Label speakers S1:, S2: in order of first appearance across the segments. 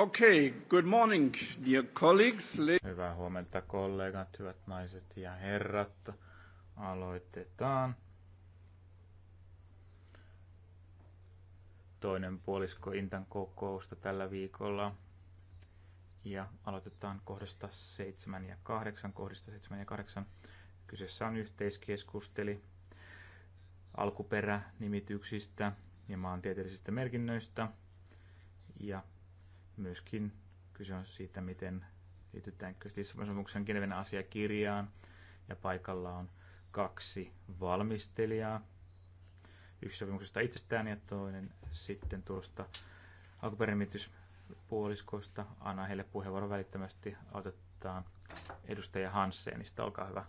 S1: Okay, good morning, dear colleagues. Hyvää huomenta kollegat, hyvät naiset ja herrat. Aloitetaan. Toinen puolisko Intan kokousta tällä viikolla. Ja aloitetaan kohdasta 7 ja 8. Kohdista 7 ja 8. Kyseessä on yhteiskeskusteli alkuperänimityksistä ja maantieteellisistä merkinnöistä. Ja Myöskin kyse on siitä, miten liitytäänkö Lissabonin sopimuksen Geneven asiakirjaan. Ja paikalla on kaksi valmistelijaa. Yksi sopimuksesta itsestään ja toinen sitten tuosta alkuperimityspuoliskosta. Anna heille puheenvuoron välittömästi. Otetaan edustaja Hansenista. Olkaa hyvä.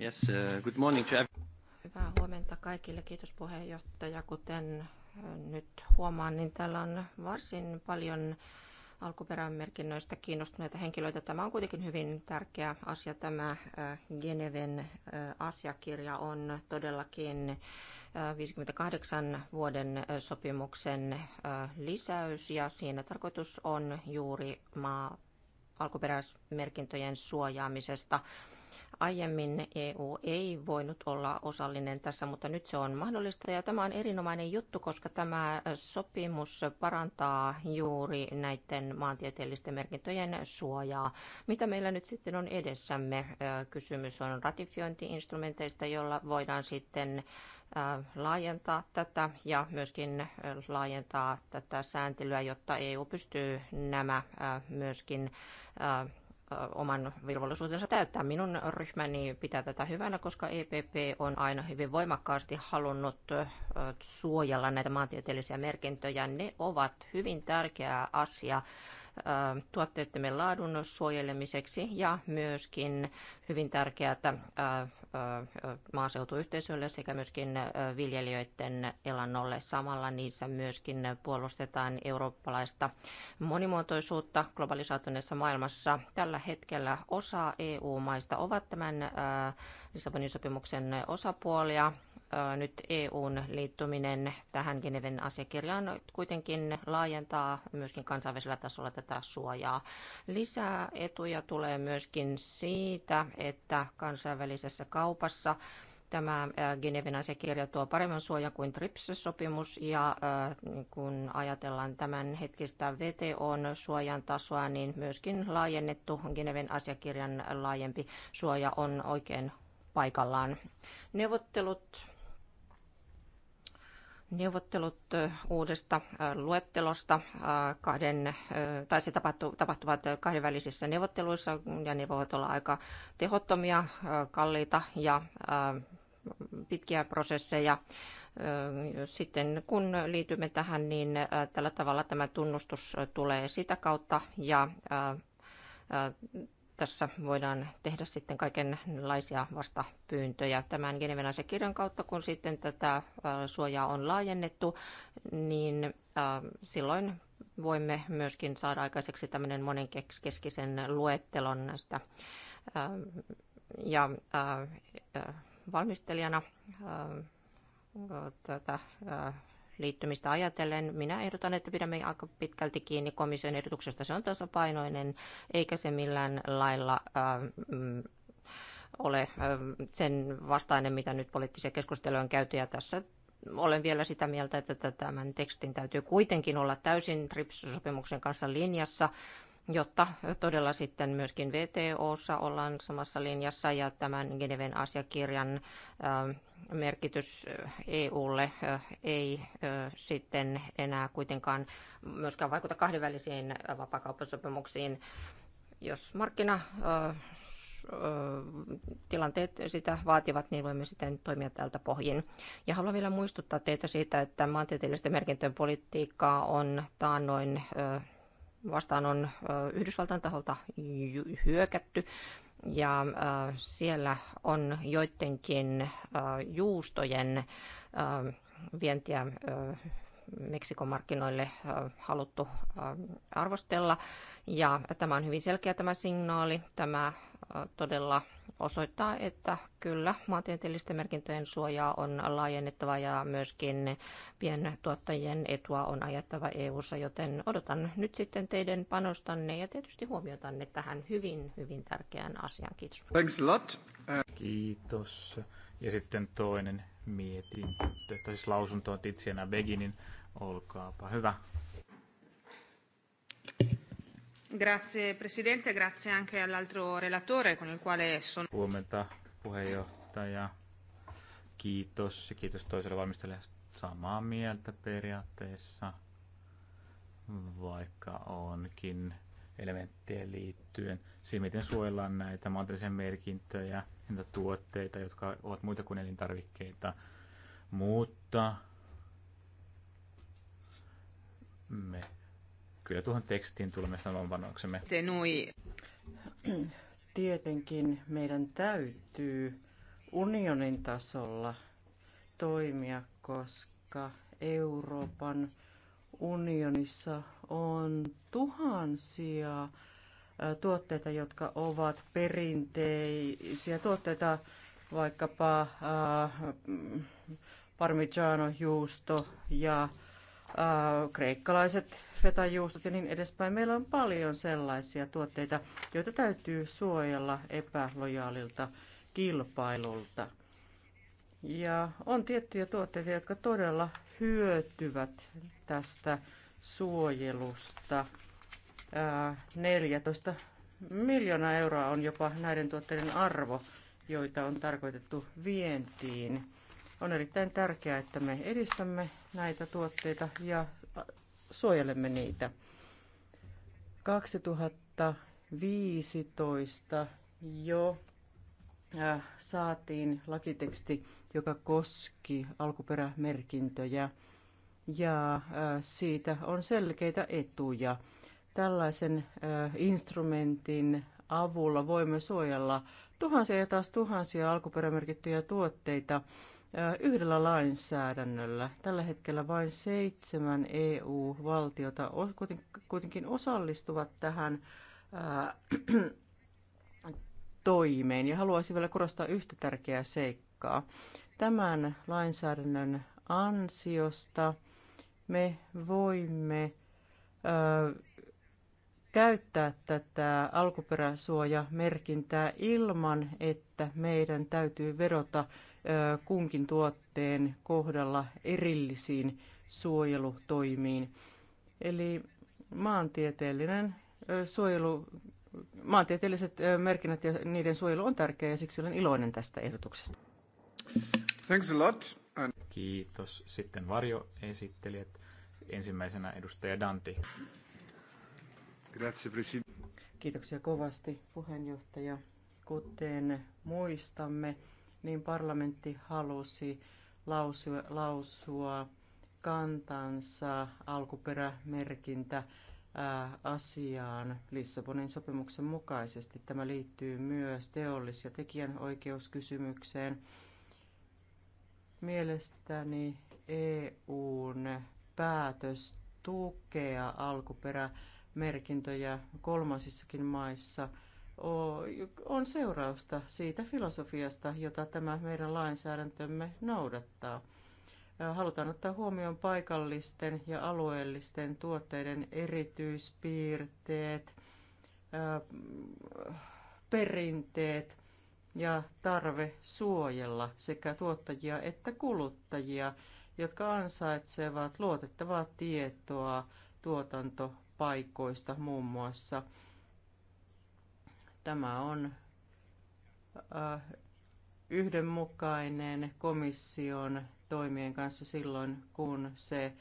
S1: Yes, uh, good morning to
S2: Hyvää huomenta kaikille. Kiitos puheenjohtaja. Kuten nyt huomaan, niin täällä on varsin paljon alkuperämerkinnöistä kiinnostuneita henkilöitä. Tämä on kuitenkin hyvin tärkeä asia. Tämä äh, Geneven äh, asiakirja on todellakin 58 äh, vuoden sopimuksen lisäys ja siinä tarkoitus on juuri maa alkuperäismerkintöjen suojaamisesta Aiemmin EU ei voinut olla osallinen tässä, mutta nyt se on mahdollista ja tämä on erinomainen juttu, koska tämä sopimus parantaa juuri näiden maantieteellisten merkintöjen suojaa. Mitä meillä nyt sitten on edessämme? Kysymys on ratifiointiinstrumenteista, joilla voidaan sitten laajentaa tätä ja myöskin laajentaa tätä sääntelyä, jotta EU pystyy nämä myöskin oman velvollisuutensa täyttää. Minun ryhmäni pitää tätä hyvänä, koska EPP on aina hyvin voimakkaasti halunnut suojella näitä maantieteellisiä merkintöjä. Ne ovat hyvin tärkeä asia tuotteittemme laadun suojelemiseksi ja myöskin hyvin tärkeää äh, äh, maaseutuyhteisölle sekä myöskin äh, viljelijöiden elannolle. Samalla niissä myöskin puolustetaan eurooppalaista monimuotoisuutta globalisaatuneessa maailmassa. Tällä hetkellä osa EU-maista ovat tämän Lissabonin sopimuksen osapuolia. Nyt EUn liittyminen tähän Geneven asiakirjaan kuitenkin laajentaa myöskin kansainvälisellä tasolla tätä suojaa. Lisää etuja tulee myöskin siitä, että kansainvälisessä kaupassa tämä äh, Genevin asiakirja tuo paremman suojan kuin TRIPS-sopimus ja äh, niin kun ajatellaan tämän hetkistä VTOn suojan tasoa, niin myöskin laajennettu Geneven asiakirjan laajempi suoja on oikein paikallaan. Neuvottelut Neuvottelut uudesta luettelosta kahden, tai se tapahtuvat kahdenvälisissä neuvotteluissa ja ne voivat olla aika tehottomia, kalliita ja pitkiä prosesseja. Sitten kun liitymme tähän, niin tällä tavalla tämä tunnustus tulee sitä kautta ja tässä voidaan tehdä sitten kaikenlaisia vastapyyntöjä tämän Geneven asiakirjan kautta, kun sitten tätä äh, suojaa on laajennettu, niin äh, silloin voimme myöskin saada aikaiseksi tämmöinen monenkeskisen luettelon näistä. Äh, ja valmistelijana tätä liittymistä ajatellen. Minä ehdotan, että pidämme aika pitkälti kiinni komission ehdotuksesta. Se on tasapainoinen, eikä se millään lailla äh, ole ähm, sen vastainen, mitä nyt poliittisia keskusteluja on käyty. Ja tässä olen vielä sitä mieltä, että tämän tekstin täytyy kuitenkin olla täysin TRIPS-sopimuksen kanssa linjassa jotta todella sitten myöskin VTOssa ollaan samassa linjassa ja tämän Geneven asiakirjan merkitys EUlle ei sitten enää kuitenkaan myöskään vaikuta kahdenvälisiin vapakauppasopimuksiin. Jos markkina tilanteet sitä vaativat, niin voimme sitten toimia tältä pohjin. Ja haluan vielä muistuttaa teitä siitä, että maantieteellisten merkintöjen politiikkaa on taannoin vastaan on Yhdysvaltain taholta hyökätty ja siellä on joidenkin juustojen vientiä Meksikon markkinoille haluttu arvostella. Ja tämä on hyvin selkeä tämä signaali. Tämä todella osoittaa, että kyllä maantieteellisten merkintöjen suojaa on laajennettava ja myöskin pientuottajien etua on ajattava EU-ssa, joten odotan nyt sitten teidän panostanne ja tietysti huomiotanne tähän hyvin, hyvin tärkeään asiaan. Kiitos. Thanks a
S1: lot. Kiitos. Ja sitten toinen mietintö, tai siis lausunto on Titsiana Beginin. Olkaapa hyvä.
S2: Grazie presidente, grazie anche all'altro relatore con il quale
S1: sono... Huomenta puheenjohtaja. Kiitos ja kiitos toiselle valmistelijalle samaa mieltä periaatteessa, vaikka onkin elementtien liittyen siinä miten suojellaan näitä maantieteellisiä merkintöjä, niitä tuotteita, jotka ovat muita kuin elintarvikkeita. Mutta me Kyllä tuohon tekstiin tulemme sanomaan panoksemme.
S3: Tenui. Tietenkin meidän täytyy unionin tasolla toimia, koska Euroopan unionissa on tuhansia tuotteita, jotka ovat perinteisiä tuotteita, vaikkapa äh, parmigiano, juusto ja kreikkalaiset fetajuustot ja niin edespäin. Meillä on paljon sellaisia tuotteita, joita täytyy suojella epälojaalilta kilpailulta. Ja on tiettyjä tuotteita, jotka todella hyötyvät tästä suojelusta. 14 miljoonaa euroa on jopa näiden tuotteiden arvo, joita on tarkoitettu vientiin. On erittäin tärkeää, että me edistämme näitä tuotteita ja suojelemme niitä. 2015 jo äh, saatiin lakiteksti, joka koski alkuperämerkintöjä ja äh, siitä on selkeitä etuja. Tällaisen äh, instrumentin avulla voimme suojella tuhansia ja taas tuhansia alkuperämerkittyjä tuotteita yhdellä lainsäädännöllä. Tällä hetkellä vain seitsemän EU-valtiota kuitenkin osallistuvat tähän toimeen. Ja haluaisin vielä korostaa yhtä tärkeää seikkaa. Tämän lainsäädännön ansiosta me voimme käyttää tätä alkuperäsuojamerkintää ilman, että meidän täytyy vedota kunkin tuotteen kohdalla erillisiin suojelutoimiin. Eli maantieteellinen suojelu, maantieteelliset merkinnät ja niiden suojelu on tärkeää ja siksi olen iloinen tästä ehdotuksesta.
S1: Thanks a lot. And... Kiitos. Sitten varjo, varjoesittelijät. Ensimmäisenä edustaja Danti. Grazie,
S3: Kiitoksia kovasti puheenjohtaja. Kuten muistamme, niin parlamentti halusi lausua, lausua kantansa alkuperämerkintä asiaan Lissabonin sopimuksen mukaisesti. Tämä liittyy myös teollis- ja tekijänoikeuskysymykseen. Mielestäni EUn päätös tukea alkuperämerkintöjä kolmansissakin maissa – on seurausta siitä filosofiasta, jota tämä meidän lainsäädäntömme noudattaa. Halutaan ottaa huomioon paikallisten ja alueellisten tuotteiden erityispiirteet, perinteet ja tarve suojella sekä tuottajia että kuluttajia, jotka ansaitsevat luotettavaa tietoa tuotantopaikoista muun muassa – Tämä on yhdenmukainen komission toimien kanssa silloin, kun se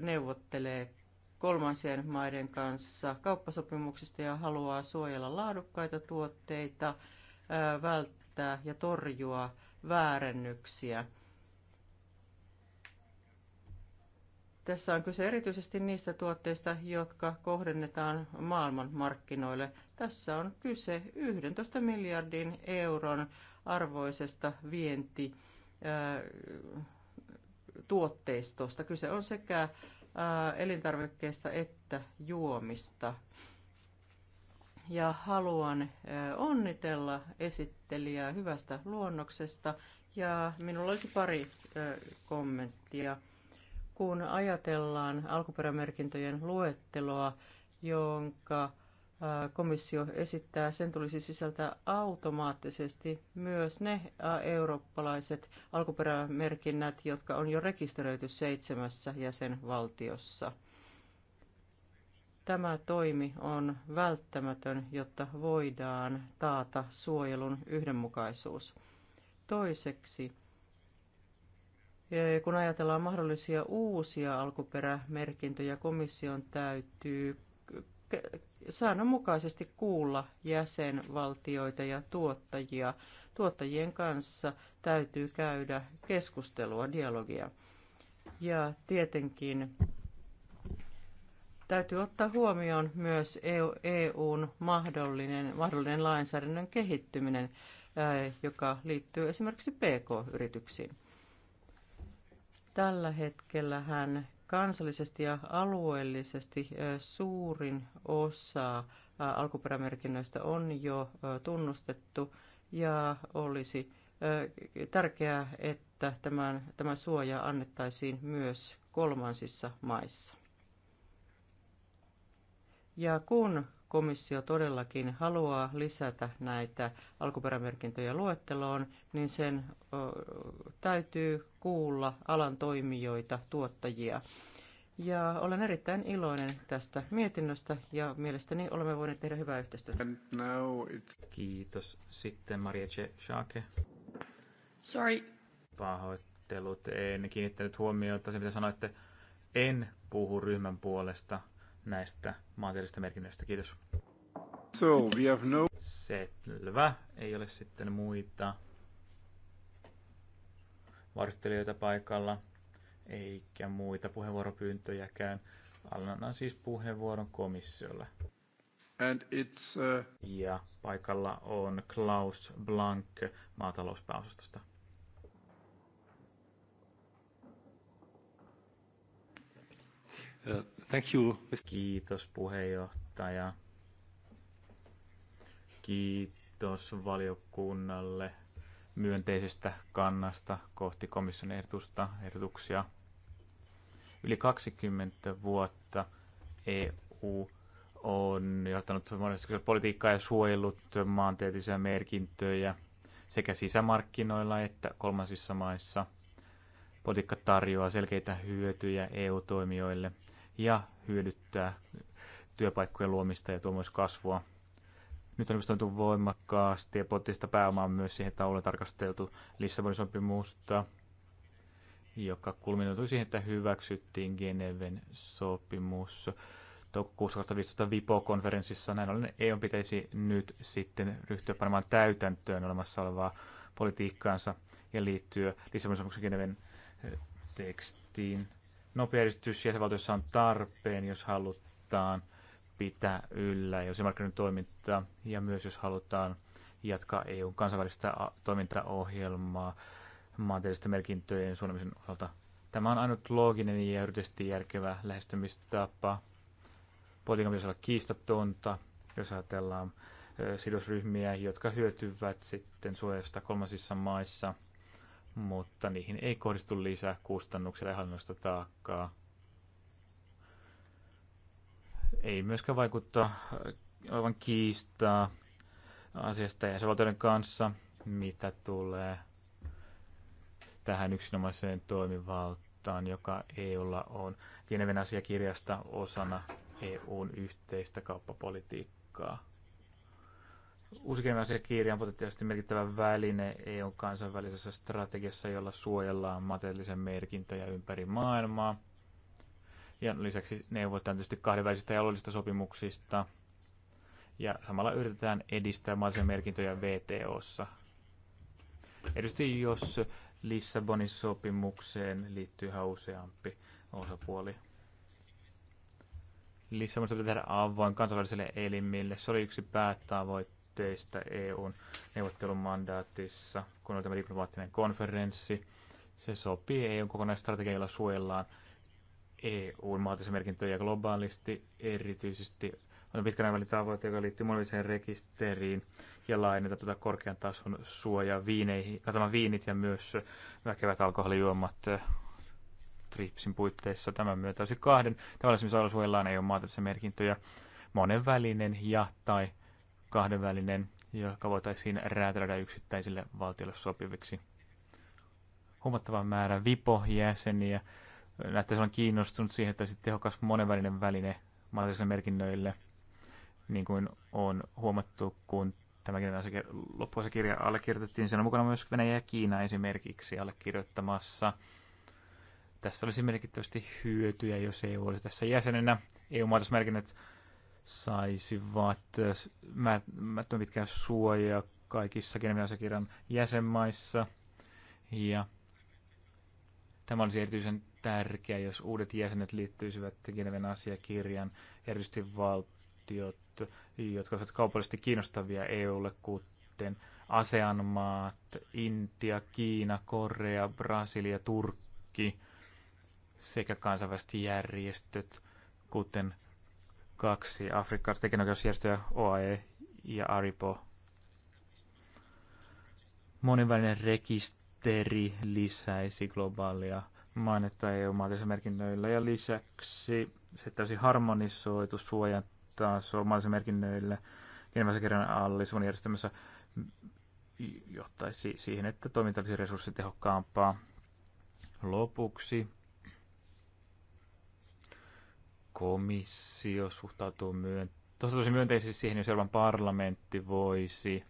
S3: neuvottelee kolmansien maiden kanssa kauppasopimuksista ja haluaa suojella laadukkaita tuotteita, välttää ja torjua väärennyksiä. Tässä on kyse erityisesti niistä tuotteista, jotka kohdennetaan maailmanmarkkinoille. Tässä on kyse 11 miljardin euron arvoisesta vienti äh, tuotteistosta. Kyse on sekä äh, elintarvikkeista että juomista. Ja haluan äh, onnitella esittelijää hyvästä luonnoksesta. Ja minulla olisi pari kommenttia. Kun ajatellaan alkuperämerkintöjen luetteloa, jonka komissio esittää, sen tulisi sisältää automaattisesti myös ne eurooppalaiset alkuperämerkinnät, jotka on jo rekisteröity seitsemässä jäsenvaltiossa. Tämä toimi on välttämätön, jotta voidaan taata suojelun yhdenmukaisuus. Toiseksi, kun ajatellaan mahdollisia uusia alkuperämerkintöjä, komission täytyy säännönmukaisesti kuulla jäsenvaltioita ja tuottajia. Tuottajien kanssa täytyy käydä keskustelua, dialogia. Ja tietenkin täytyy ottaa huomioon myös EUn e mahdollinen, mahdollinen lainsäädännön kehittyminen, joka liittyy esimerkiksi PK-yrityksiin. Tällä hetkellä hän kansallisesti ja alueellisesti suurin osa alkuperämerkinnöistä on jo tunnustettu ja olisi tärkeää, että tämän, tämä suoja annettaisiin myös kolmansissa maissa. Ja kun komissio todellakin haluaa lisätä näitä alkuperämerkintöjä luetteloon, niin sen täytyy kuulla alan toimijoita, tuottajia. Ja olen erittäin iloinen tästä mietinnöstä ja mielestäni olemme voineet
S1: tehdä hyvää yhteistyötä. Kiitos. Sitten Maria Shake. Sorry. Pahoittelut. En kiinnittänyt huomiota siihen, mitä sanoitte. En puhu ryhmän puolesta – näistä maantieteellisistä merkinnöistä. Kiitos. So, we have no... Selvä. Ei ole sitten muita varustelijoita paikalla, eikä muita puheenvuoropyyntöjäkään. Annan siis puheenvuoron komissiolle. And it's, uh... Ja paikalla on Klaus Blank maatalouspääosastosta. Uh, Thank you. Kiitos puheenjohtaja. Kiitos valiokunnalle myönteisestä kannasta kohti komission ehdotusta, ehdotuksia. Yli 20 vuotta EU on johtanut monesti politiikkaa ja suojellut maantieteellisiä merkintöjä sekä sisämarkkinoilla että kolmansissa maissa. Politiikka tarjoaa selkeitä hyötyjä EU-toimijoille – ja hyödyttää työpaikkojen luomista ja tuo myös kasvua. Nyt on investoitu voimakkaasti ja poliittista pääomaa myös siihen, että on tarkasteltu Lissabonin sopimusta, joka kulminoitui siihen, että hyväksyttiin Geneven sopimus toukokuussa 2015 VIPO-konferenssissa. Näin ollen EU pitäisi nyt sitten ryhtyä panemaan täytäntöön olemassa olevaa politiikkaansa ja liittyä Lissabonin sopimuksen Geneven eh, tekstiin nopea edistys jäsenvaltiossa on tarpeen, jos halutaan pitää yllä jos markkinoiden toimintaa ja myös jos halutaan jatkaa EUn kansainvälistä toimintaohjelmaa maantieteellisten merkintöjen suunnamisen osalta. Tämä on ainut looginen ja yritysti järkevä lähestymistapa. Politiikan pitäisi olla kiistatonta, jos ajatellaan sidosryhmiä, jotka hyötyvät sitten suojasta kolmansissa maissa mutta niihin ei kohdistu lisää kustannuksia ja hallinnosta taakkaa. Ei myöskään vaikuttaa äh, aivan kiistaa asiasta ja jäsenvaltioiden kanssa, mitä tulee tähän yksinomaiseen toimivaltaan, joka EUlla on Geneven asiakirjasta osana EUn yhteistä kauppapolitiikkaa. Uusikin asiakirja on potentiaalisesti merkittävä väline EUn kansainvälisessä strategiassa, jolla suojellaan materiaalisen merkintöjä ympäri maailmaa. Ja lisäksi neuvotaan tietysti kahdenvälisistä ja alueellisista sopimuksista. Ja samalla yritetään edistää materiaalisen merkintöjä VTOssa. Erityisesti jos Lissabonin sopimukseen liittyy useampi osapuoli. Lissabonissa pitää tehdä avoin kansainväliselle elimille. Se oli yksi päätavoite yhteistä EUn neuvottelumandaatissa, kun oli tämä diplomaattinen konferenssi. Se sopii EUn kokonaistrategialla suojellaan EUn maatisemerkintöjä globaalisti, erityisesti on pitkän aikavälin tavoite, joka liittyy monelliseen rekisteriin ja lainata tuota korkean tason suojaa viineihin, katsomaan viinit ja myös väkevät alkoholijuomat eh, TRIPSin puitteissa. Tämän myötä olisi kahden tavallisen suojellaan ei ole maatallisen merkintöjä, monenvälinen ja tai kahdenvälinen, joka voitaisiin räätälöidä yksittäisille valtioille sopiviksi. Huomattava määrä VIPO-jäseniä näyttäisi olla kiinnostunut siihen, että olisi tehokas monenvälinen väline mahdollisille merkinnöille, niin kuin on huomattu, kun tämäkin kirja allekirjoitettiin. Siellä on mukana myös Venäjä ja Kiina esimerkiksi allekirjoittamassa. Tässä olisi merkittävästi hyötyjä, jos EU olisi tässä jäsenenä. EU-maatosmerkinnät saisivat äh, määrättömän pitkään suojaa kaikissa genevi asiakirjan jäsenmaissa. Ja tämä olisi erityisen tärkeää, jos uudet jäsenet liittyisivät Geneven asiakirjan, erityisesti valtiot, jotka ovat kaupallisesti kiinnostavia EUlle, kuten ASEAN-maat, Intia, Kiina, Korea, Brasilia, Turkki sekä kansainväliset järjestöt, kuten kaksi afrikkalaista tekijänoikeusjärjestöjä OAE ja ARIPO. Monenvälinen rekisteri lisäisi globaalia mainetta EU-maallisilla merkinnöillä ja lisäksi se täysin harmonisoitu suojataso merkinnöille merkinnöillä Genevan kirjan allisuun järjestelmässä johtaisi siihen, että toiminta olisi resurssitehokkaampaa. Lopuksi komissio suhtautuu myönteisesti myönteisesti siihen, jos Euroopan parlamentti voisi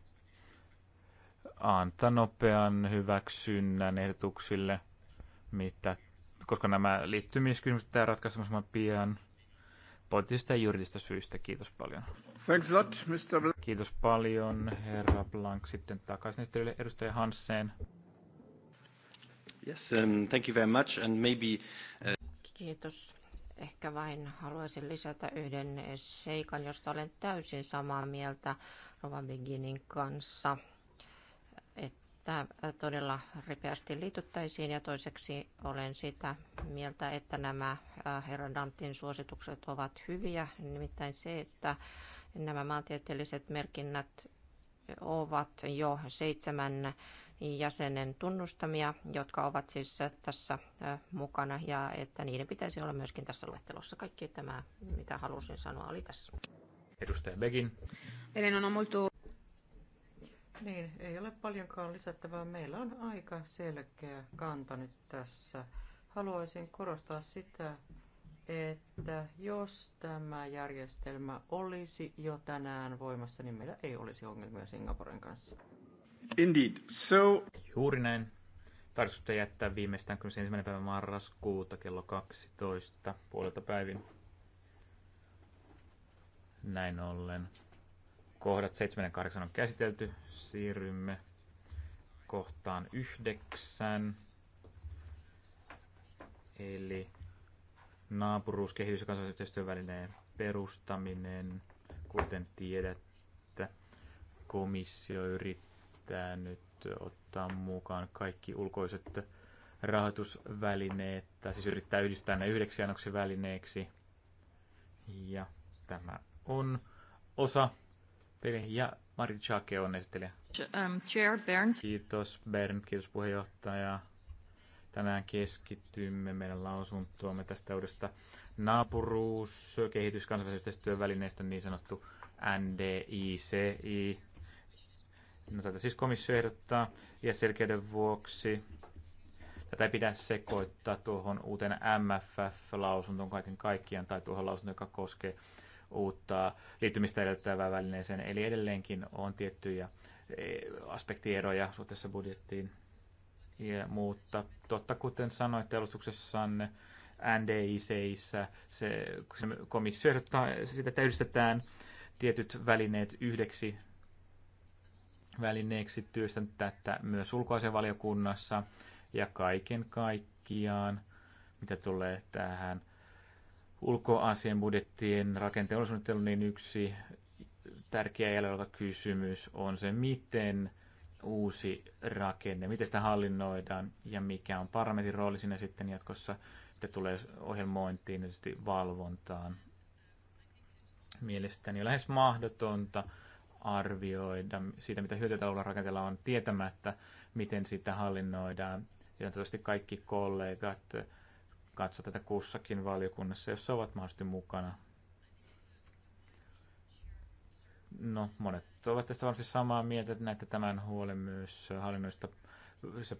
S1: antaa nopean hyväksynnän ehdotuksille, mitä, koska nämä liittymiskysymykset pitää ratkaista mahdollisimman pian poliittisista ja juridista syistä. Kiitos paljon. Thanks a lot, Mr. Blank. Kiitos paljon, herra Blank. Sitten takaisin esittelylle edustaja Hansen.
S4: Yes, um, thank you very much and maybe... Uh... Kiitos.
S2: Ehkä vain haluaisin lisätä yhden seikan, josta olen täysin samaa mieltä Rovan Beginin kanssa, että todella ripeästi liityttäisiin ja toiseksi olen sitä mieltä, että nämä herran Dantin suositukset ovat hyviä, nimittäin se, että nämä maantieteelliset merkinnät ovat jo seitsemän jäsenen tunnustamia, jotka ovat siis tässä mukana ja että niiden pitäisi olla myöskin tässä luettelossa. Kaikki tämä, mitä halusin sanoa, oli tässä.
S1: Edustaja Begin.
S3: Elena on no, molto... Niin, ei ole paljonkaan lisättävää. Meillä on aika selkeä kanta nyt tässä. Haluaisin korostaa sitä, että jos tämä järjestelmä olisi jo tänään voimassa, niin meillä ei olisi ongelmia Singaporen kanssa.
S1: Indeed. So... Juuri näin. Tarkoitus jättää viimeistään 21. päivä marraskuuta kello 12 puolelta päivin. Näin ollen. Kohdat 7 ja 8 on käsitelty. Siirrymme kohtaan 9. Eli naapuruus, kehitys ja kansallisyhteistyön välineen perustaminen, kuten tiedätte, komissio yrittää pitää nyt ottaa mukaan kaikki ulkoiset rahoitusvälineet, tai siis yrittää yhdistää ne yhdeksi annoksi välineeksi. Ja tämä on osa peli. Ja Marit Chake on esittelijä. Um, chair Berns. Kiitos Bern, kiitos puheenjohtaja. Tänään keskitymme meidän lausuntoamme tästä uudesta naapuruus, kehitys, välineestä niin sanottu NDICI No, tätä siis komissio ehdottaa ja selkeyden vuoksi tätä ei pidä sekoittaa tuohon uuteen MFF-lausuntoon kaiken kaikkiaan tai tuohon lausuntoon, joka koskee uutta liittymistä edellyttävää välineeseen. Eli edelleenkin on tiettyjä e, aspektieroja suhteessa budjettiin. Ja, mutta totta kuten sanoitte alustuksessanne, NDICissä se, komissio ehdottaa sitä, että yhdistetään tietyt välineet yhdeksi välineeksi työstän tätä myös ulkoasevaliokunnassa ja kaiken kaikkiaan, mitä tulee tähän ulkoasien budjettien rakenteen niin yksi tärkeä jäljellä kysymys on se, miten uusi rakenne, miten sitä hallinnoidaan ja mikä on parametin rooli siinä sitten jatkossa, että tulee ohjelmointiin ja valvontaan. Mielestäni on lähes mahdotonta arvioida siitä, mitä hyötyä rakenteella on, tietämättä, miten sitä hallinnoidaan. Ja tietysti kaikki kollegat katsovat tätä kussakin valiokunnassa, jos ovat mahdollisesti mukana. No, monet ovat tässä varmasti samaa mieltä, että näette tämän huolen myös hallinnoista se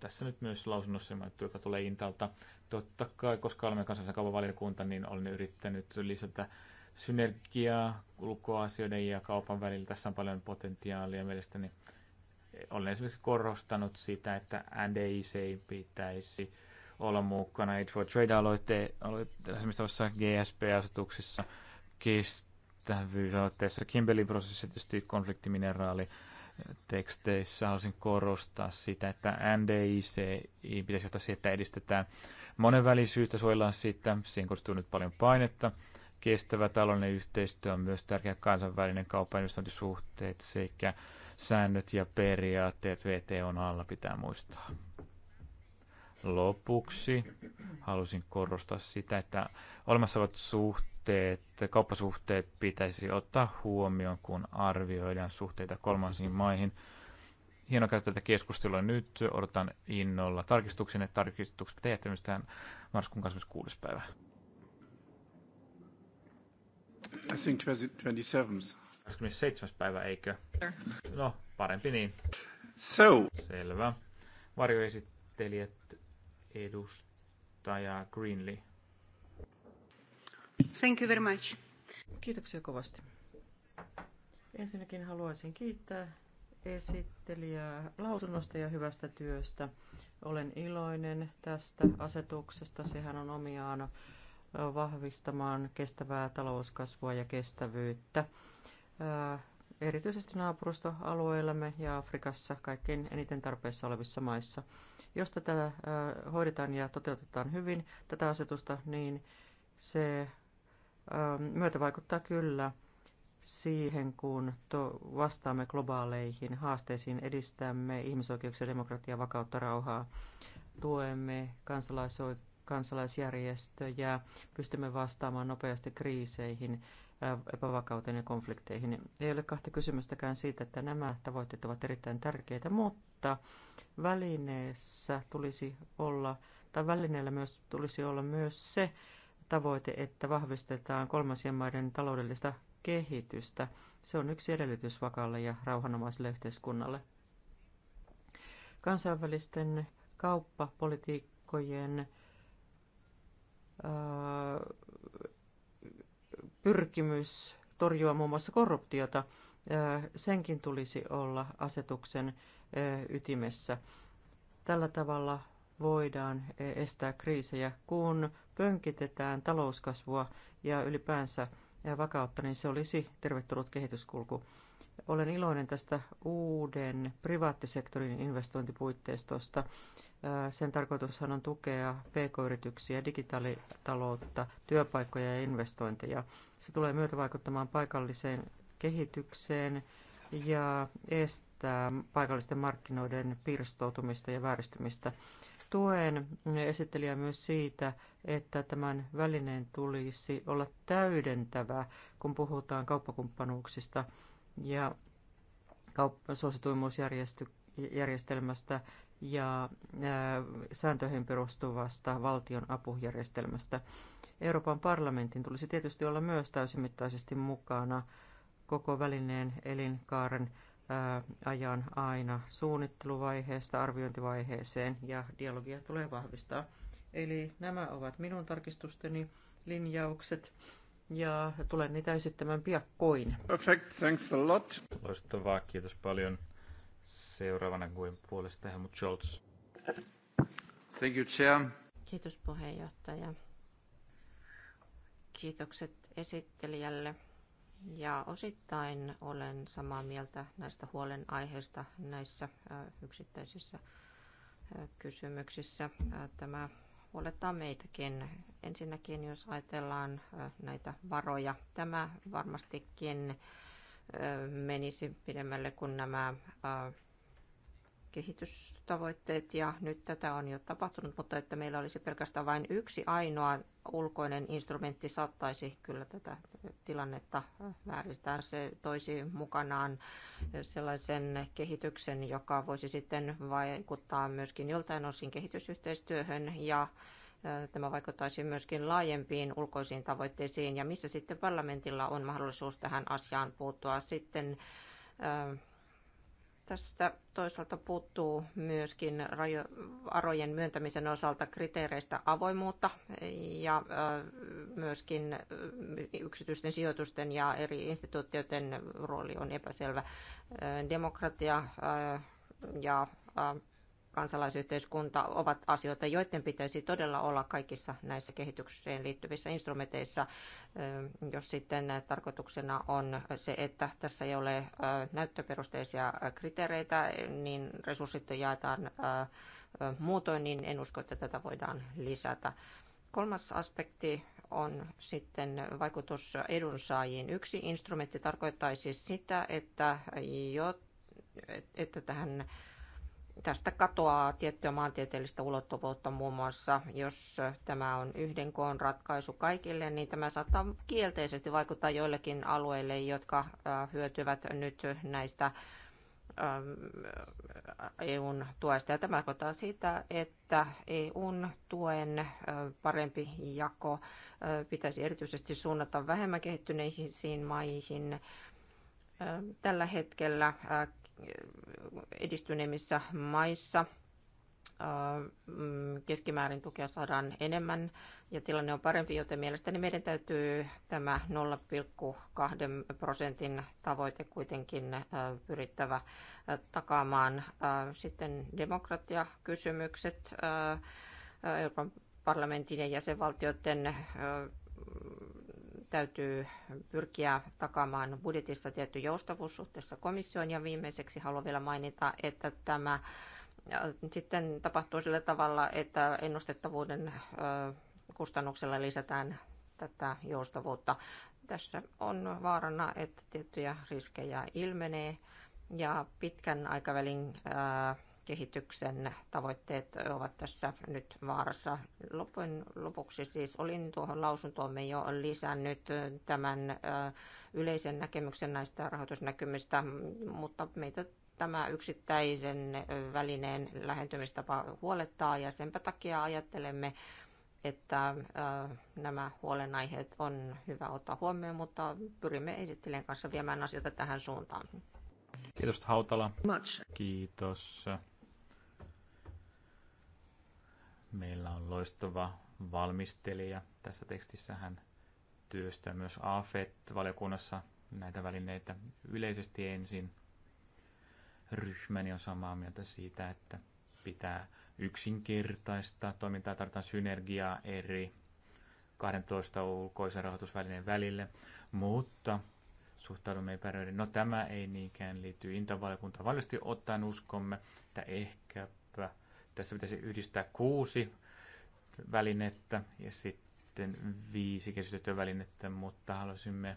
S1: tässä nyt myös lausunnossa joka tulee Intalta. Totta kai, koska olemme kansallisen kaupan valiokunta, niin olen yrittänyt lisätä synergiaa ulkoasioiden ja kaupan välillä. Tässä on paljon potentiaalia mielestäni. Olen esimerkiksi korostanut sitä, että NDIC pitäisi olla mukana Aid for Trade-aloitteessa, GSP-asetuksissa, kestävyysaloitteessa, Kimberley prosessissa, tietysti konfliktimineraali, teksteissä haluaisin korostaa sitä, että NDIC pitäisi johtaa siihen, että edistetään monenvälisyyttä, suojellaan sitä, siihen kohdistuu nyt paljon painetta. Kestävä taloudellinen yhteistyö on myös tärkeä kansainvälinen kaupan investointisuhteet sekä säännöt ja periaatteet VTOn alla pitää muistaa. Lopuksi halusin korostaa sitä, että olemassa olevat suhteet, kauppasuhteet pitäisi ottaa huomioon, kun arvioidaan suhteita kolmansiin maihin. Hieno käydä tätä keskustelua nyt. Odotan innolla tarkistuksen, että tarkistukset tehtymistään marraskuun 26. päivä. I think 27. 27. päivä, eikö? No, parempi niin. So. Selvä. Varjoesittelijät edustaja Greenley.
S3: Thank you very much. Kiitoksia kovasti. Ensinnäkin haluaisin kiittää esittelijää lausunnosta ja hyvästä työstä. Olen iloinen tästä asetuksesta. Sehän on omiaan vahvistamaan kestävää talouskasvua ja kestävyyttä. Erityisesti naapurustoalueillamme ja Afrikassa kaikkein eniten tarpeessa olevissa maissa. Jos tätä hoidetaan ja toteutetaan hyvin, tätä asetusta, niin se myötä vaikuttaa kyllä siihen, kun vastaamme globaaleihin haasteisiin, edistämme ihmisoikeuksia, demokratiaa, vakautta, rauhaa, tuemme kansalaisoikeuksia, kansalaisjärjestöjä, pystymme vastaamaan nopeasti kriiseihin, epävakauteen ja konflikteihin. Ei ole kahta kysymystäkään siitä, että nämä tavoitteet ovat erittäin tärkeitä, mutta välineessä tulisi olla, tai välineellä myös tulisi olla myös se tavoite, että vahvistetaan kolmansien maiden taloudellista kehitystä. Se on yksi edellytys vakaalle ja rauhanomaiselle yhteiskunnalle. Kansainvälisten kauppapolitiikkojen pyrkimys torjua muun muassa korruptiota, senkin tulisi olla asetuksen ytimessä. Tällä tavalla voidaan estää kriisejä. Kun pönkitetään talouskasvua ja ylipäänsä vakautta, niin se olisi tervetullut kehityskulku. Olen iloinen tästä uuden privaattisektorin investointipuitteistosta. Äh, sen tarkoitushan on tukea pk-yrityksiä, digitaalitaloutta, työpaikkoja ja investointeja. Se tulee vaikuttamaan paikalliseen kehitykseen ja estää paikallisten markkinoiden pirstoutumista ja vääristymistä. Tuen esittelijä myös siitä, että tämän välineen tulisi olla täydentävä, kun puhutaan kauppakumppanuuksista – ja suosituimmuusjärjestelmästä ja sääntöihin perustuvasta valtion apujärjestelmästä. Euroopan parlamentin tulisi tietysti olla myös täysimittaisesti mukana koko välineen elinkaaren ajan aina suunnitteluvaiheesta arviointivaiheeseen ja dialogia tulee vahvistaa. Eli nämä ovat minun tarkistusteni linjaukset ja tulen niitä esittämään piakkoin.
S1: Perfect, thanks a lot. Loistavaa, kiitos paljon. Seuraavana kuin puolesta Helmut Scholz. Thank you, Chair.
S2: Kiitos puheenjohtaja. Kiitokset esittelijälle. Ja osittain olen samaa mieltä näistä huolenaiheista näissä yksittäisissä kysymyksissä. Tämä huolettaa meitäkin. Ensinnäkin, jos ajatellaan näitä varoja, tämä varmastikin menisi pidemmälle kuin nämä kehitystavoitteet ja nyt tätä on jo tapahtunut, mutta että meillä olisi pelkästään vain yksi ainoa ulkoinen instrumentti saattaisi kyllä tätä tilannetta vääristää. Se toisi mukanaan sellaisen kehityksen, joka voisi sitten vaikuttaa myöskin joltain osin kehitysyhteistyöhön ja Tämä vaikuttaisi myöskin laajempiin ulkoisiin tavoitteisiin ja missä sitten parlamentilla on mahdollisuus tähän asiaan puuttua sitten Tästä toisaalta puuttuu myöskin arojen myöntämisen osalta kriteereistä avoimuutta ja myöskin yksityisten sijoitusten ja eri instituutioiden rooli on epäselvä. Demokratia ja kansalaisyhteiskunta ovat asioita, joiden pitäisi todella olla kaikissa näissä kehitykseen liittyvissä instrumenteissa, jos sitten tarkoituksena on se, että tässä ei ole näyttöperusteisia kriteereitä, niin resurssit jaetaan muutoin, niin en usko, että tätä voidaan lisätä. Kolmas aspekti on sitten vaikutus edunsaajiin. Yksi instrumentti tarkoittaisi sitä, että, jo, että tähän tästä katoaa tiettyä maantieteellistä ulottuvuutta muun muassa, jos tämä on yhden koon ratkaisu kaikille, niin tämä saattaa kielteisesti vaikuttaa joillekin alueille, jotka hyötyvät nyt näistä EUn tuesta. Ja tämä tarkoittaa sitä, että EUn tuen parempi jako pitäisi erityisesti suunnata vähemmän kehittyneisiin maihin. Tällä hetkellä edistyneimmissä maissa mm, keskimäärin tukea saadaan enemmän ja tilanne on parempi, joten mielestäni meidän täytyy tämä 0,2 prosentin tavoite kuitenkin pyrittävä takaamaan. Sitten demokratiakysymykset, Euroopan parlamentin ja jäsenvaltioiden täytyy pyrkiä takaamaan budjetissa tietty joustavuus suhteessa komissioon. Ja viimeiseksi haluan vielä mainita, että tämä äh, sitten tapahtuu sillä tavalla, että ennustettavuuden äh, kustannuksella lisätään tätä joustavuutta. Tässä on vaarana, että tiettyjä riskejä ilmenee ja pitkän aikavälin äh, kehityksen tavoitteet ovat tässä nyt vaarassa. Lopun, lopuksi siis olin tuohon lausuntoomme jo lisännyt tämän yleisen näkemyksen näistä rahoitusnäkymistä, mutta meitä tämä yksittäisen välineen lähentymistapa huolettaa ja senpä takia ajattelemme, että nämä huolenaiheet on hyvä ottaa huomioon, mutta pyrimme esittelijän kanssa viemään asioita tähän suuntaan.
S1: Kiitos Hautala. Much. Kiitos. Meillä on loistava valmistelija. Tässä tekstissä hän työstää myös AFET-valiokunnassa näitä välineitä yleisesti ensin. Ryhmäni on samaa mieltä siitä, että pitää yksinkertaista toimintaa, tarvitaan synergiaa eri 12 ulkoisen rahoitusvälineen välille, mutta suhtaudumme epäröiden. No tämä ei niinkään liity intavaliokuntaan. Valitettavasti ottaen uskomme, että ehkäpä tässä pitäisi yhdistää kuusi välinettä ja sitten viisi keskitettyä välinettä, mutta halusimme,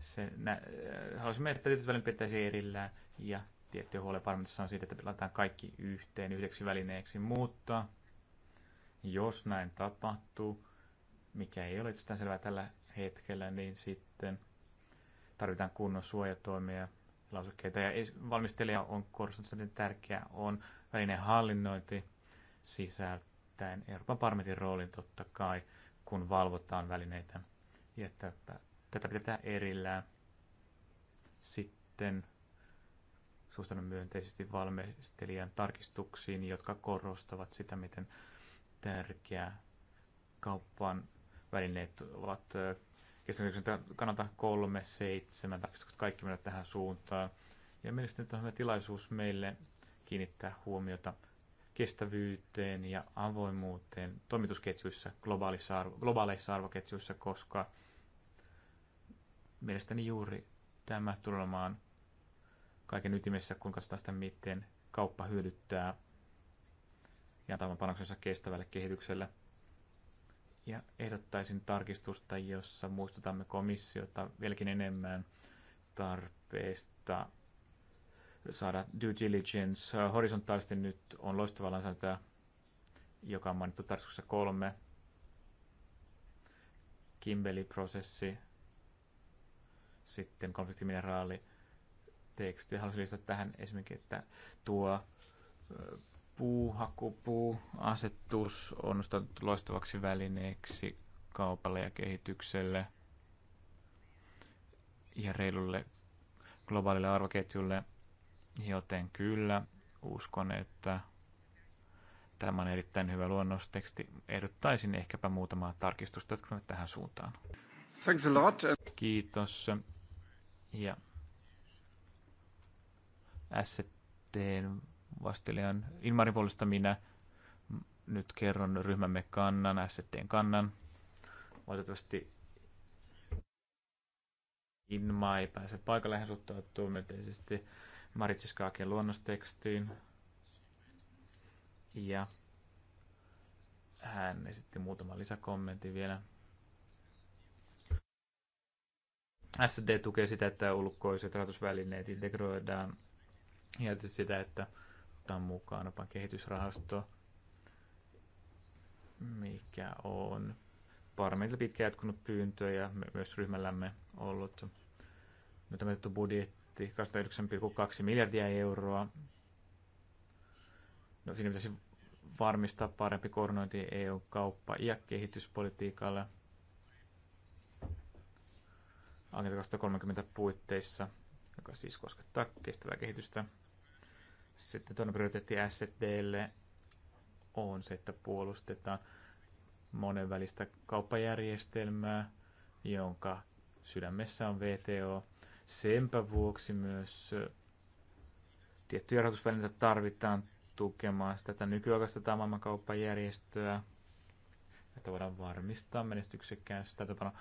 S1: se, nä, äh, halusimme että tietyt välineet pitäisi erillään ja tiettyjä huolen parlamentissa on siitä, että laitetaan kaikki yhteen yhdeksi välineeksi, mutta jos näin tapahtuu, mikä ei ole itsestään selvää tällä hetkellä, niin sitten – tarvitaan kunnon suojatoimia lausukkeita. Ja valmistelija on korostanut, että tärkeää on välineen hallinnointi sisältäen Euroopan parlamentin roolin totta kai, kun valvotaan välineitä. Ja että tätä pitää erillään. Sitten suhtaudun myönteisesti valmistelijan tarkistuksiin, jotka korostavat sitä, miten tärkeää kauppaan välineet ovat kestävyyden kannalta kolme, seitsemän tarkistukset kaikki mennä tähän suuntaan. Ja mielestäni nyt on hyvä tilaisuus meille kiinnittää huomiota kestävyyteen ja avoimuuteen toimitusketjuissa, globaalissa arvo, globaaleissa arvoketjuissa, koska mielestäni juuri tämä tulee olemaan kaiken ytimessä, kun katsotaan sitä, miten kauppa hyödyttää ja antaa panoksensa kestävälle kehitykselle. Ja ehdottaisin tarkistusta, jossa muistutamme komissiota vieläkin enemmän tarpeesta saada due diligence. Horisontaalisesti nyt on loistava lainsäädäntö, joka on mainittu tarkistuksessa kolme. Kimbeli-prosessi, sitten konfliktimineraali, teksti. Haluaisin lisätä tähän esimerkiksi, että tuo asetus on nostettu loistavaksi välineeksi kaupalle ja kehitykselle ja reilulle globaalille arvoketjulle, joten kyllä uskon, että tämä on erittäin hyvä luonnosteksti. Ehdottaisin ehkäpä muutamaa tarkistusta, tähän suuntaan. Thanks a lot. Kiitos. Ja Asset vastelijan Ilmarin puolesta minä nyt kerron ryhmämme kannan, SDn kannan. Valitettavasti Inma ei pääse paikalle, hän suhtautuu myönteisesti Maritsiskaakin luonnostekstiin. Ja hän esitti muutama lisäkommentti vielä. SD tukee sitä, että ulkoiset rahoitusvälineet integroidaan ja sitä, että ottaa mukaan jopa kehitysrahasto, mikä on parmeilta pitkään jatkunut pyyntö ja myös ryhmällämme ollut nyt on budjetti 29,2 miljardia euroa. No, siinä pitäisi varmistaa parempi koordinointi EU-kauppa- ja kehityspolitiikalle Agenda 2030 puitteissa, joka siis koskettaa kestävää kehitystä. Sitten tuonne prioriteetti SDlle on se, että puolustetaan monenvälistä kauppajärjestelmää, jonka sydämessä on VTO. Senpä vuoksi myös tiettyjä rahoitusvälineitä tarvitaan tukemaan sitä tätä nykyaikaista maailmankauppajärjestöä, että voidaan varmistaa menestyksekkäästi täytäpano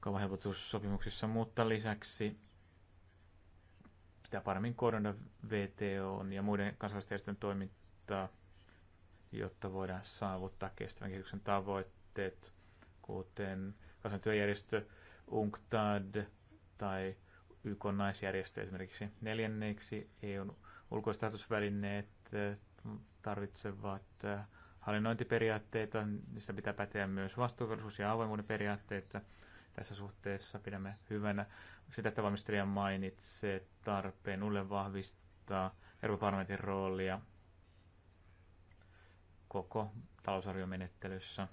S1: kauppahelpotussopimuksissa, mutta lisäksi pitää paremmin koordinoida VTOn ja muiden kansalaisjärjestön toimintaa, jotta voidaan saavuttaa kestävän kehityksen tavoitteet, kuten työjärjestö UNCTAD tai YK naisjärjestö esimerkiksi. Neljänneksi EUn ulkoistatusvälineet eh, tarvitsevat eh, hallinnointiperiaatteita, niistä pitää päteä myös vastuullisuus ja avoimuuden periaatteita tässä suhteessa pidämme hyvänä sitä, että valmistelija mainitsee tarpeen ulle vahvistaa Euroopan parlamentin roolia koko talousarviomenettelyssä.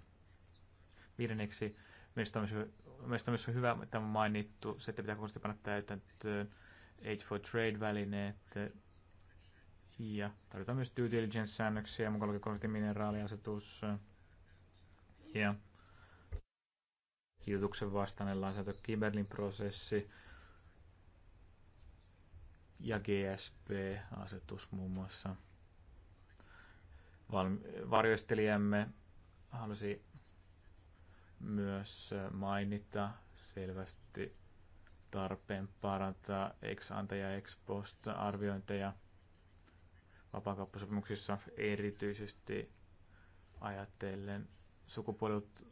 S1: Viidenneksi Mielestäni myös hyvä, että on mainittu se, että pitää konsti panna täytäntöön Age for Trade-välineet ja tarvitaan myös due diligence-säännöksiä, mukaan lukee konfliktin mineraaliasetus ja kiihotuksen vastainen lainsäädäntö, Kimberlin prosessi ja GSP-asetus muun muassa. Valmi- varjoistelijamme halusi myös mainita selvästi tarpeen parantaa ex ante ja ex post arviointeja vapaakauppasopimuksissa erityisesti ajatellen sukupuolet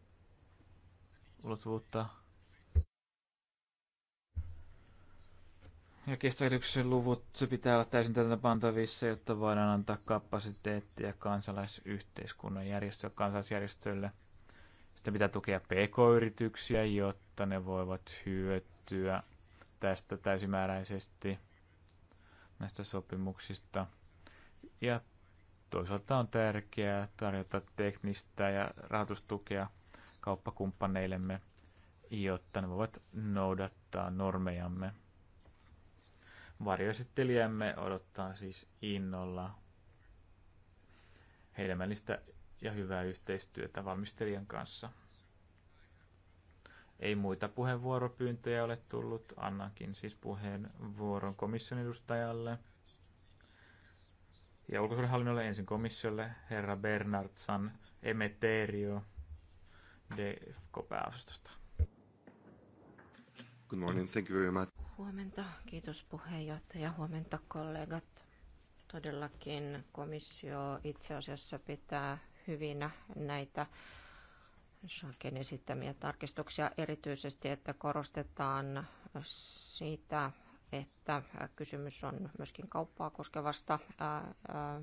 S1: ulottuvuutta. Ja kestokehityksen luvut pitää olla täysin tätä pantavissa, jotta voidaan antaa kapasiteettia kansalaisyhteiskunnan järjestöille, kansalaisjärjestöille. Sitten pitää tukea pk-yrityksiä, jotta ne voivat hyötyä tästä täysimääräisesti näistä sopimuksista. Ja toisaalta on tärkeää tarjota teknistä ja rahoitustukea kauppakumppaneillemme, jotta ne voivat noudattaa normejamme. Varjoesittelijämme odottaa siis innolla hedelmällistä ja hyvää yhteistyötä valmistelijan kanssa. Ei muita puheenvuoropyyntöjä ole tullut. Annankin siis puheenvuoron komission edustajalle. Ja ulkosuudenhallinnolle ensin komissiolle herra Bernardsan Emeterio. DFK-pääosastosta. Good morning, thank you very much.
S2: Huomenta, kiitos puheenjohtaja, huomenta kollegat. Todellakin komissio itse asiassa pitää hyvinä näitä Schaken esittämiä tarkistuksia erityisesti, että korostetaan siitä, että kysymys on myöskin kauppaa koskevasta ää, ää,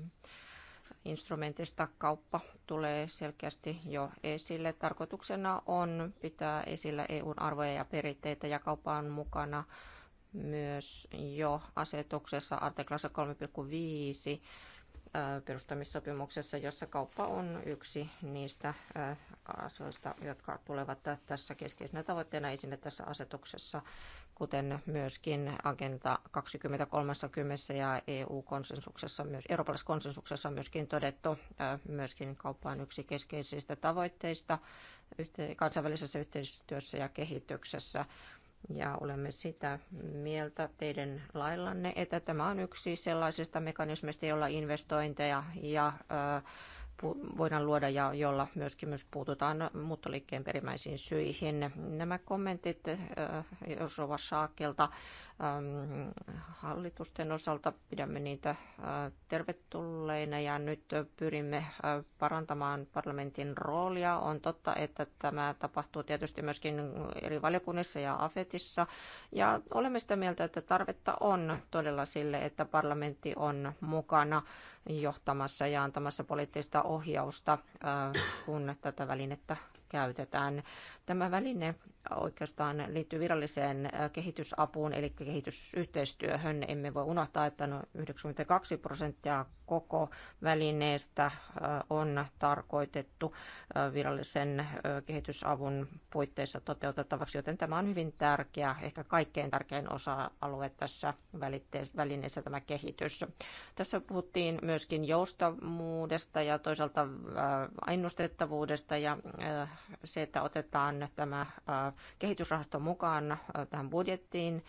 S2: instrumentista kauppa tulee selkeästi jo esille. Tarkoituksena on pitää esillä EUn arvoja ja perinteitä ja kaupan mukana myös jo asetuksessa artiklassa 3,5 perustamissopimuksessa, jossa kauppa on yksi niistä asioista, jotka tulevat tässä keskeisenä tavoitteena esille tässä asetuksessa, kuten myöskin Agenda 2030 ja EU-konsensuksessa, myös eurooppalaisessa konsensuksessa on myöskin todettu, myöskin kauppa on yksi keskeisistä tavoitteista kansainvälisessä yhteistyössä ja kehityksessä ja olemme sitä mieltä teidän laillanne, että tämä on yksi sellaisesta mekanismista, jolla investointeja ja voidaan luoda ja jolla myöskin myös puututaan muuttoliikkeen perimmäisiin syihin. Nämä kommentit äh, Rova Saakelta ähm, hallitusten osalta pidämme niitä äh, tervetulleina ja nyt pyrimme äh, parantamaan parlamentin roolia. On totta, että tämä tapahtuu tietysti myöskin eri valiokunnissa ja AFETissa ja olemme sitä mieltä, että tarvetta on todella sille, että parlamentti on mukana johtamassa ja antamassa poliittista ohjausta, äh, kun tätä välinettä käytetään. Tämä väline oikeastaan liittyy viralliseen kehitysapuun, eli kehitysyhteistyöhön. Emme voi unohtaa, että noin 92 prosenttia koko välineestä on tarkoitettu virallisen kehitysavun puitteissa toteutettavaksi, joten tämä on hyvin tärkeä, ehkä kaikkein tärkein osa-alue tässä välineessä tämä kehitys. Tässä puhuttiin myöskin joustavuudesta ja toisaalta ennustettavuudesta ja se, että otetaan tämä kehitysrahasto mukaan tähän budjettiin,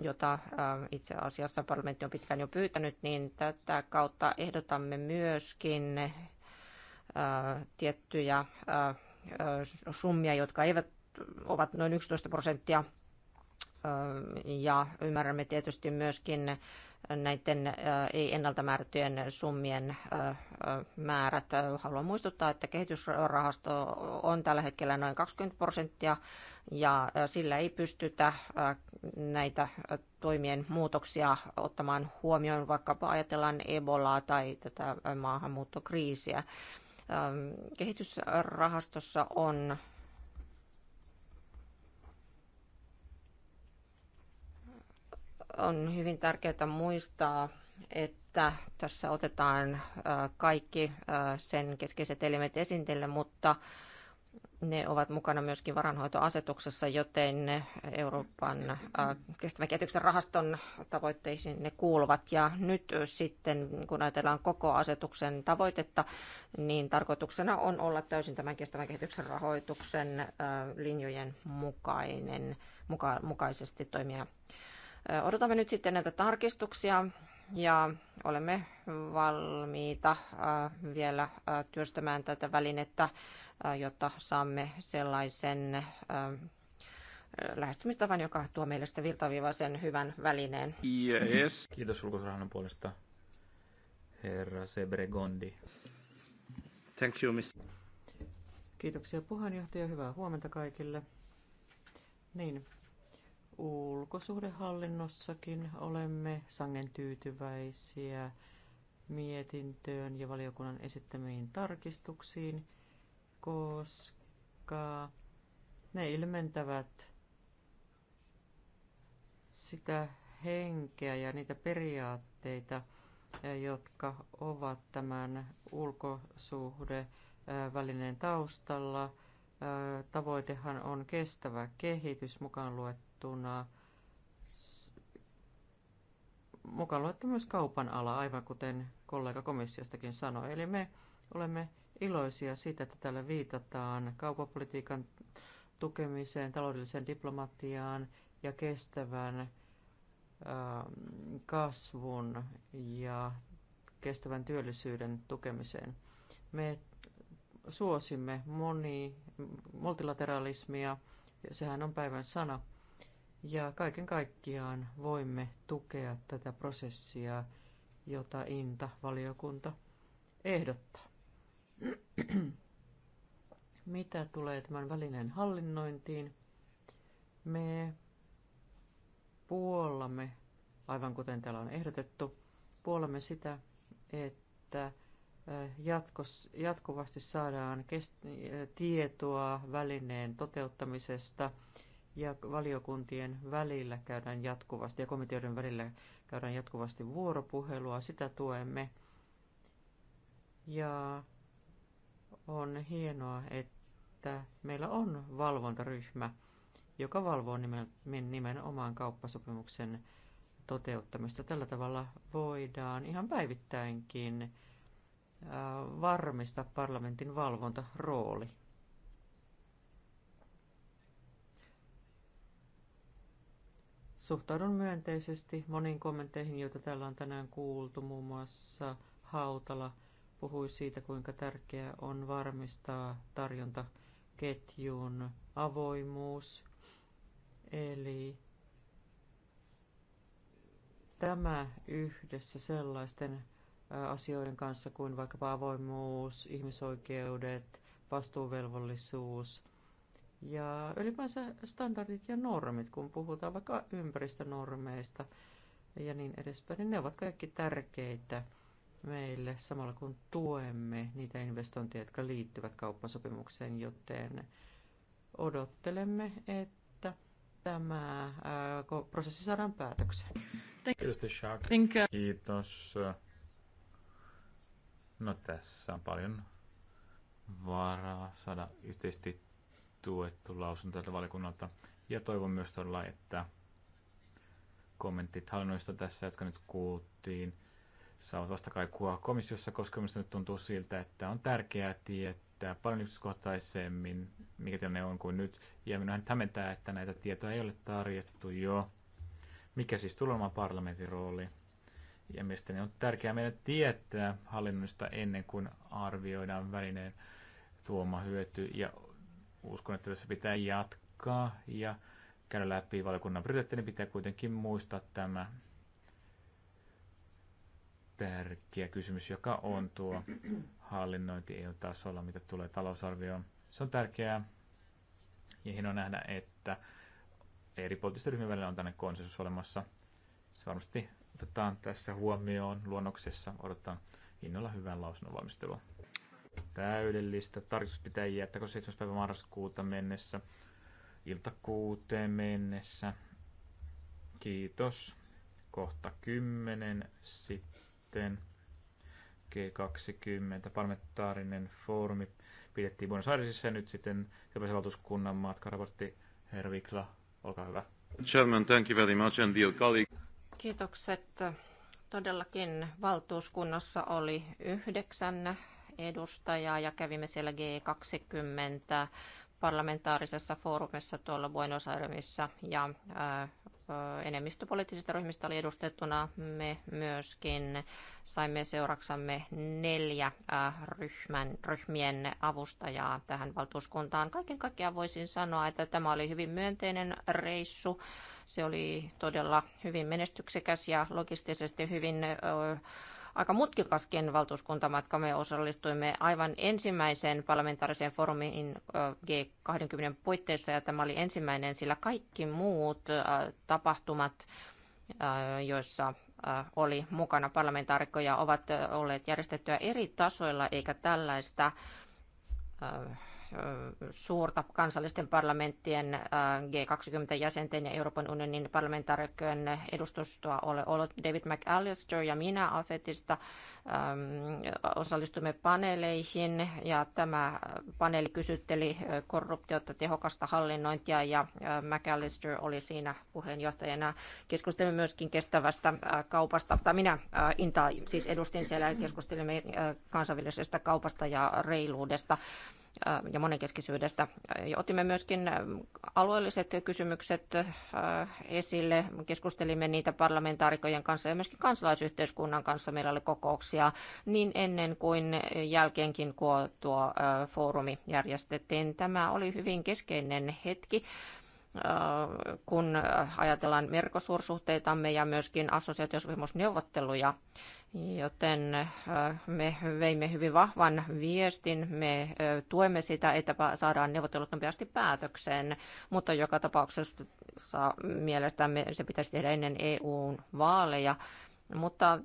S2: jota itse asiassa parlamentti on pitkään jo pyytänyt, niin tätä kautta ehdotamme myöskin tiettyjä summia, jotka eivät ovat noin 11 prosenttia. Ja ymmärrämme tietysti myöskin näiden ei-ennalta määrättyjen summien määrät. Haluan muistuttaa, että kehitysrahasto on tällä hetkellä noin 20 prosenttia ja sillä ei pystytä näitä toimien muutoksia ottamaan huomioon, vaikkapa ajatellaan Ebolaa tai tätä maahanmuuttokriisiä. Kehitysrahastossa on On hyvin tärkeää muistaa, että tässä otetaan äh, kaikki äh, sen keskeiset elimet esintille, mutta ne ovat mukana myöskin varanhoitoasetuksessa, joten Euroopan äh, kestävän kehityksen rahaston tavoitteisiin ne kuuluvat. Ja nyt sitten, kun ajatellaan koko asetuksen tavoitetta, niin tarkoituksena on olla täysin tämän kestävän kehityksen rahoituksen linjojen mukainen, muka, mukaisesti toimia Odotamme nyt sitten näitä tarkistuksia ja olemme valmiita vielä työstämään tätä välinettä, jotta saamme sellaisen lähestymistavan, joka tuo meille sitten virtaviivaisen hyvän välineen.
S1: Yes. Kiitos ulkosuojelun puolesta, herra Sebregondi. Thank you, Mr.
S3: Kiitoksia puheenjohtaja. Hyvää huomenta kaikille. Niin, ulkosuhdehallinnossakin olemme sangen tyytyväisiä mietintöön ja valiokunnan esittämiin tarkistuksiin, koska ne ilmentävät sitä henkeä ja niitä periaatteita, jotka ovat tämän ulkosuhdevälineen taustalla. Tavoitehan on kestävä kehitys mukaan luettu verrattuna mukaan luettu myös kaupan ala, aivan kuten kollega komissiostakin sanoi. Eli me olemme iloisia siitä, että täällä viitataan kaupapolitiikan tukemiseen, taloudelliseen diplomatiaan ja kestävän ähm, kasvun ja kestävän työllisyyden tukemiseen. Me suosimme moni, multilateralismia, sehän on päivän sana – ja kaiken kaikkiaan voimme tukea tätä prosessia, jota INTA-valiokunta ehdottaa. Mitä tulee tämän välineen hallinnointiin? Me puollamme, aivan kuten täällä on ehdotettu, puollamme sitä, että jatkos, jatkuvasti saadaan kest, tietoa välineen toteuttamisesta – ja valiokuntien välillä käydään jatkuvasti ja komiteoiden välillä käydään jatkuvasti vuoropuhelua, sitä tuemme. Ja on hienoa, että meillä on valvontaryhmä, joka valvoo nimenomaan kauppasopimuksen toteuttamista. Tällä tavalla voidaan ihan päivittäinkin äh, varmistaa parlamentin valvontarooli Suhtaudun myönteisesti moniin kommentteihin, joita täällä on tänään kuultu. Muun muassa Hautala puhui siitä, kuinka tärkeää on varmistaa tarjontaketjun avoimuus. Eli tämä yhdessä sellaisten asioiden kanssa kuin vaikkapa avoimuus, ihmisoikeudet, vastuuvelvollisuus – ja ylipäänsä standardit ja normit, kun puhutaan vaikka ympäristönormeista ja niin edespäin, niin ne ovat kaikki tärkeitä meille samalla kun tuemme niitä investointeja, jotka liittyvät kauppasopimukseen, joten odottelemme, että tämä ää, prosessi saadaan
S1: päätökseen. Kiitos. No tässä on paljon varaa saada yhteisesti tuettu lausunto tältä valiokunnalta. Ja toivon myös todella, että kommentit hallinnoista tässä, jotka nyt kuultiin, saavat kaikua komissiossa, koska minusta nyt tuntuu siltä, että on tärkeää tietää paljon yksityiskohtaisemmin, mikä tilanne on kuin nyt. Ja minua nyt hämmentää, että näitä tietoja ei ole tarjottu jo. Mikä siis tulemaan parlamentin rooli? Ja mielestäni on tärkeää meidän tietää hallinnosta ennen kuin arvioidaan välineen tuoma hyöty ja uskon, että tässä pitää jatkaa ja käydä läpi valiokunnan prioriteetti, niin pitää kuitenkin muistaa tämä tärkeä kysymys, joka on tuo hallinnointi EU-tasolla, mitä tulee talousarvioon. Se on tärkeää ja hienoa nähdä, että eri poliittisten ryhmien välillä on tällainen konsensus olemassa. Se varmasti otetaan tässä huomioon luonnoksessa. Odotan innolla hyvän lausunnon valmistelua täydellistä. Tarkistus pitää jättää kun 7. päivä marraskuuta mennessä, ilta kuuteen mennessä. Kiitos. Kohta 10 sitten. G20, parlamentaarinen foorumi, pidettiin Buenos Airesissa ja nyt sitten Euroopan valtuuskunnan matkaraportti. Herra Vikla, olkaa hyvä. Chairman, thank you very much and dear colleague.
S2: Kiitokset. Todellakin valtuuskunnassa oli yhdeksän edustajaa ja kävimme siellä G20 parlamentaarisessa foorumissa tuolla Buenos Airesissa ja enemmistöpoliittisista ryhmistä oli edustettuna. Me myöskin saimme seuraksamme neljä ryhmän, ryhmien avustajaa tähän valtuuskuntaan. Kaiken kaikkiaan voisin sanoa, että tämä oli hyvin myönteinen reissu. Se oli todella hyvin menestyksekäs ja logistisesti hyvin aika mutkikaskin valtuuskuntamatka. Me osallistuimme aivan ensimmäiseen parlamentaariseen foorumiin G20 puitteissa ja tämä oli ensimmäinen, sillä kaikki muut tapahtumat, joissa oli mukana parlamentaarikkoja, ovat olleet järjestettyä eri tasoilla eikä tällaista suurta kansallisten parlamenttien G20-jäsenten ja Euroopan unionin parlamentaarikkojen edustustoa ole ollut. David McAllister ja minä AFETista Ähm, osallistumme paneeleihin ja tämä paneeli kysytteli äh, korruptiota, tehokasta hallinnointia ja äh, McAllister oli siinä puheenjohtajana. Keskustelimme myöskin kestävästä äh, kaupasta, tai minä Inta siis edustin siellä ja keskustelimme kansainvälisestä kaupasta ja reiluudesta ja monenkeskisyydestä. Ja otimme myöskin alueelliset kysymykset esille, keskustelimme niitä parlamentaarikojen kanssa ja myöskin kansalaisyhteiskunnan kanssa. Meillä oli kokouksia vuosia niin ennen kuin jälkeenkin, kun tuo äh, foorumi järjestettiin. Tämä oli hyvin keskeinen hetki äh, kun ajatellaan merkosuursuhteitamme ja myöskin assosiaatiosopimusneuvotteluja, joten äh, me veimme hyvin vahvan viestin, me tuemme sitä, että saadaan neuvottelut nopeasti päätökseen, mutta joka tapauksessa mielestämme se pitäisi tehdä ennen EU-vaaleja mutta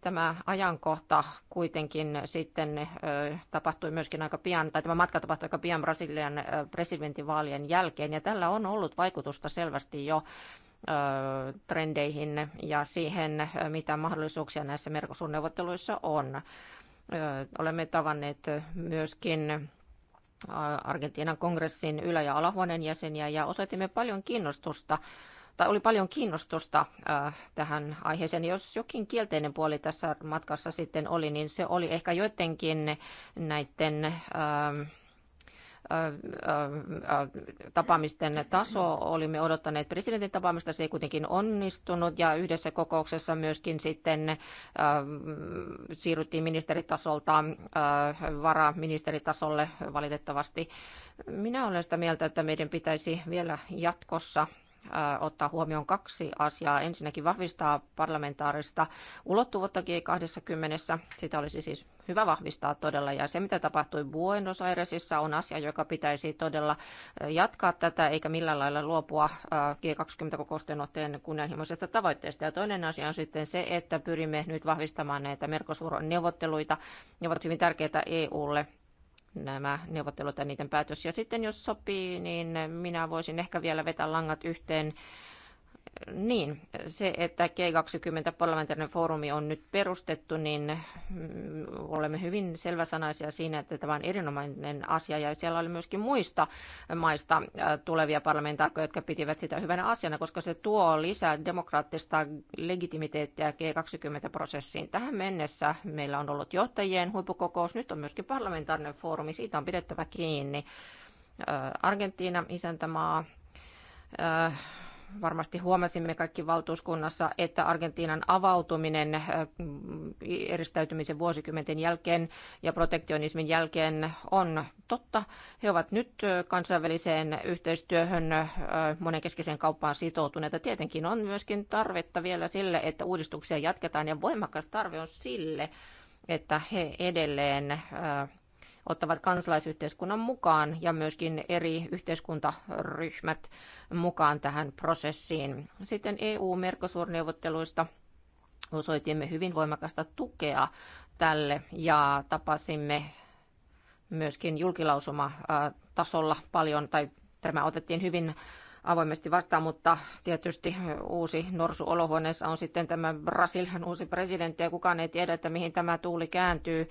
S2: tämä ajankohta kuitenkin sitten tapahtui myöskin aika pian, tai tämä matka tapahtui aika pian Brasilian presidentinvaalien jälkeen, ja tällä on ollut vaikutusta selvästi jo trendeihin ja siihen, mitä mahdollisuuksia näissä Mercosur-neuvotteluissa on. Olemme tavanneet myöskin Argentiinan kongressin ylä- ja alahuoneen jäseniä ja osoitimme paljon kiinnostusta tai oli paljon kiinnostusta äh, tähän aiheeseen. Jos jokin kielteinen puoli tässä matkassa sitten oli, niin se oli ehkä joidenkin näiden äh, äh, tapaamisten taso. Olimme odottaneet presidentin tapaamista, se ei kuitenkin onnistunut ja yhdessä kokouksessa myöskin sitten siirryttiin ministeritasolta varaministeritasolle valitettavasti. Minä olen sitä mieltä, että meidän pitäisi vielä jatkossa Äh, ottaa huomioon kaksi asiaa. Ensinnäkin vahvistaa parlamentaarista ulottuvuutta G20. Sitä olisi siis hyvä vahvistaa todella. Ja se, mitä tapahtui Buenos Airesissa, on asia, joka pitäisi todella äh, jatkaa tätä, eikä millään lailla luopua äh, G20-kokousten otteen kunnianhimoisesta tavoitteesta. Ja toinen asia on sitten se, että pyrimme nyt vahvistamaan näitä Mercosur-neuvotteluita. Ne ovat hyvin tärkeitä EUlle nämä neuvottelut ja niiden päätös. Ja sitten jos sopii, niin minä voisin ehkä vielä vetää langat yhteen niin, se, että G20-parlamentaarinen foorumi on nyt perustettu, niin mm, olemme hyvin selväsanaisia siinä, että tämä on erinomainen asia. Ja siellä oli myöskin muista maista äh, tulevia parlamentaarikkoja, jotka pitivät sitä hyvänä asiana, koska se tuo lisää demokraattista legitimiteettiä G20-prosessiin. Tähän mennessä meillä on ollut johtajien huippukokous, nyt on myöskin parlamentaarinen foorumi, siitä on pidettävä kiinni. Äh, Argentiina, isäntämaa, äh, varmasti huomasimme kaikki valtuuskunnassa, että Argentiinan avautuminen äh, eristäytymisen vuosikymmenten jälkeen ja protektionismin jälkeen on totta. He ovat nyt äh, kansainväliseen yhteistyöhön äh, monenkeskeiseen kauppaan sitoutuneita. Tietenkin on myöskin tarvetta vielä sille, että uudistuksia jatketaan ja voimakas tarve on sille, että he edelleen ottavat kansalaisyhteiskunnan mukaan ja myöskin eri yhteiskuntaryhmät mukaan tähän prosessiin. Sitten EU-merkosuurneuvotteluista osoitimme hyvin voimakasta tukea tälle ja tapasimme myöskin julkilausumatasolla paljon, tai tämä otettiin hyvin avoimesti vastaan, mutta tietysti uusi norsu olohuoneessa on sitten tämä Brasilian uusi presidentti ja kukaan ei tiedä, että mihin tämä tuuli kääntyy.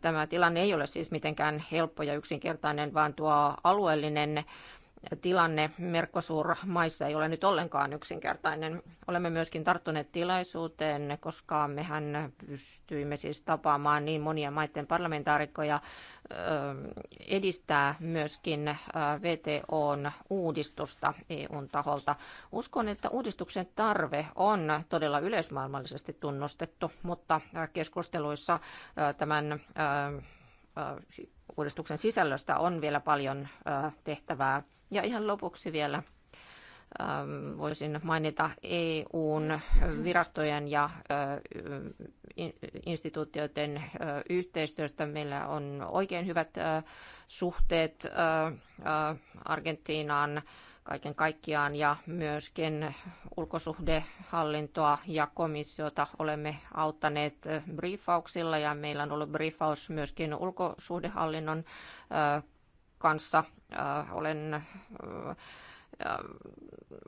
S2: Tämä tilanne ei ole siis mitenkään helppo ja yksinkertainen, vaan tuo alueellinen tilanne Mercosur-maissa ei ole nyt ollenkaan yksinkertainen. Olemme myöskin tarttuneet tilaisuuteen, koska mehän pystyimme siis tapaamaan niin monia maiden parlamentaarikkoja edistää myöskin VTOn uudistusta EUn taholta. Uskon, että uudistuksen tarve on todella yleismaailmallisesti tunnustettu, mutta keskusteluissa tämän uudistuksen sisällöstä on vielä paljon tehtävää ja ihan lopuksi vielä ähm, voisin mainita EUn virastojen ja instituutioiden yhteistyöstä. Meillä on oikein hyvät suhteet Argentiinaan kaiken kaikkiaan ja myöskin ulkosuhdehallintoa ja komissiota olemme auttaneet briefauksilla ja meillä on ollut briefaus myöskin ulkosuhdehallinnon kanssa. Äh, olen äh, äh,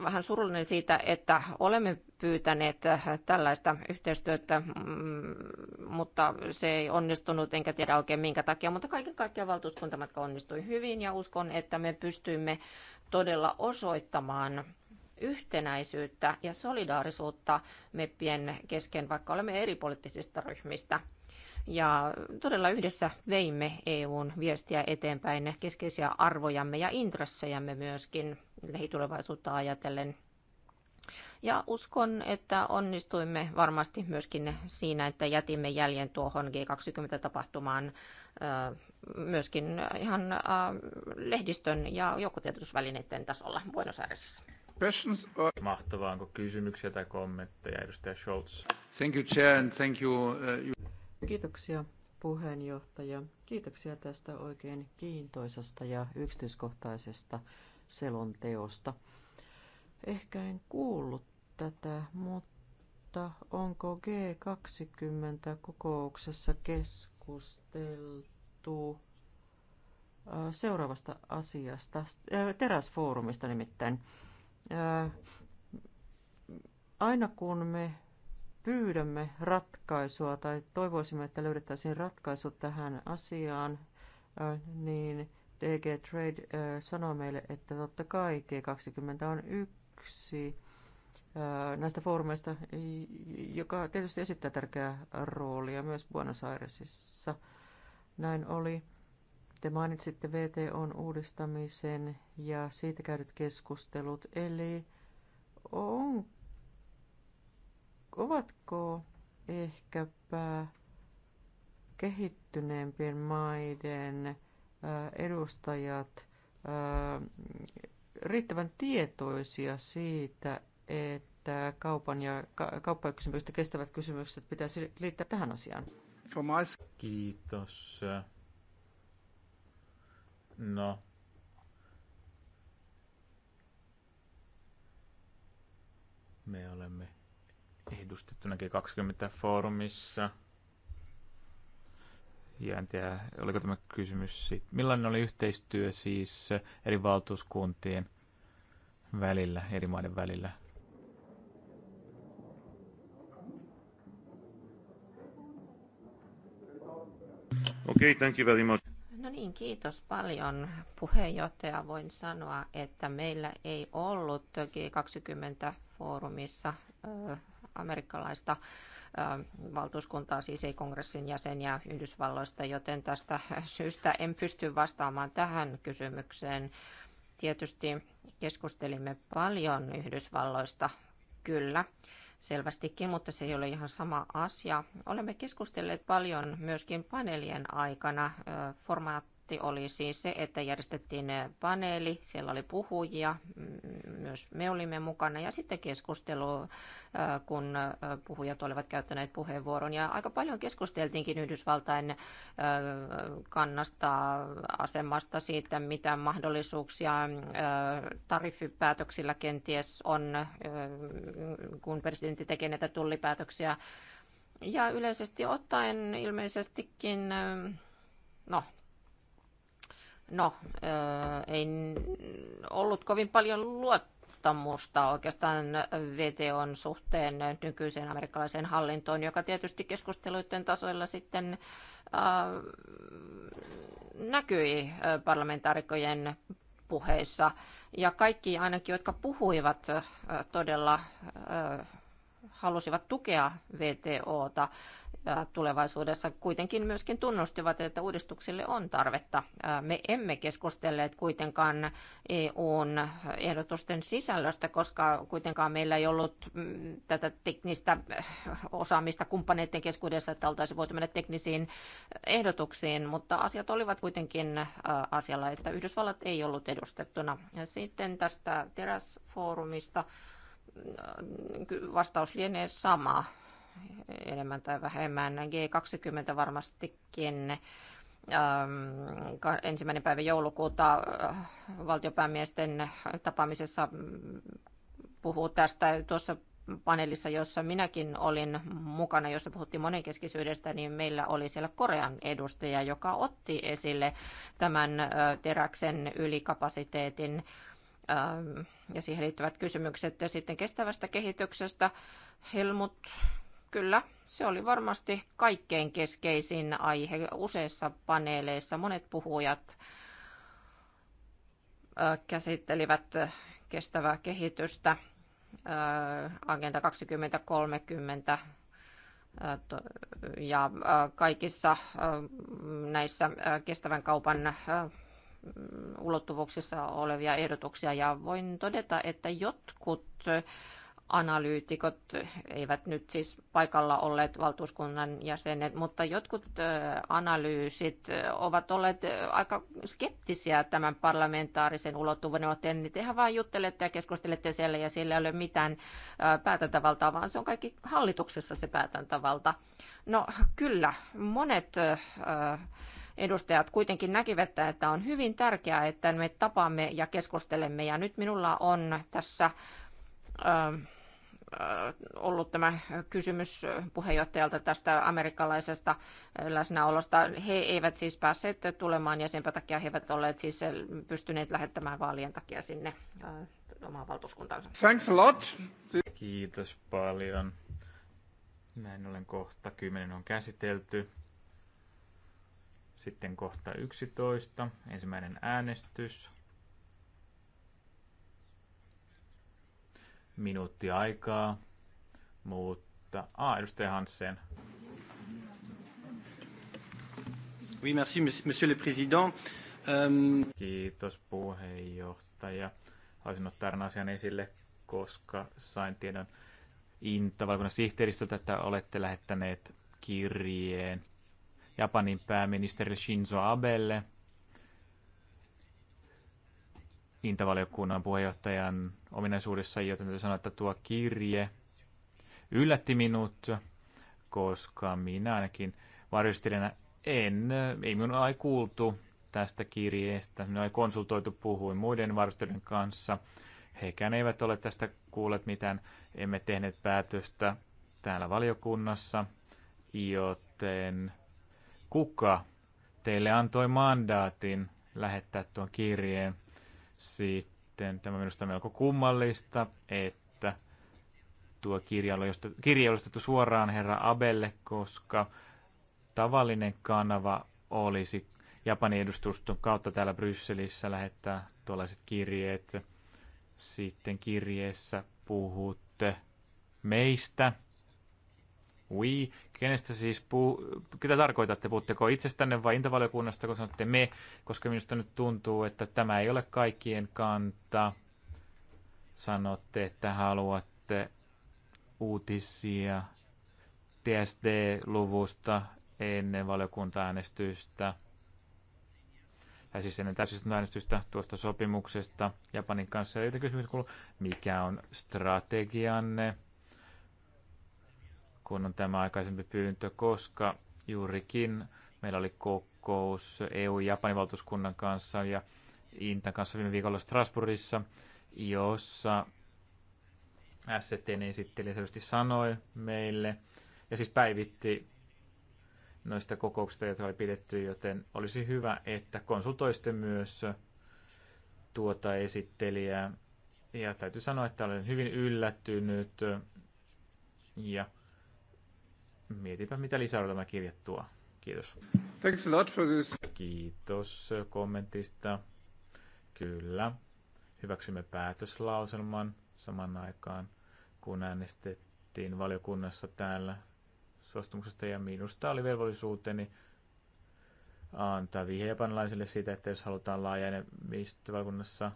S2: vähän surullinen siitä, että olemme pyytäneet tällaista yhteistyötä, mm, mutta se ei onnistunut, enkä tiedä oikein minkä takia, mutta kaiken kaikkiaan valtuuskuntamatka onnistui hyvin ja uskon, että me pystymme todella osoittamaan yhtenäisyyttä ja solidaarisuutta meppien kesken, vaikka olemme eri poliittisista ryhmistä – ja todella yhdessä veimme EUn viestiä eteenpäin keskeisiä arvojamme ja intressejämme myöskin lähitulevaisuutta ajatellen. Ja uskon, että onnistuimme varmasti myöskin siinä, että jätimme jäljen tuohon G20-tapahtumaan myöskin ihan lehdistön ja joukkotietotusvälineiden tasolla Buenos Airesissa.
S1: Mahtavaa, onko kysymyksiä tai kommentteja, edustaja Scholz? Thank you, Chair, and thank you, uh, you... Kiitoksia
S3: puheenjohtaja. Kiitoksia tästä oikein kiintoisesta ja yksityiskohtaisesta selonteosta. Ehkä en kuullut tätä, mutta onko G20-kokouksessa keskusteltu seuraavasta asiasta, teräsfoorumista nimittäin. Aina kun me pyydämme ratkaisua tai toivoisimme, että löydettäisiin ratkaisu tähän asiaan, niin DG Trade sanoo meille, että totta kai G20 on yksi näistä foorumeista, joka tietysti esittää tärkeää roolia myös Buenos Airesissa. Näin oli. Te mainitsitte VTOn uudistamisen ja siitä käydyt keskustelut, eli onko ovatko ehkäpä kehittyneempien maiden edustajat riittävän tietoisia siitä, että kaupan ja kauppayksiköistä kestävät kysymykset pitäisi liittää tähän asiaan?
S1: Kiitos. No. Me olemme edustettuna G20-foorumissa. Ja en tiedä, oliko tämä kysymys sitten. Millainen oli yhteistyö siis eri valtuuskuntien välillä, eri maiden välillä? Okei, okay, thank you very much.
S2: No niin, kiitos paljon. Puheenjohtaja, voin sanoa, että meillä ei ollut G20-foorumissa amerikkalaista valtuuskuntaa, siis ei kongressin jäseniä Yhdysvalloista, joten tästä syystä en pysty vastaamaan tähän kysymykseen. Tietysti keskustelimme paljon Yhdysvalloista, kyllä, selvästikin, mutta se ei ole ihan sama asia. Olemme keskustelleet paljon myöskin paneelien aikana. Formaat kontakti oli siis se, että järjestettiin paneeli, siellä oli puhujia, mm, myös me olimme mukana ja sitten keskustelu, äh, kun äh, puhujat olivat käyttäneet puheenvuoron. Ja aika paljon keskusteltiinkin Yhdysvaltain äh, kannasta, asemasta siitä, mitä mahdollisuuksia tariffipäätöksillä kenties on, kun presidentti tekee näitä tullipäätöksiä. Ja yleisesti ottaen ilmeisestikin, no No, ei ollut kovin paljon luottamusta oikeastaan VTOn suhteen nykyiseen amerikkalaiseen hallintoon, joka tietysti keskusteluiden tasoilla sitten näkyi parlamentaarikojen puheissa. Ja kaikki ainakin, jotka puhuivat todella halusivat tukea VTOta tulevaisuudessa, kuitenkin myöskin tunnustivat, että uudistuksille on tarvetta. Me emme keskustelleet kuitenkaan EUn ehdotusten sisällöstä, koska kuitenkaan meillä ei ollut mm, tätä teknistä äh, osaamista kumppaneiden keskuudessa, että oltaisiin voitu mennä teknisiin ehdotuksiin, mutta asiat olivat kuitenkin asialla, että Yhdysvallat ei ollut edustettuna. Sitten tästä teräsfoorumista vastaus lienee sama enemmän tai vähemmän. G20 varmastikin ähm, ensimmäinen päivä joulukuuta äh, valtiopäämiesten tapaamisessa mm, puhuu tästä tuossa paneelissa, jossa minäkin olin mukana, jossa puhuttiin monenkeskisyydestä, niin meillä oli siellä Korean edustaja, joka otti esille tämän äh, teräksen ylikapasiteetin Ähm, ja siihen liittyvät kysymykset. Ja sitten kestävästä kehityksestä Helmut, kyllä, se oli varmasti kaikkein keskeisin aihe useissa paneeleissa. Monet puhujat käsittelivät kestävää kehitystä, Agenda 2030 ja kaikissa näissä kestävän kaupan Mm, ulottuvuuksissa olevia ehdotuksia ja voin todeta, että jotkut analyytikot, eivät nyt siis paikalla olleet valtuuskunnan jäsenet, mutta jotkut analyysit ovat olleet aika skeptisiä tämän parlamentaarisen ulottuvuuden otteen. niin tehän vain juttelette ja keskustelette siellä ja siellä ei ole mitään päätäntävaltaa, vaan se on kaikki hallituksessa se päätäntävalta. No kyllä, monet äh, edustajat kuitenkin näkivät, että on hyvin tärkeää, että me tapaamme ja keskustelemme. Ja nyt minulla on tässä ollut tämä kysymys puheenjohtajalta tästä amerikkalaisesta läsnäolosta. He eivät siis päässeet tulemaan ja sen takia he eivät olleet siis pystyneet lähettämään vaalien takia sinne omaan valtuuskuntaansa. Thanks a lot.
S1: Kiitos paljon. Näin ollen kohta kymmenen on käsitelty. Sitten kohta 11, ensimmäinen äänestys. Minuutti aikaa, mutta... A, Ah, edustaja Hansen. Oui, merci, monsieur le président. Um... Kiitos puheenjohtaja. Haluaisin ottaa tämän asian esille, koska sain tiedon Inta-valkunnan sihteeristöltä, että olette lähettäneet kirjeen Japanin pääministeri Shinzo Abelle, Intavaliokunnan puheenjohtajan ominaisuudessa, joten täytyy sanoa, että tuo kirje yllätti minut, koska minä ainakin varjostelijana en, ei minun ei kuultu tästä kirjeestä. Minua ei konsultoitu, puhuin muiden varustelijoiden kanssa. Hekään eivät ole tästä kuulleet mitään. Emme tehneet päätöstä täällä valiokunnassa, joten kuka teille antoi mandaatin lähettää tuon kirjeen. Sitten tämä minusta on melko kummallista, että tuo kirja oli ostettu, kirja oli ostettu suoraan herra Abelle, koska tavallinen kanava olisi Japanin edustuston kautta täällä Brysselissä lähettää tuollaiset kirjeet. Sitten kirjeessä puhutte meistä, we, kenestä siis puu... ketä tarkoitatte, puhutteko itsestänne vai intavaliokunnasta, kun sanotte me, koska minusta nyt tuntuu, että tämä ei ole kaikkien kanta. Sanotte, että haluatte uutisia TSD-luvusta ennen valiokunta-äänestystä, tai siis ennen äänestystä tuosta sopimuksesta Japanin kanssa. Ja kysymys kuuluu, mikä on strategianne? kun on tämä aikaisempi pyyntö, koska juurikin meillä oli kokous EU-Japanin valtuuskunnan kanssa ja Intan kanssa viime viikolla Strasbourgissa, jossa STn esitteli selvästi sanoi meille, ja siis päivitti noista kokouksista, joita oli pidetty, joten olisi hyvä, että konsultoisitte myös tuota esittelijää. Ja täytyy sanoa, että olen hyvin yllättynyt ja mietipä mitä lisää tämä tuo. Kiitos. Thanks a lot for this. Kiitos kommentista. Kyllä. Hyväksymme päätöslauselman saman aikaan, kun äänestettiin valiokunnassa täällä suostumuksesta ja minusta oli velvollisuuteni antaa vihjepanlaisille siitä, että jos halutaan laaja enemmistö valiokunnassa,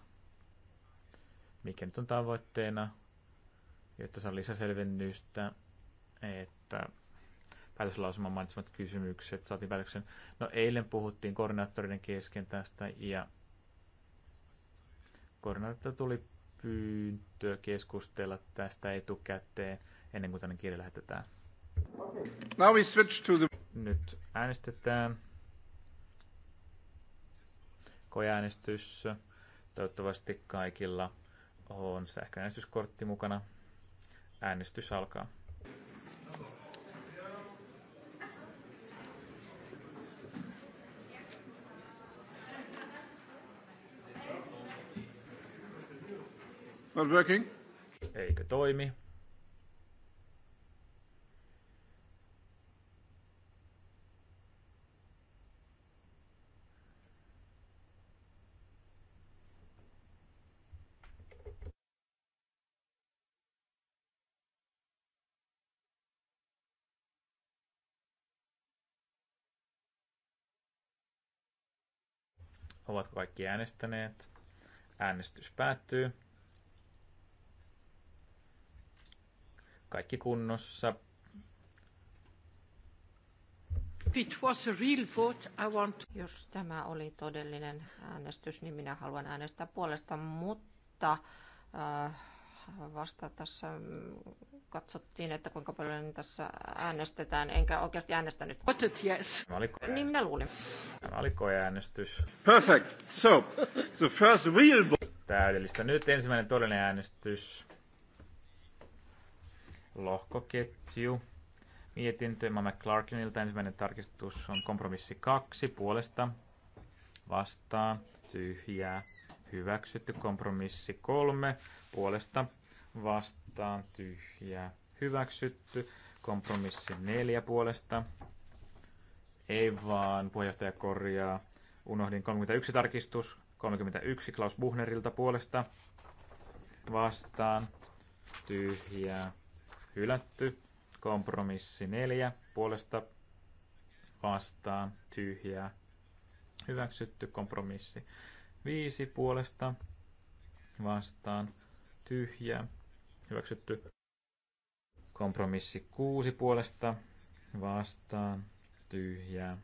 S1: mikä nyt on tavoitteena, jotta saa lisäselvennystä, että päätöslausuman mainitsemat kysymykset saatiin päätöksen. No eilen puhuttiin koordinaattoreiden kesken tästä ja koordinaattori tuli pyyntö keskustella tästä etukäteen ennen kuin tänne kirja lähetetään. Now we switch to the... Nyt äänestetään. Koeäänestys. Toivottavasti kaikilla on sähköäänestyskortti mukana. Äänestys alkaa. Not working? Eikö toimi? Ovatko kaikki äänestäneet? Äänestys päättyy. kaikki kunnossa. It was a
S2: real vote, I want... Jos tämä oli todellinen äänestys, niin minä haluan äänestää puolesta, mutta äh, vasta tässä mm, katsottiin, että kuinka paljon tässä äänestetään, enkä oikeasti äänestänyt. But it, yes. Tämä oli Niin minä luulin.
S1: Tämä oli koeäänestys. Perfect. So, the first real vote. Täydellistä. Nyt ensimmäinen todellinen äänestys lohkoketju. Mietintö Emma McClarkinilta ensimmäinen tarkistus on kompromissi kaksi puolesta vastaan tyhjää hyväksytty. Kompromissi kolme puolesta vastaan tyhjää hyväksytty. Kompromissi neljä puolesta ei vaan puheenjohtaja korjaa. Unohdin 31 tarkistus 31 Klaus Buchnerilta puolesta vastaan tyhjää hylätty. Kompromissi 4 puolesta vastaan tyhjää hyväksytty. Kompromissi 5 puolesta vastaan tyhjää hyväksytty. Kompromissi 6 puolesta vastaan tyhjää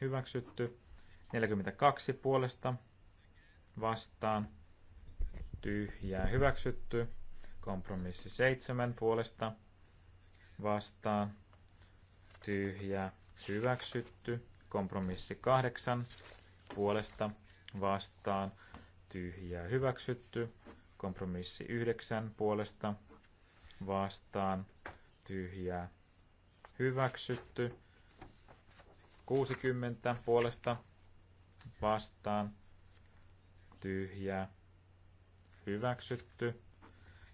S1: hyväksytty. 42 puolesta vastaan tyhjää hyväksytty. Kompromissi 7 puolesta vastaan, tyhjä hyväksytty. Kompromissi kahdeksan puolesta vastaan, tyhjä hyväksytty. Kompromissi yhdeksän puolesta vastaan, tyhjä, hyväksytty. 60 puolesta vastaan, tyhjä, hyväksytty.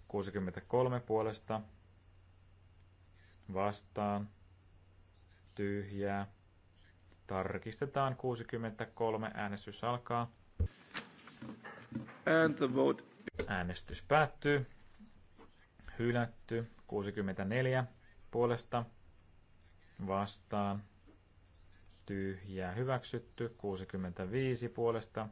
S1: 63 puolesta vastaan, tyhjää. Tarkistetaan 63, äänestys alkaa. And the vote. Äänestys päättyy. Hylätty 64 puolesta vastaan. Tyhjää hyväksytty 65 puolesta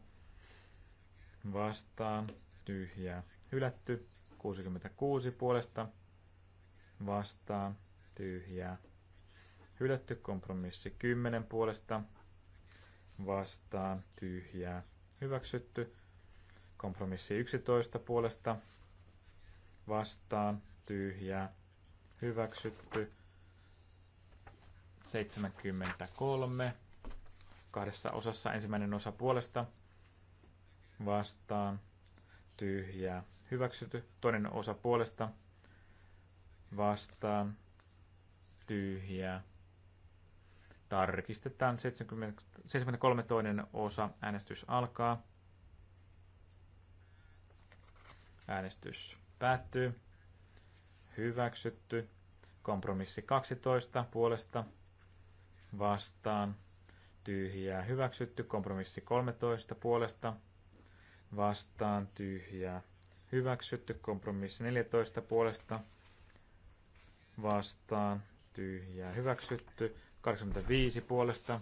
S1: vastaan. Tyhjää hylätty 66 puolesta vastaan tyhjää. Hylätty kompromissi 10 puolesta vastaan tyhjää. Hyväksytty kompromissi 11 puolesta vastaan tyhjää. Hyväksytty 73 kahdessa osassa ensimmäinen osa puolesta vastaan tyhjää. Hyväksytty toinen osa puolesta vastaan tyhjää. Tarkistetaan 70, 73 toinen osa. Äänestys alkaa. Äänestys päättyy. Hyväksytty. Kompromissi 12 puolesta vastaan. Tyhjää hyväksytty. Kompromissi 13 puolesta vastaan. Tyhjää hyväksytty. Kompromissi 14 puolesta vastaan tyhjää hyväksytty. 85 puolesta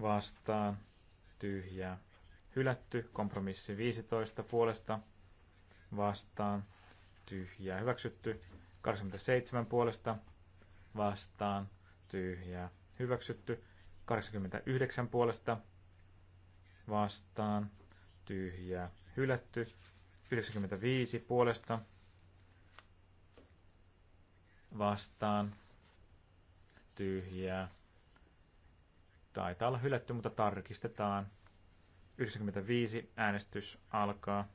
S1: vastaan tyhjää hylätty. Kompromissi 15 puolesta vastaan tyhjää hyväksytty. 87 puolesta vastaan tyhjää hyväksytty. 89 puolesta vastaan tyhjää hylätty. 95 puolesta vastaan tyhjää. Taitaa olla hylätty, mutta tarkistetaan. 95 äänestys alkaa.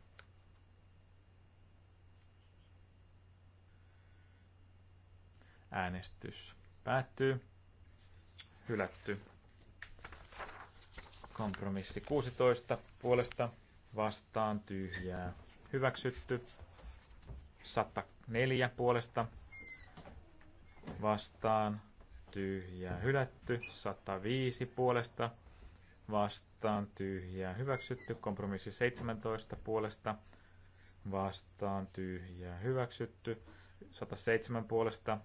S1: Äänestys päättyy. Hylätty. Kompromissi 16 puolesta vastaan tyhjää. Hyväksytty. 104 puolesta vastaan, tyhjää hylätty, 105 puolesta vastaan, tyhjää hyväksytty, kompromissi 17 puolesta vastaan, tyhjää hyväksytty, 107 puolesta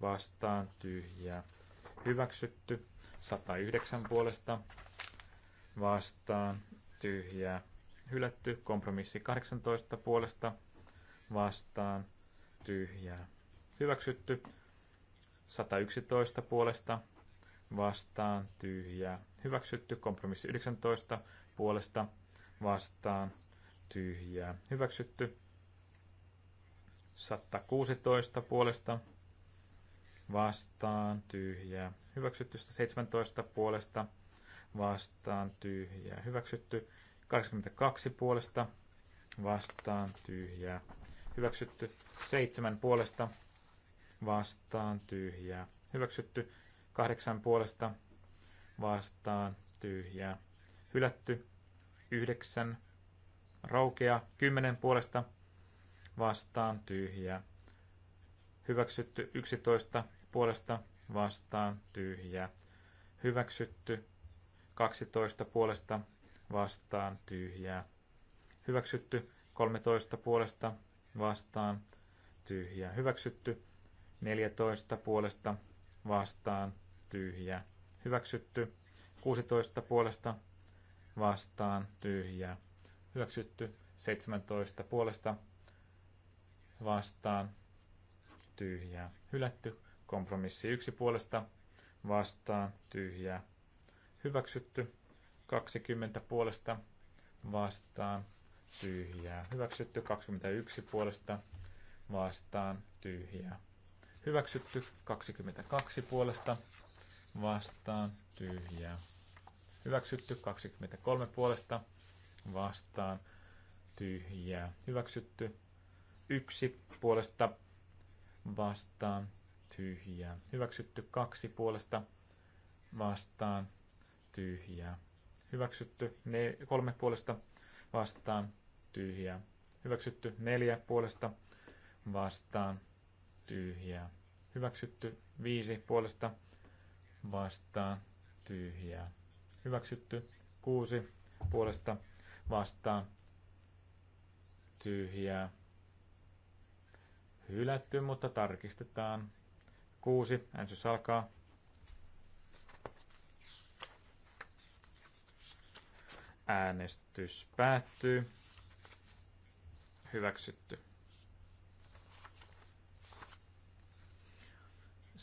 S1: vastaan, tyhjää hyväksytty, 109 puolesta vastaan, tyhjää hylätty, kompromissi 18 puolesta vastaan, tyhjää hyväksytty, 111 puolesta vastaan tyhjää hyväksytty. Kompromissi 19 puolesta vastaan tyhjää hyväksytty. 116 puolesta vastaan tyhjää hyväksytty. 117 puolesta vastaan tyhjää hyväksytty. 82 puolesta vastaan tyhjää hyväksytty. 7 puolesta vastaan tyhjää. Hyväksytty kahdeksan puolesta vastaan tyhjää. Hylätty yhdeksän raukea kymmenen puolesta vastaan tyhjää. Hyväksytty yksitoista puolesta vastaan tyhjää. Hyväksytty kaksitoista puolesta vastaan tyhjää. Hyväksytty 13 puolesta vastaan tyhjää. Hyväksytty 14 puolesta vastaan tyhjä. Hyväksytty. 16 puolesta vastaan tyhjä. Hyväksytty. 17 puolesta vastaan tyhjä. Hylätty. Kompromissi 1 puolesta vastaan tyhjä. Hyväksytty. 20 puolesta vastaan tyhjää. Hyväksytty 21 puolesta vastaan tyhjää. Hyväksytty 22 puolesta vastaan tyhjää. Hyväksytty 23 puolesta vastaan tyhjää. Hyväksytty 1 puolesta vastaan tyhjää. Hyväksytty 2 puolesta vastaan tyhjää. Hyväksytty 3 puolesta vastaan tyhjää. Hyväksytty 4 puolesta vastaan tyhjää. Hyväksytty. Viisi puolesta vastaan. Tyhjää. Hyväksytty. Kuusi puolesta vastaan. Tyhjää. Hylätty, mutta tarkistetaan. Kuusi. Äänestys alkaa. Äänestys päättyy. Hyväksytty.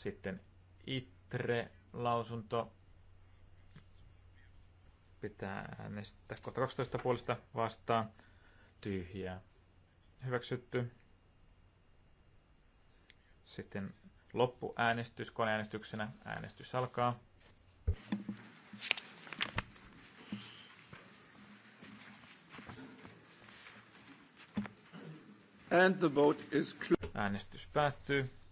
S1: Sitten ITRE-lausunto pitää äänestää kohta 12 puolesta vastaan. Tyhjää. Hyväksytty. Sitten loppuäänestys koneäänestyksenä. Äänestys alkaa. And the vote is Äänestys päättyy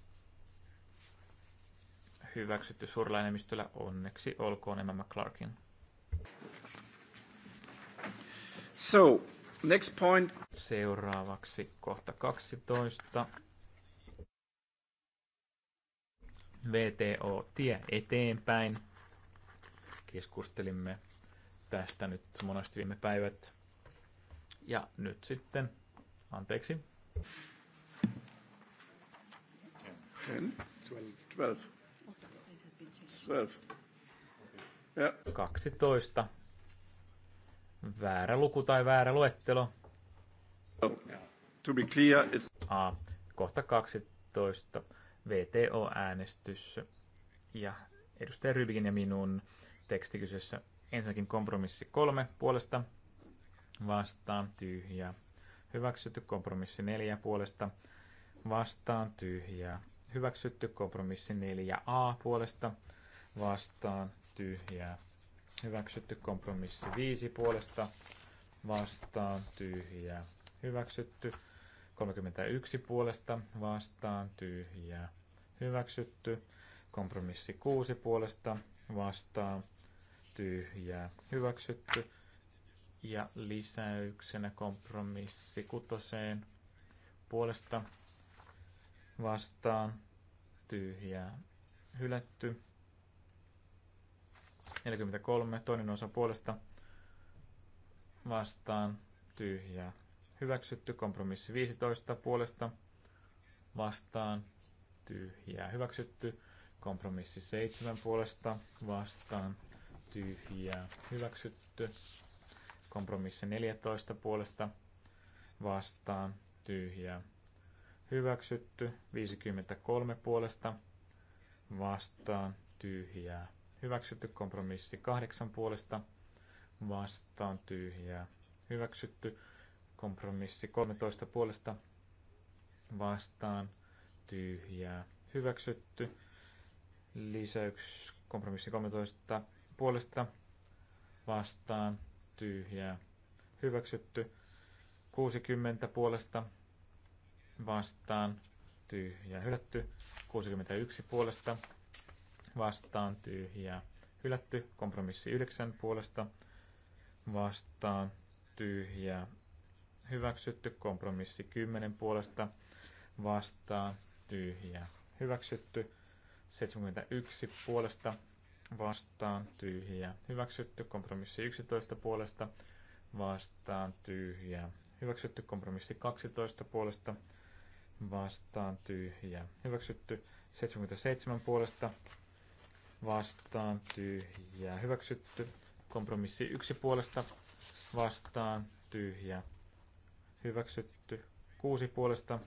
S1: hyväksytty suurella enemmistöllä. Onneksi olkoon Emma McClarkin. So, next point. Seuraavaksi kohta 12. VTO tie eteenpäin. Keskustelimme tästä nyt monesti viime päivät. Ja nyt sitten, anteeksi. 10,
S4: 12. 12. 12.
S1: 12. Väärä luku tai väärä luettelo. To be clear, it's... A. Kohta 12. VTO-äänestys. Ja edustaja Rybikin ja minun teksti Ensinnäkin kompromissi kolme puolesta vastaan tyhjä. Hyväksytty kompromissi neljä puolesta vastaan tyhjä. Hyväksytty kompromissi 4a puolesta vastaan tyhjää. Hyväksytty kompromissi 5 puolesta vastaan tyhjää. Hyväksytty 31 puolesta vastaan tyhjää. Hyväksytty kompromissi 6 puolesta vastaan tyhjää. Hyväksytty ja lisäyksenä kompromissi kutoseen puolesta vastaan tyhjää hylätty 43, toinen osa puolesta vastaan tyhjää. Hyväksytty kompromissi 15 puolesta vastaan tyhjää. Hyväksytty kompromissi 7 puolesta vastaan tyhjää. Hyväksytty kompromissi 14 puolesta vastaan tyhjää. Hyväksytty 53 puolesta vastaan tyhjää hyväksytty kompromissi kahdeksan puolesta vastaan tyhjää hyväksytty kompromissi 13 puolesta vastaan tyhjää hyväksytty lisäyks kompromissi 13 puolesta vastaan tyhjää hyväksytty 60 puolesta vastaan tyhjää hylätty 61 puolesta vastaan tyhjää. Hylätty kompromissi 9 puolesta vastaan tyhjää. Hyväksytty kompromissi 10 puolesta vastaan tyhjää. Hyväksytty 71 puolesta vastaan tyhjää. Hyväksytty kompromissi 11 puolesta vastaan tyhjää. Hyväksytty kompromissi 12 puolesta vastaan tyhjää. Hyväksytty 77 puolesta vastaan tyhjää hyväksytty. Kompromissi yksi puolesta vastaan tyhjä hyväksytty. Kuusi puolesta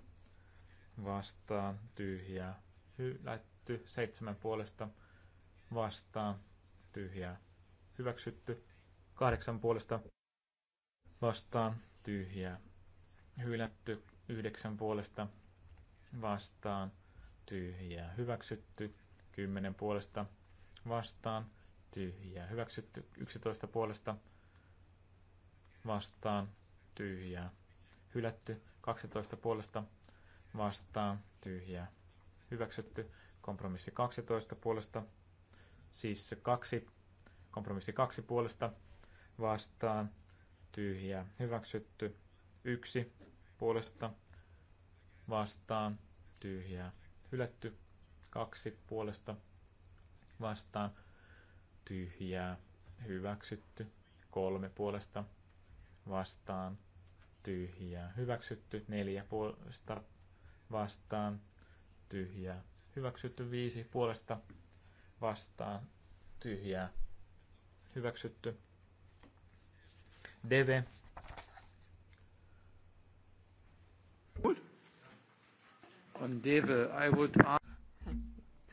S1: vastaan tyhjää hylätty. Seitsemän puolesta vastaan tyhjää hyväksytty. Kahdeksan puolesta vastaan tyhjää hylätty. Yhdeksän puolesta vastaan tyhjää hyväksytty. Kymmenen puolesta vastaan, tyhjää. Hyväksytty 11 puolesta vastaan, tyhjää. Hylätty 12 puolesta vastaan, tyhjää. Hyväksytty kompromissi 12 puolesta, siis se kaksi, kompromissi 2 puolesta vastaan, tyhjää. Hyväksytty 1 puolesta vastaan, tyhjää. Hylätty 2 puolesta vastaan, vastaan tyhjää hyväksytty. Kolme puolesta vastaan tyhjää hyväksytty. Neljä puolesta vastaan tyhjää hyväksytty. Viisi puolesta vastaan tyhjää hyväksytty. Deve.
S4: On Deve, I would ask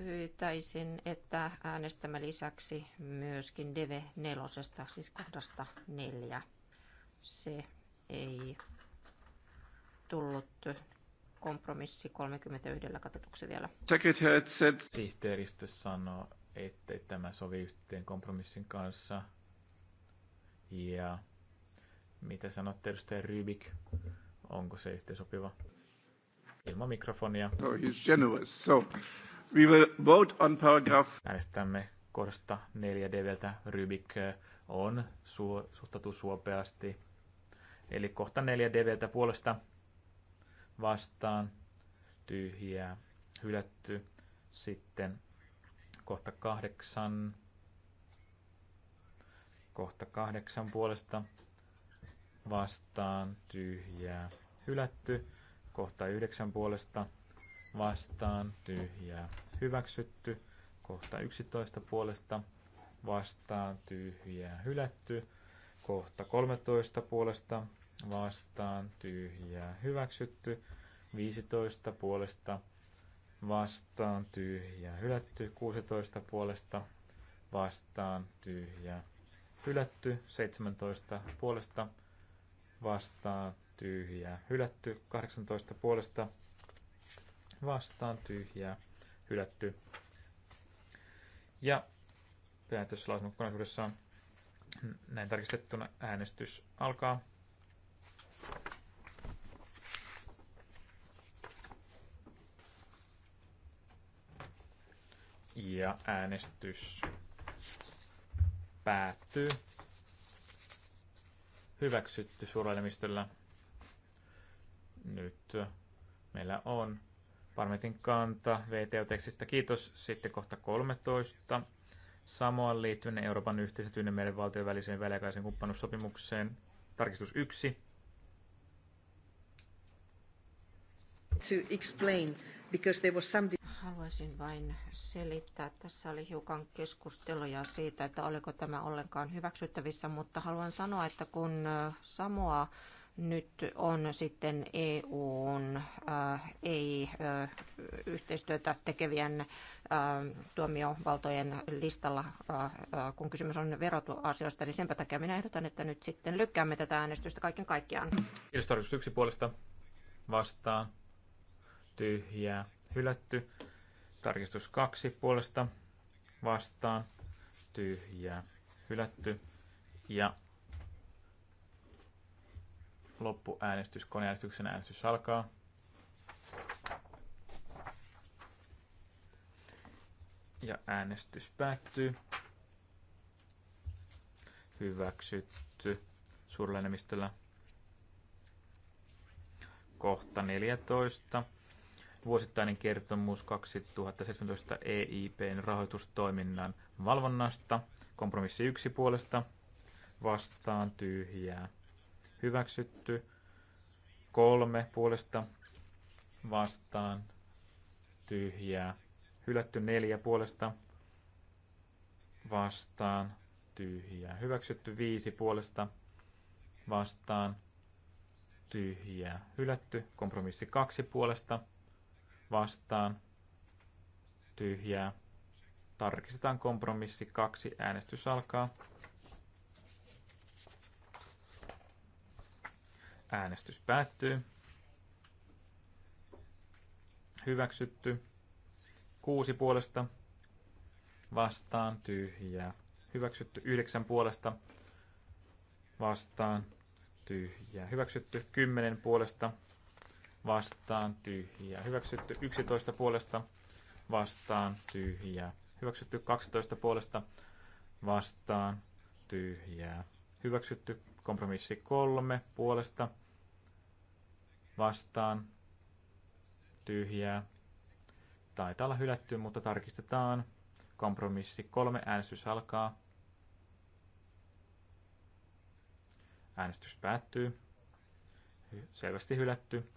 S2: pyytäisin, että äänestämme lisäksi myöskin DV4, siis kohdasta 4. Se ei tullut kompromissi 31 katetuksi
S1: vielä. Sihteeristö sanoo, ettei tämä sovi yhteen kompromissin kanssa. Ja mitä sanotte, edustaja Rybik? Onko se sopiva? Ilman mikrofonia. Oh, he's generous, so We will vote on paragraph... Äänestämme kohdasta 4 DVltä Rybik eh, on su- suhtautu suopeasti. Eli kohta 4 DVltä puolesta vastaan tyhjää hylätty. Sitten kohta kahdeksan. Kohta kahdeksan puolesta vastaan tyhjää hylätty. Kohta yhdeksän puolesta vastaan tyhjää hyväksytty. Kohta 11 puolesta vastaan tyhjää hylätty. Kohta 13 puolesta vastaan tyhjää hyväksytty. 15 puolesta vastaan tyhjää hylätty. 16 puolesta vastaan tyhjää hylätty. 17 puolesta vastaan tyhjää hylätty. 18 puolesta vastaan, tyhjää, vastaan tyhjää hylätty. Ja päätöslausunnon kokonaisuudessaan näin tarkistettuna äänestys alkaa. Ja äänestys päättyy. Hyväksytty suurella Nyt meillä on Parmetin kanta VTO-tekstistä. Kiitos. Sitten kohta 13. Samoan liittyen Euroopan yhteisen meidän valtion väliseen väliaikaisen kumppanuussopimukseen. Tarkistus 1.
S3: To explain, because there was some...
S2: Haluaisin vain selittää. Tässä oli hiukan keskusteluja siitä, että oliko tämä ollenkaan hyväksyttävissä, mutta haluan sanoa, että kun äh, Samoa nyt on sitten EUn äh, ei-yhteistyötä äh, tekevien äh, tuomiovaltojen listalla, kun kysymys on verotuasioista. Eli niin senpä takia minä ehdotan, että nyt sitten lykkäämme tätä äänestystä kaiken kaikkiaan.
S1: Kirjoitustarkoitus yksi puolesta vastaan. Tyhjää. Hylätty. Tarkistus kaksi puolesta vastaan. Tyhjää. Hylätty. Ja loppuäänestys, koneäänestyksen äänestys alkaa. Ja äänestys päättyy. Hyväksytty suurella enemmistöllä. Kohta 14. Vuosittainen kertomus 2017 EIPn rahoitustoiminnan valvonnasta. Kompromissi yksi puolesta vastaan tyhjää hyväksytty. Kolme puolesta vastaan tyhjää. Hylätty neljä puolesta vastaan tyhjää. Hyväksytty viisi puolesta vastaan tyhjää. Hylätty kompromissi kaksi puolesta vastaan tyhjää. Tarkistetaan kompromissi kaksi. Äänestys alkaa. Äänestys päättyy. Hyväksytty. Kuusi puolesta. Vastaan tyhjää. Hyväksytty. Yhdeksän puolesta. Vastaan tyhjää. Hyväksytty. Kymmenen puolesta. Vastaan tyhjää. Hyväksytty. Yksitoista puolesta. Vastaan tyhjää. Hyväksytty. Kaksitoista puolesta. Vastaan tyhjää. Hyväksytty kompromissi kolme puolesta vastaan tyhjää. Taitaa olla hylätty, mutta tarkistetaan. Kompromissi kolme, äänestys alkaa. Äänestys päättyy. Selvästi hylätty.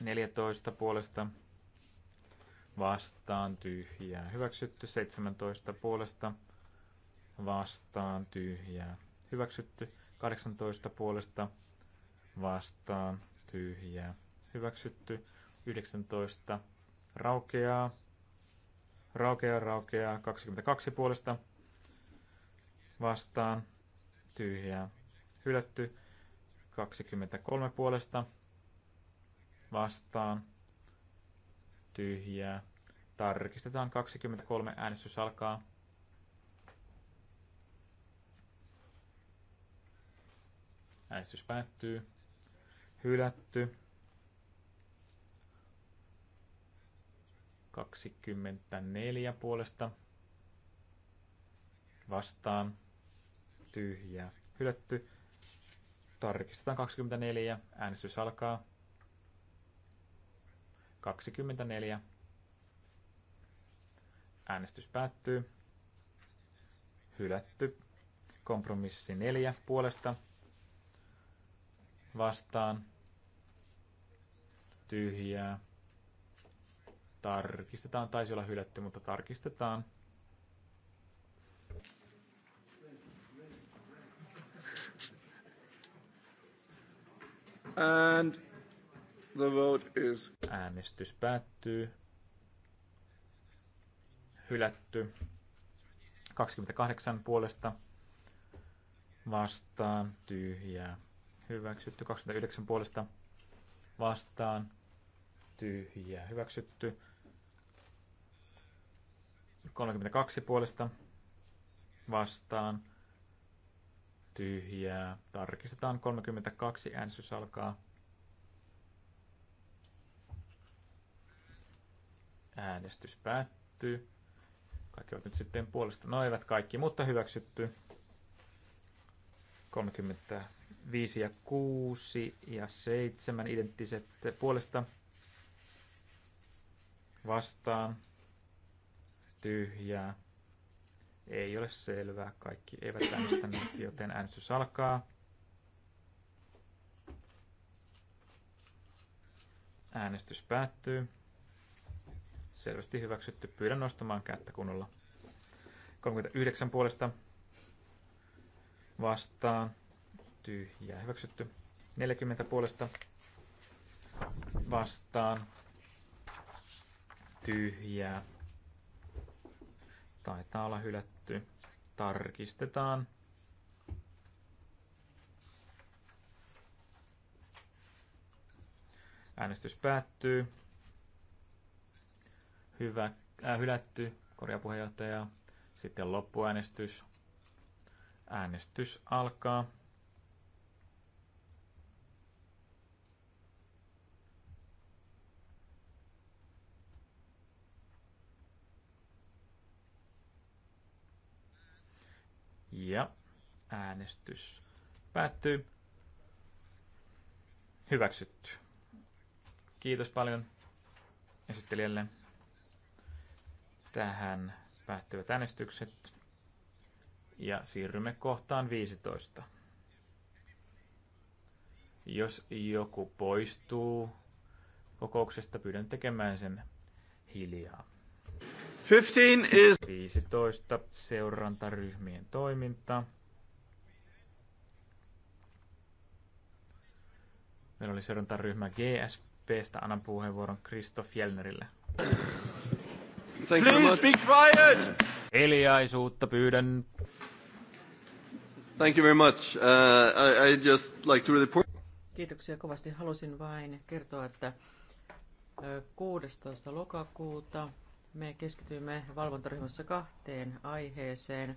S1: 14 puolesta vastaan tyhjää. Hyväksytty 17 puolesta vastaan tyhjää. Hyväksytty 18 puolesta vastaan tyhjää hyväksytty. 19 raukeaa, raukeaa, raukeaa, 22 puolesta vastaan, tyhjää, hylätty, 23 puolesta vastaan, tyhjää, tarkistetaan 23, äänestys alkaa. Äänestys päättyy hylätty. 24 puolesta vastaan tyhjä hylätty. Tarkistetaan 24. Äänestys alkaa. 24. Äänestys päättyy. Hylätty. Kompromissi 4 puolesta vastaan tyhjää. Tarkistetaan, taisi olla hylätty, mutta tarkistetaan. And the vote is... Äänestys päättyy. Hylätty. 28 puolesta vastaan tyhjää hyväksytty. 29 puolesta vastaan, tyhjää, hyväksytty. 32 puolesta vastaan, tyhjää. Tarkistetaan 32, äänestys alkaa. Äänestys päättyy. Kaikki ovat nyt sitten puolesta. No eivät kaikki, mutta hyväksytty. 30 5 ja 6 ja 7 identtiset puolesta vastaan tyhjää. Ei ole selvää, kaikki eivät äänestäneet, joten äänestys alkaa. Äänestys päättyy. Selvästi hyväksytty. Pyydän nostamaan kättä kunnolla. 39 puolesta vastaan tyhjää hyväksytty. 40 puolesta vastaan tyhjää. Taitaa olla hylätty. Tarkistetaan. Äänestys päättyy. Hyvä, äh, hylätty, korjapuheenjohtaja. Sitten loppuäänestys. Äänestys alkaa. Ja äänestys päättyy. Hyväksytty. Kiitos paljon esittelijälle. Tähän päättyvät äänestykset. Ja siirrymme kohtaan 15. Jos joku poistuu kokouksesta, pyydän tekemään sen hiljaa. 15 is... 15. Seurantaryhmien toiminta. Meillä oli seurantaryhmä GSPstä. Annan puheenvuoron Kristo Fjellnerille.
S5: Please be quiet!
S1: Eliaisuutta pyydän. Thank you very much. Uh, I, I just like
S2: to report...
S3: Kiitoksia kovasti. Halusin vain kertoa, että 16. Uh, lokakuuta me keskitymme valvontaryhmässä kahteen aiheeseen.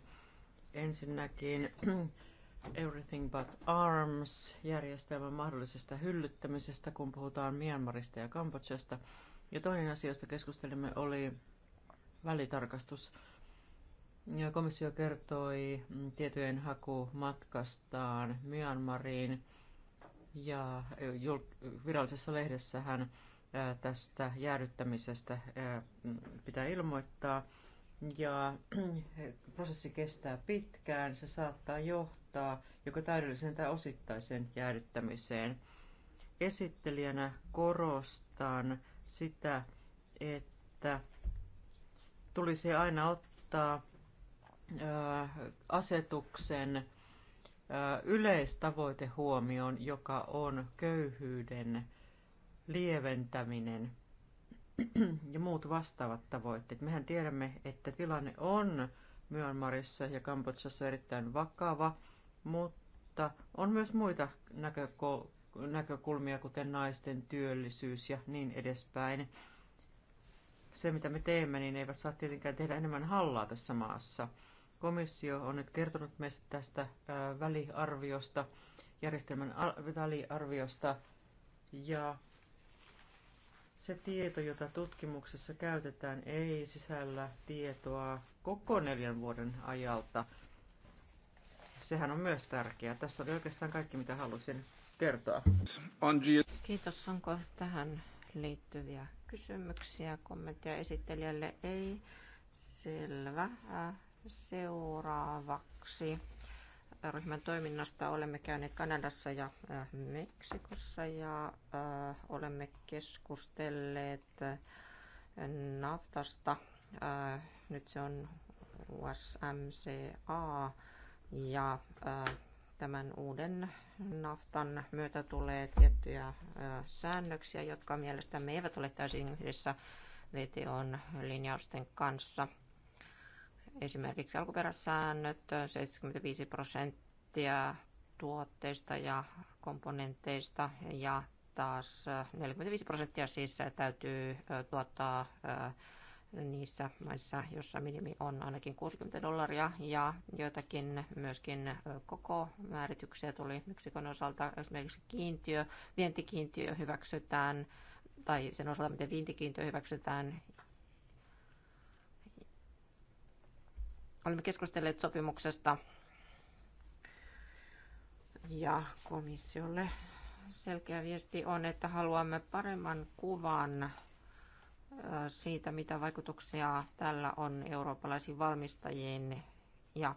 S3: Ensinnäkin Everything But Arms järjestelmän mahdollisesta hyllyttämisestä, kun puhutaan Myanmarista ja Kambodžasta. Ja toinen asia, josta keskustelimme, oli välitarkastus. Komissio kertoi mm, tietojen matkastaan Myanmariin ja virallisessa lehdessä hän tästä jäädyttämisestä pitää ilmoittaa. Ja prosessi kestää pitkään, se saattaa johtaa joko täydelliseen tai osittaiseen jäädyttämiseen. Esittelijänä korostan sitä, että tulisi aina ottaa asetuksen yleistavoite huomioon, joka on köyhyyden lieventäminen ja muut vastaavat tavoitteet. Mehän tiedämme, että tilanne on Myanmarissa ja Kambodsassa erittäin vakava, mutta on myös muita näkökulmia, kuten naisten työllisyys ja niin edespäin. Se, mitä me teemme, niin eivät saa tietenkään tehdä enemmän hallaa tässä maassa. Komissio on nyt kertonut meistä tästä väliarviosta, järjestelmän väliarviosta, ja se tieto, jota tutkimuksessa käytetään, ei sisällä tietoa koko neljän vuoden ajalta. Sehän on myös tärkeää. Tässä oli oikeastaan kaikki, mitä halusin kertoa.
S2: Kiitos. Onko tähän liittyviä kysymyksiä, kommentteja esittelijälle? Ei. Selvä. Seuraavaksi ryhmän toiminnasta olemme käyneet Kanadassa ja äh, Meksikossa ja äh, olemme keskustelleet äh, naftasta. Nyt se on USMCA ja tämän uuden naftan myötä tulee tiettyjä säännöksiä, jotka mielestämme eivät ole täysin yhdessä VTOn linjausten kanssa – Esimerkiksi alkuperäsäännöt, 75 prosenttia tuotteista ja komponenteista ja taas 45 prosenttia siis täytyy tuottaa niissä maissa, jossa minimi on ainakin 60 dollaria ja joitakin myöskin koko määrityksiä tuli Meksikon osalta. Esimerkiksi kiintiö, vientikiintiö hyväksytään tai sen osalta, miten vientikiintiö hyväksytään olemme keskustelleet sopimuksesta ja komissiolle selkeä viesti on, että haluamme paremman kuvan siitä, mitä vaikutuksia tällä on eurooppalaisiin valmistajiin ja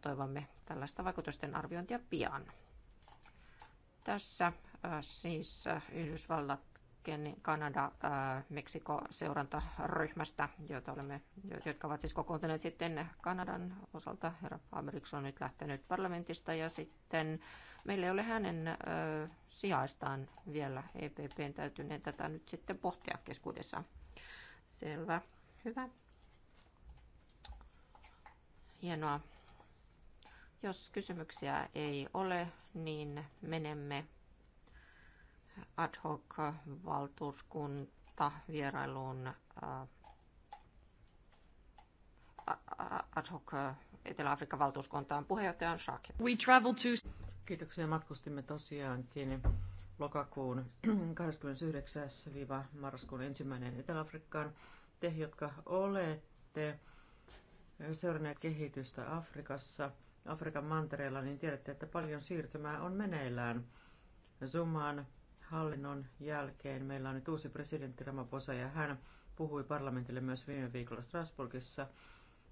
S2: toivomme tällaista vaikutusten arviointia pian. Tässä siis Yhdysvallat niin Kanada Meksiko seurantaryhmästä, joita olemme, jotka ovat siis kokoontuneet sitten Kanadan osalta. Herra Ameriks on nyt lähtenyt parlamentista ja sitten meillä ei ole hänen sijaistaan vielä. EPPn täytyneen tätä nyt sitten pohtia keskuudessa. Selvä. Hyvä. Hienoa. Jos kysymyksiä ei ole, niin menemme ad hoc valtuuskunta vierailuun äh, ad hoc Etelä-Afrikan valtuuskuntaan puheenjohtajan Shaki.
S3: We travel to... Kiitoksia. Matkustimme tosiaankin lokakuun 29-marraskuun ensimmäinen Etelä-Afrikkaan. Te, jotka olette seuranneet kehitystä Afrikassa, Afrikan mantereella, niin tiedätte, että paljon siirtymää on meneillään. Zumaan hallinnon jälkeen meillä on nyt uusi presidentti Ramaphosa ja hän puhui parlamentille myös viime viikolla Strasbourgissa.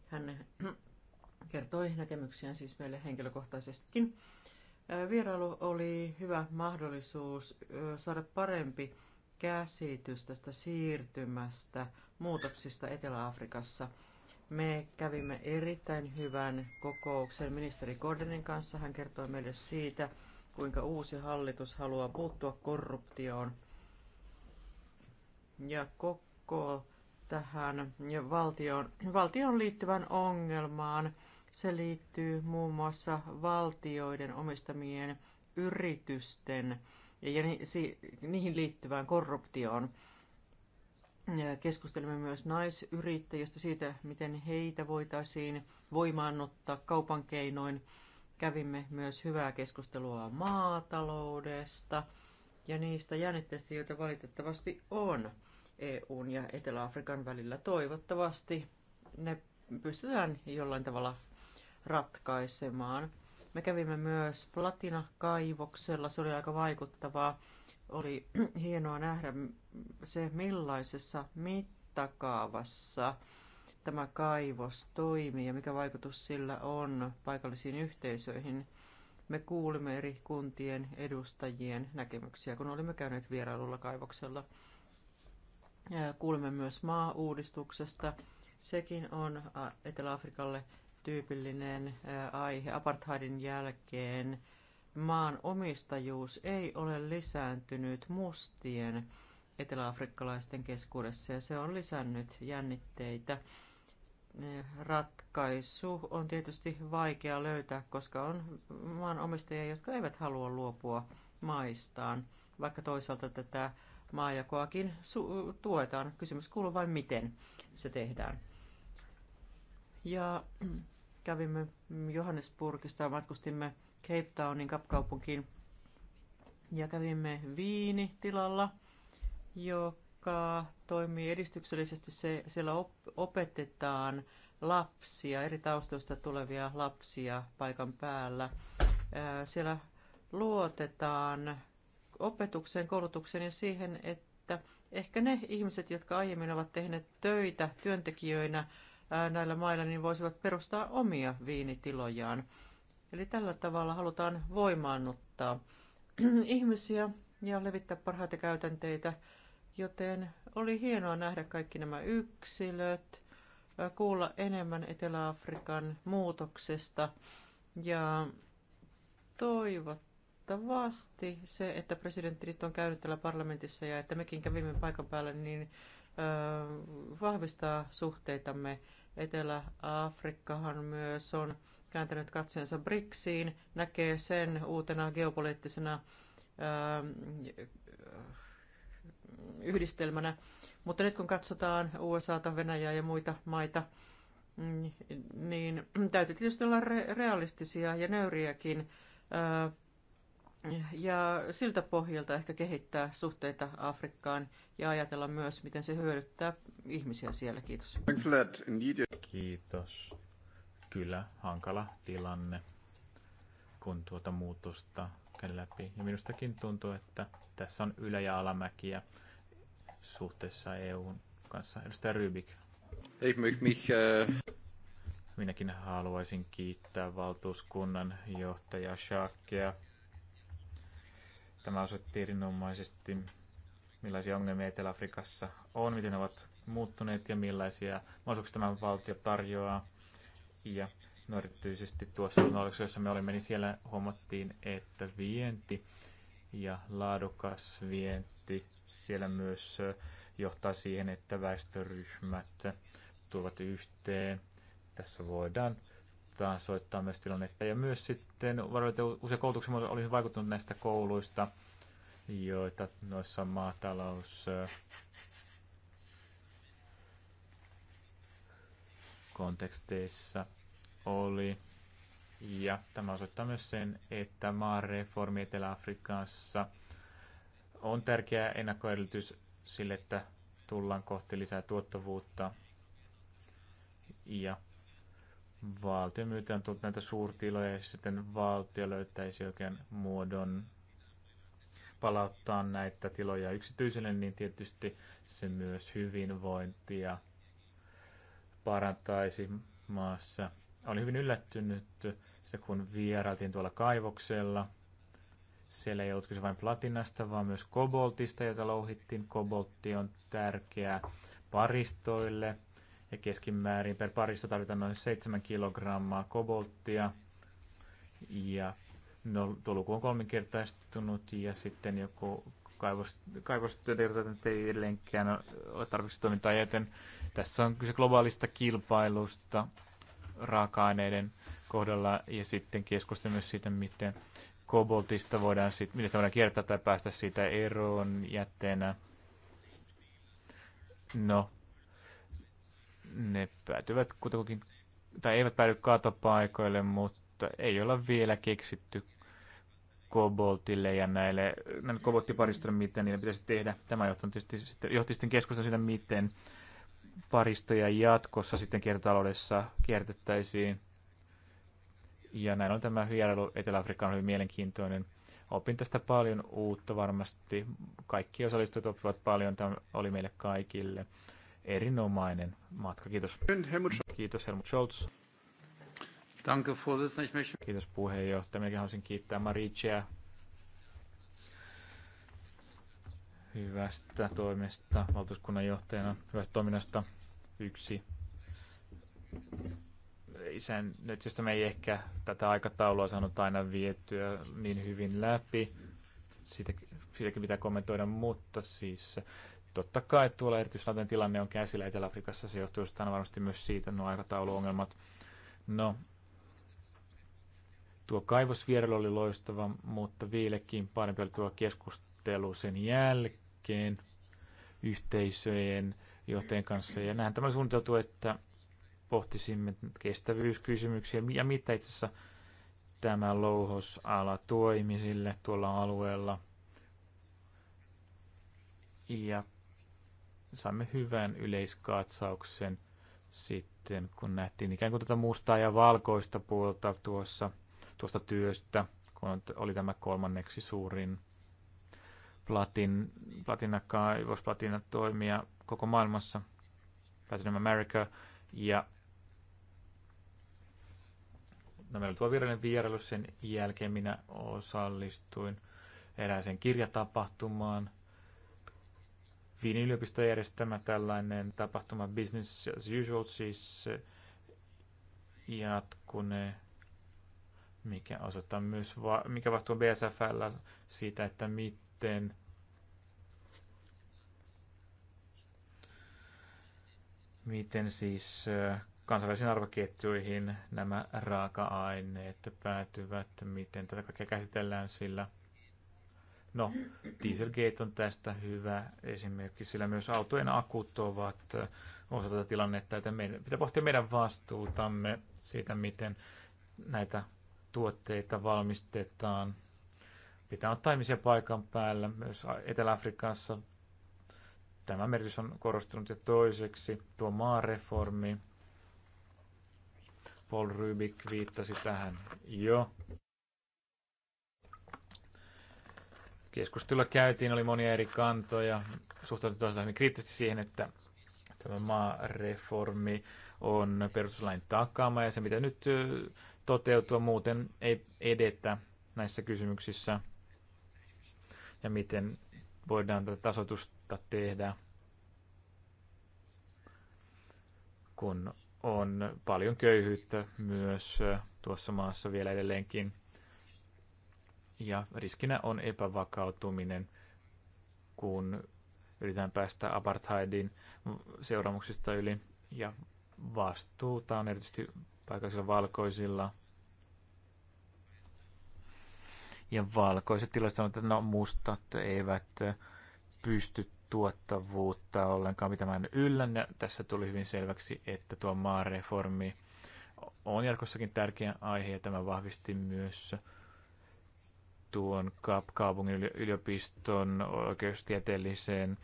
S3: Hän kertoi näkemyksiään siis meille henkilökohtaisestikin. Vierailu oli hyvä mahdollisuus saada parempi käsitys tästä siirtymästä, muutoksista Etelä-Afrikassa. Me kävimme erittäin hyvän kokouksen ministeri Gordonin kanssa. Hän kertoi meille siitä, kuinka uusi hallitus haluaa puuttua korruptioon. Ja koko tähän valtion, valtion liittyvän ongelmaan. Se liittyy muun muassa valtioiden omistamien yritysten ja niihin liittyvään korruptioon. Keskustelimme myös naisyrittäjistä siitä, miten heitä voitaisiin voimaannuttaa kaupan keinoin Kävimme myös hyvää keskustelua maataloudesta ja niistä jännitteistä, joita valitettavasti on EUn ja Etelä-Afrikan välillä. Toivottavasti ne pystytään jollain tavalla ratkaisemaan. Me kävimme myös Platina-kaivoksella, se oli aika vaikuttavaa. Oli hienoa nähdä se, millaisessa mittakaavassa tämä kaivos toimii ja mikä vaikutus sillä on paikallisiin yhteisöihin. Me kuulimme eri kuntien edustajien näkemyksiä, kun olimme käyneet vierailulla kaivoksella. Kuulimme myös maa-uudistuksesta. Sekin on Etelä-Afrikalle tyypillinen aihe. Apartheidin jälkeen maan omistajuus ei ole lisääntynyt mustien eteläafrikkalaisten keskuudessa ja se on lisännyt jännitteitä ratkaisu on tietysti vaikea löytää, koska on maanomistajia, jotka eivät halua luopua maistaan, vaikka toisaalta tätä maajakoakin tuetaan. Kysymys kuuluu vain, miten se tehdään. Ja kävimme Johannesburgista ja matkustimme Cape Townin kapkaupunkiin ja kävimme viinitilalla, joka joka toimii edistyksellisesti. Se, siellä op, opetetaan lapsia, eri taustoista tulevia lapsia paikan päällä. Siellä luotetaan opetukseen, koulutukseen ja siihen, että ehkä ne ihmiset, jotka aiemmin ovat tehneet töitä työntekijöinä näillä mailla, niin voisivat perustaa omia viinitilojaan. Eli tällä tavalla halutaan voimaannuttaa ihmisiä ja levittää parhaita käytänteitä Joten oli hienoa nähdä kaikki nämä yksilöt, kuulla enemmän Etelä-Afrikan muutoksesta ja toivottavasti se, että presidentti nyt on käynyt täällä parlamentissa ja että mekin kävimme paikan päällä, niin vahvistaa suhteitamme. Etelä-Afrikkahan myös on kääntänyt katseensa BRICSiin, näkee sen uutena geopoliittisena yhdistelmänä. Mutta nyt kun katsotaan USAta, Venäjää ja muita maita, niin täytyy tietysti olla realistisia ja nöyriäkin. Ja siltä pohjalta ehkä kehittää suhteita Afrikkaan ja ajatella myös, miten se hyödyttää ihmisiä siellä. Kiitos.
S1: Kiitos. Kyllä, hankala tilanne, kun tuota muutosta käy läpi. Ja minustakin tuntuu, että tässä on ylä- ja alamäkiä suhteessa EUn kanssa. Edustaja Rybik. Ei möchte Minäkin haluaisin kiittää valtuuskunnan johtaja Shakkea. Tämä osoitti erinomaisesti, millaisia ongelmia Etelä-Afrikassa on, miten ne ovat muuttuneet ja millaisia mahdollisuuksia tämä valtio tarjoaa. Ja no erityisesti tuossa Norjassa, jossa me olimme, niin siellä huomattiin, että vienti ja laadukas vienti varmasti siellä myös johtaa siihen, että väestöryhmät tulevat yhteen. Tässä voidaan soittaa myös tilannetta. Ja myös sitten varoitte usea koulutuksen olisi vaikuttanut näistä kouluista, joita noissa maatalous konteksteissa oli. Ja tämä osoittaa myös sen, että maareformi Etelä-Afrikassa – on tärkeä ennakkoedellytys sille, että tullaan kohti lisää tuottavuutta. Ja valtio myytä tullut näitä suurtiloja ja sitten valtio löytäisi oikean muodon palauttaa näitä tiloja yksityiselle, niin tietysti se myös hyvinvointia parantaisi maassa. Olin hyvin yllättynyt sitä, kun vierailtiin tuolla kaivoksella – siellä ei ollut kyse vain platinasta, vaan myös koboltista, jota louhittiin. Koboltti on tärkeää paristoille ja keskimäärin per paristo tarvitaan noin 7 kilogrammaa kobolttia. Ja no, tuo luku on kolminkertaistunut ja sitten joku kaivos, kaivostyötä, jota ei edelleenkään ole tarpeeksi toimintaa, joten tässä on kyse globaalista kilpailusta raaka-aineiden kohdalla ja sitten keskustelemme myös siitä, miten koboltista voidaan, sit, miten voidaan kiertää tai päästä siitä eroon jätteenä. No, ne päätyvät kutakuinkin, tai eivät päädy kaatopaikoille, mutta ei olla vielä keksitty koboltille ja näille, näille miten mitä niille pitäisi tehdä. Tämä johti sitten, johti sitten keskustelua siitä, miten paristoja jatkossa sitten kiertotaloudessa kiertettäisiin. Ja näin on tämä vierailu etelä on hyvin mielenkiintoinen. Opin tästä paljon uutta varmasti. Kaikki osallistujat oppivat paljon. Tämä oli meille kaikille erinomainen matka. Kiitos. Kiitos Helmut Scholz. Danke, Kiitos puheenjohtaja. Minäkin haluaisin kiittää Maricia hyvästä toimesta valtuuskunnan johtajana, hyvästä toiminnasta. Yksi isännöitsijöistä me ei ehkä tätä aikataulua saanut aina vietyä niin hyvin läpi. Siitä, siitäkin pitää kommentoida, mutta siis totta kai tuolla erityislaatuinen tilanne on käsillä Etelä-Afrikassa. Se johtuu jostain varmasti myös siitä nuo aikatauluongelmat. No, tuo kaivosvierailu oli loistava, mutta vieläkin parempi oli tuo keskustelu sen jälkeen yhteisöjen johtajien kanssa. Ja näinhän tämä suunniteltu, että pohtisimme kestävyyskysymyksiä ja mitä itse asiassa tämä louhosala tuo ihmisille tuolla alueella. Ja saimme hyvän yleiskatsauksen sitten, kun nähtiin ikään kuin tätä mustaa ja valkoista puolta tuossa, tuosta työstä, kun oli tämä kolmanneksi suurin platin, platinakaivos, platinatoimija koko maailmassa, Platinum America, ja no meillä tuo virallinen vierailu, sen jälkeen minä osallistuin erääseen kirjatapahtumaan. Viinin yliopiston järjestämä tällainen tapahtuma Business as usual siis jatkunee, mikä osoittaa myös, va- mikä vastuu BSFL siitä, että miten miten siis kansainvälisiin arvoketjuihin nämä raaka-aineet päätyvät, miten tätä kaikkea käsitellään sillä. No, Dieselgate on tästä hyvä esimerkki, sillä myös autojen akut ovat osa tätä tilannetta, että meidän pitää pohtia meidän vastuutamme siitä, miten näitä tuotteita valmistetaan. Pitää ottaa ihmisiä paikan päällä myös Etelä-Afrikassa. Tämä merkitys on korostunut ja toiseksi tuo maareformi – Paul Rubik viittasi tähän jo. Keskustelua käytiin, oli monia eri kantoja. Suhtautui toisaalta hyvin kriittisesti siihen, että tämä maareformi on perustuslain takaama ja se mitä nyt toteutua, muuten ei edetä näissä kysymyksissä ja miten voidaan tätä tasoitusta tehdä, kun on paljon köyhyyttä myös tuossa maassa vielä edelleenkin. Ja riskinä on epävakautuminen, kun yritetään päästä apartheidin seuraamuksista yli. Ja vastuuta on erityisesti paikallisilla valkoisilla. Ja valkoiset tilastot sanovat, että no mustat eivät pysty tuottavuutta ollenkaan mitä en yllän. Ja tässä tuli hyvin selväksi, että tuo maareformi on jatkossakin tärkeä aihe ja tämä vahvisti myös tuon kaupungin yliopiston oikeustieteelliseen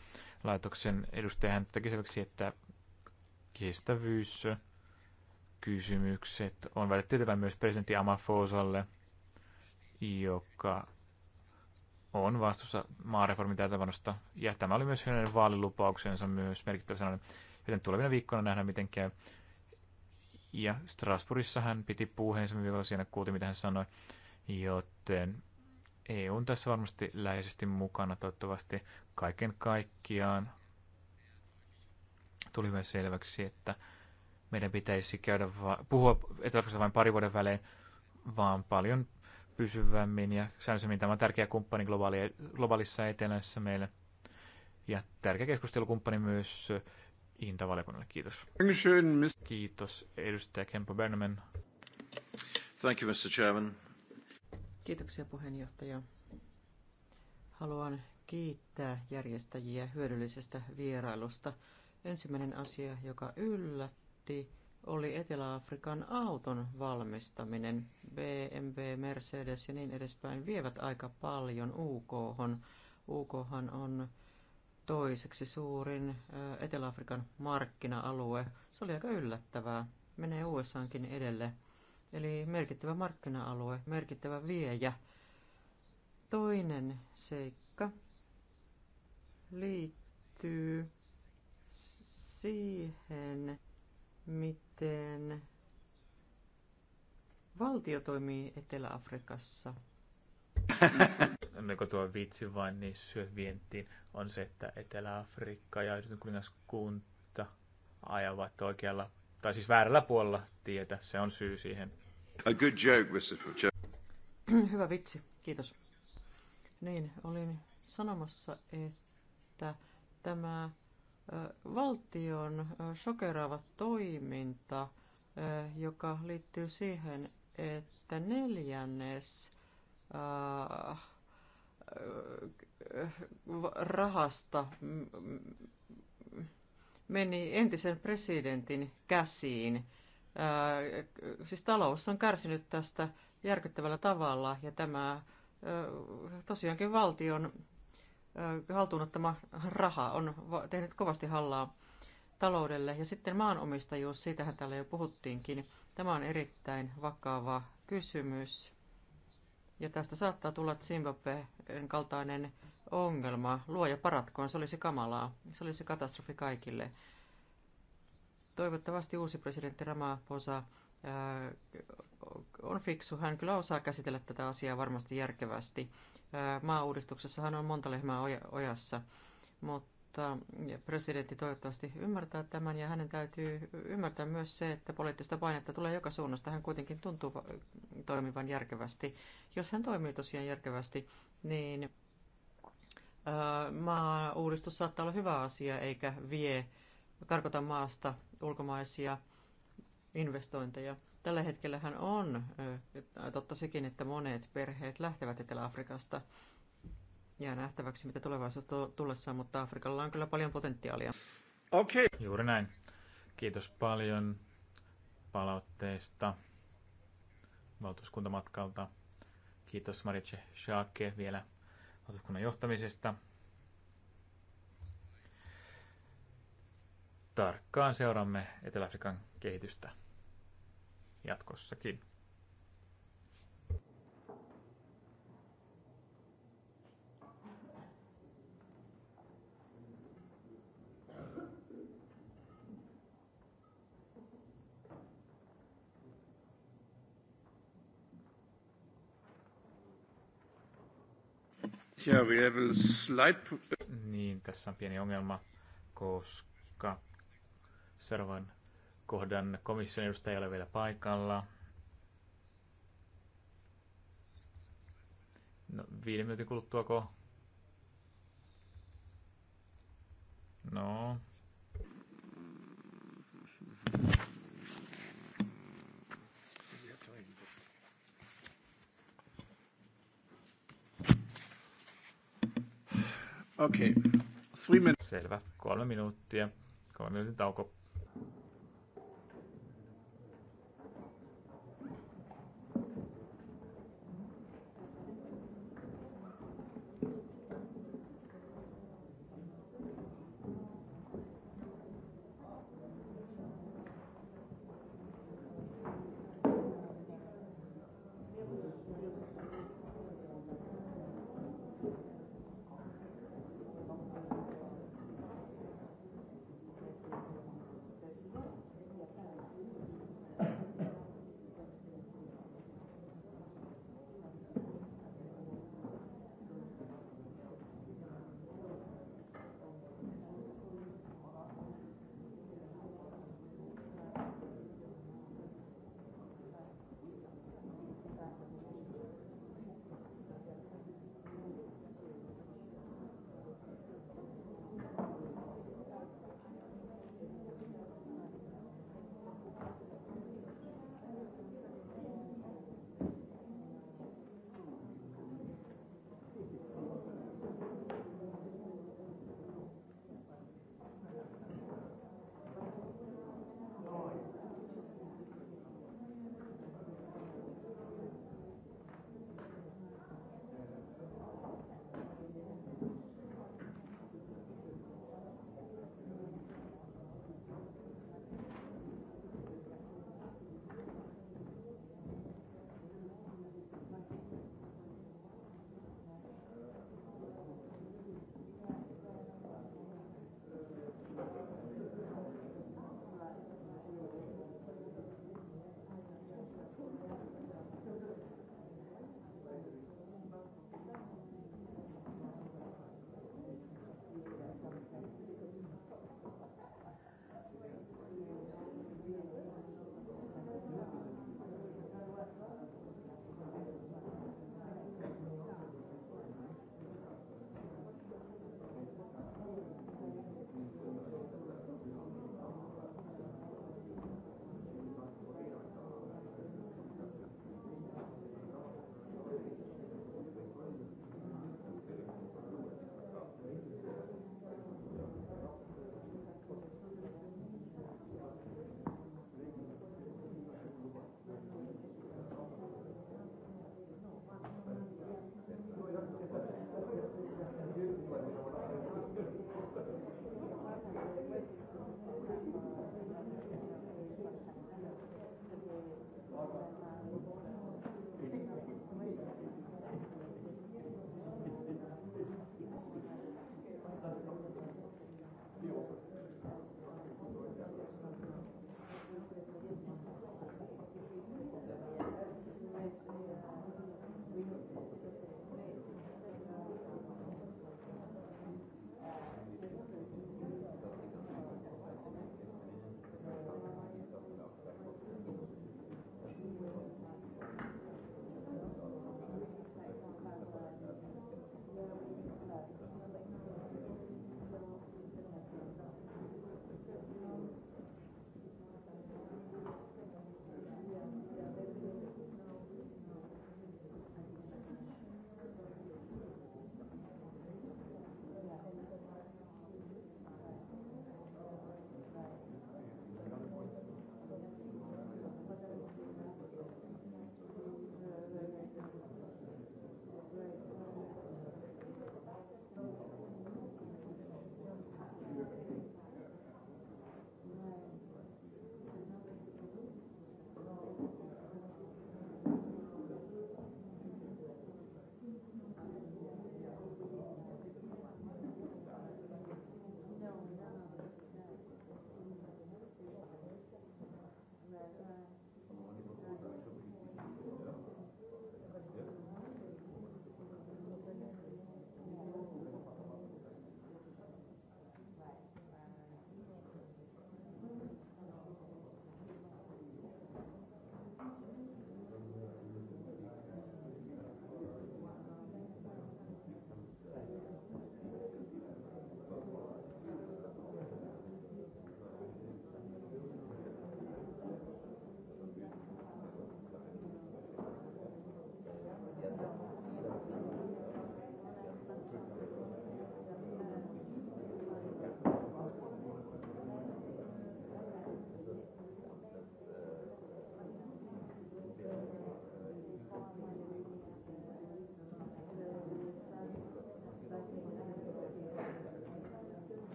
S1: laitoksen edustajan teki selväksi, että kestävyys kysymykset on välittyvä myös presidentti Amafosalle, joka on vastuussa maareformin täytävännosta, ja tämä oli myös hänen vaalilupauksensa myös merkittävä sanoinen, joten tulevina viikkoina nähdään, miten käy. Ja Strasbourgissa hän piti puheensa viikolla siinä kuultiin, mitä hän sanoi, joten EU on tässä varmasti läheisesti mukana toivottavasti kaiken kaikkiaan. Tuli myös selväksi, että meidän pitäisi käydä va- puhua etelä vain pari vuoden välein, vaan paljon pysyvämmin ja säännöllisemmin. Tämä on tärkeä kumppani globaali, globaalissa etelässä meille ja tärkeä keskustelukumppani myös Inta-valiokunnalle. Kiitos. Kiitos edustaja Kempo Berneman. Thank you, Mr. Chairman.
S3: Kiitoksia puheenjohtaja. Haluan kiittää järjestäjiä hyödyllisestä vierailusta. Ensimmäinen asia, joka yllätti, oli Etelä-Afrikan auton valmistaminen. BMW, Mercedes ja niin edespäin vievät aika paljon UKhon. UKhan on toiseksi suurin Etelä-Afrikan markkina-alue. Se oli aika yllättävää. Menee USAankin edelle. Eli merkittävä markkina-alue, merkittävä viejä. Toinen seikka liittyy siihen, mitä sitten valtio toimii Etelä-Afrikassa.
S1: Onko tuo vitsi vain niin syö vientiin, on se, että Etelä-Afrikka ja Yhdistön kuningaskunta ajavat oikealla, tai siis väärällä puolella tietä. Se on syy siihen. A good joke, Mr.
S3: Hyvä vitsi, kiitos. Niin, olin sanomassa, että tämä valtion sokeraava toiminta, joka liittyy siihen, että neljännes rahasta meni entisen presidentin käsiin. Siis talous on kärsinyt tästä järkyttävällä tavalla ja tämä tosiaankin valtion haltuunottama raha on tehnyt kovasti hallaa taloudelle. Ja sitten maanomistajuus, siitähän täällä jo puhuttiinkin. Tämä on erittäin vakava kysymys. Ja tästä saattaa tulla Zimbabwen kaltainen ongelma. Luoja paratkoon, se olisi kamalaa. Se olisi katastrofi kaikille. Toivottavasti uusi presidentti Ramaphosa on fiksu. Hän kyllä osaa käsitellä tätä asiaa varmasti järkevästi maauudistuksessahan on monta lehmää ojassa, mutta presidentti toivottavasti ymmärtää tämän ja hänen täytyy ymmärtää myös se, että poliittista painetta tulee joka suunnasta. Hän kuitenkin tuntuu toimivan järkevästi. Jos hän toimii tosiaan järkevästi, niin maa-uudistus saattaa olla hyvä asia eikä vie, karkota maasta ulkomaisia investointeja. Tällä hetkellähän on totta sekin, että monet perheet lähtevät Etelä-Afrikasta. Jää nähtäväksi, mitä tulevaisuus tullessaan, mutta Afrikalla on kyllä paljon potentiaalia.
S1: Okei. Okay. Juuri näin. Kiitos paljon palautteesta valtuuskuntamatkalta. Kiitos Maritse Schaake vielä valtuuskunnan johtamisesta. Tarkkaan seuraamme Etelä-Afrikan kehitystä jatkossakin. Niin, tässä on pieni ongelma, koska seuraavan kohdan komission edustaja ei ole vielä paikalla. No, viiden minuutin kuluttuako? No. Okei. Okay. Selvä. Kolme minuuttia. Kolme minuutin tauko.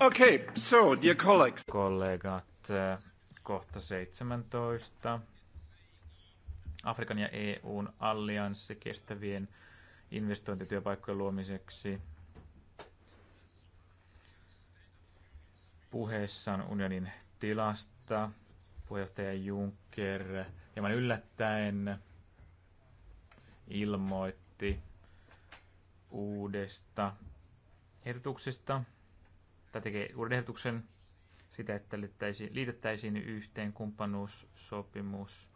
S1: Okay, so dear colleagues. Kollegat, eh, kohta 17. Afrikan ja EUn allianssi kestävien investointityöpaikkojen luomiseksi. puheessa on unionin tilasta puheenjohtaja Juncker hieman yllättäen ilmoitti uudesta ehdotuksesta, tai tekee uuden ehdotuksen sitä, että liitettäisiin yhteen kumppanuussopimus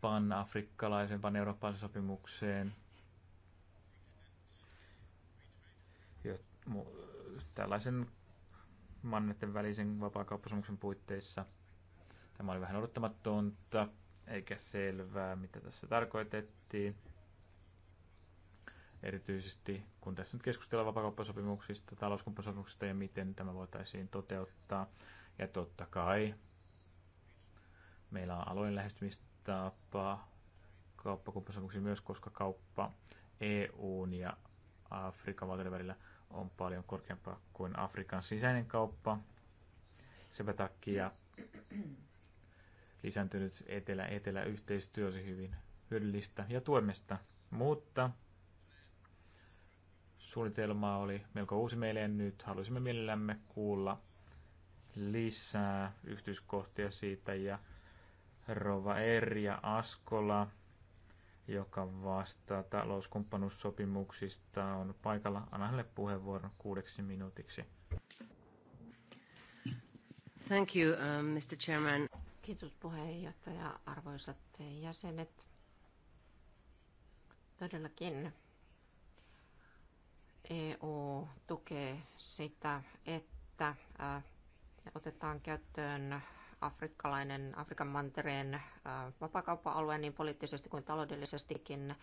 S1: pan-afrikkalaisen, pan-eurooppalaisen sopimukseen, tällaisen mannetten välisen vapaakauppasopimuksen puitteissa. Tämä oli vähän odottamatonta, eikä selvää, mitä tässä tarkoitettiin erityisesti kun tässä nyt keskustellaan vapakauppasopimuksista, talouskumppasopimuksista ja miten tämä voitaisiin toteuttaa. Ja totta kai meillä on alojen lähestymistapa kauppakumppasopimuksiin myös, koska kauppa EUn ja Afrikan valtioiden välillä on paljon korkeampaa kuin Afrikan sisäinen kauppa. Sepä takia lisääntynyt etelä-etelä yhteistyö olisi hyvin hyödyllistä ja tuemista. Mutta suunnitelma oli melko uusi meille ja nyt halusimme mielellämme kuulla lisää yhtyskohtia siitä ja Rova Erja Askola, joka vastaa talouskumppanuussopimuksista, on paikalla. Anna hänelle puheenvuoron kuudeksi minuutiksi. Thank you, uh, um, Mr. Chairman.
S2: Kiitos puheenjohtaja, arvoisat jäsenet. Todellakin EU tukee sitä, että otetaan käyttöön afrikkalainen, Afrikan mantereen vapakauppa-alue niin poliittisesti kuin taloudellisestikin,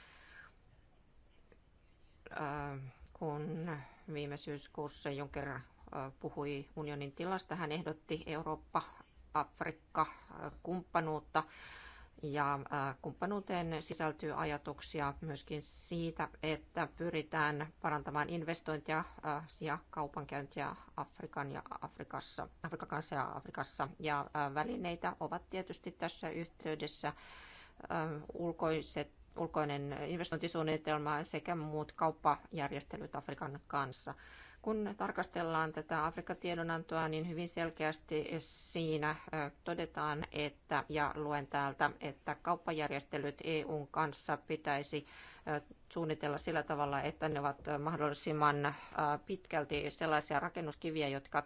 S2: kun viime syyskuussa Juncker puhui unionin tilasta. Hän ehdotti Eurooppa-Afrikka-kumppanuutta ja kumppanuuteen sisältyy ajatuksia myöskin siitä, että pyritään parantamaan investointia ja kaupankäyntiä Afrikan ja Afrikassa, Afrikan kanssa ja Afrikassa. Ja välineitä ovat tietysti tässä yhteydessä ulkoiset ulkoinen investointisuunnitelma sekä muut kauppajärjestelyt Afrikan kanssa. Kun tarkastellaan tätä Afrikka-tiedonantoa, niin hyvin selkeästi siinä todetaan, että, ja luen täältä, että kauppajärjestelyt EUn kanssa pitäisi suunnitella sillä tavalla, että ne ovat mahdollisimman pitkälti sellaisia rakennuskiviä, jotka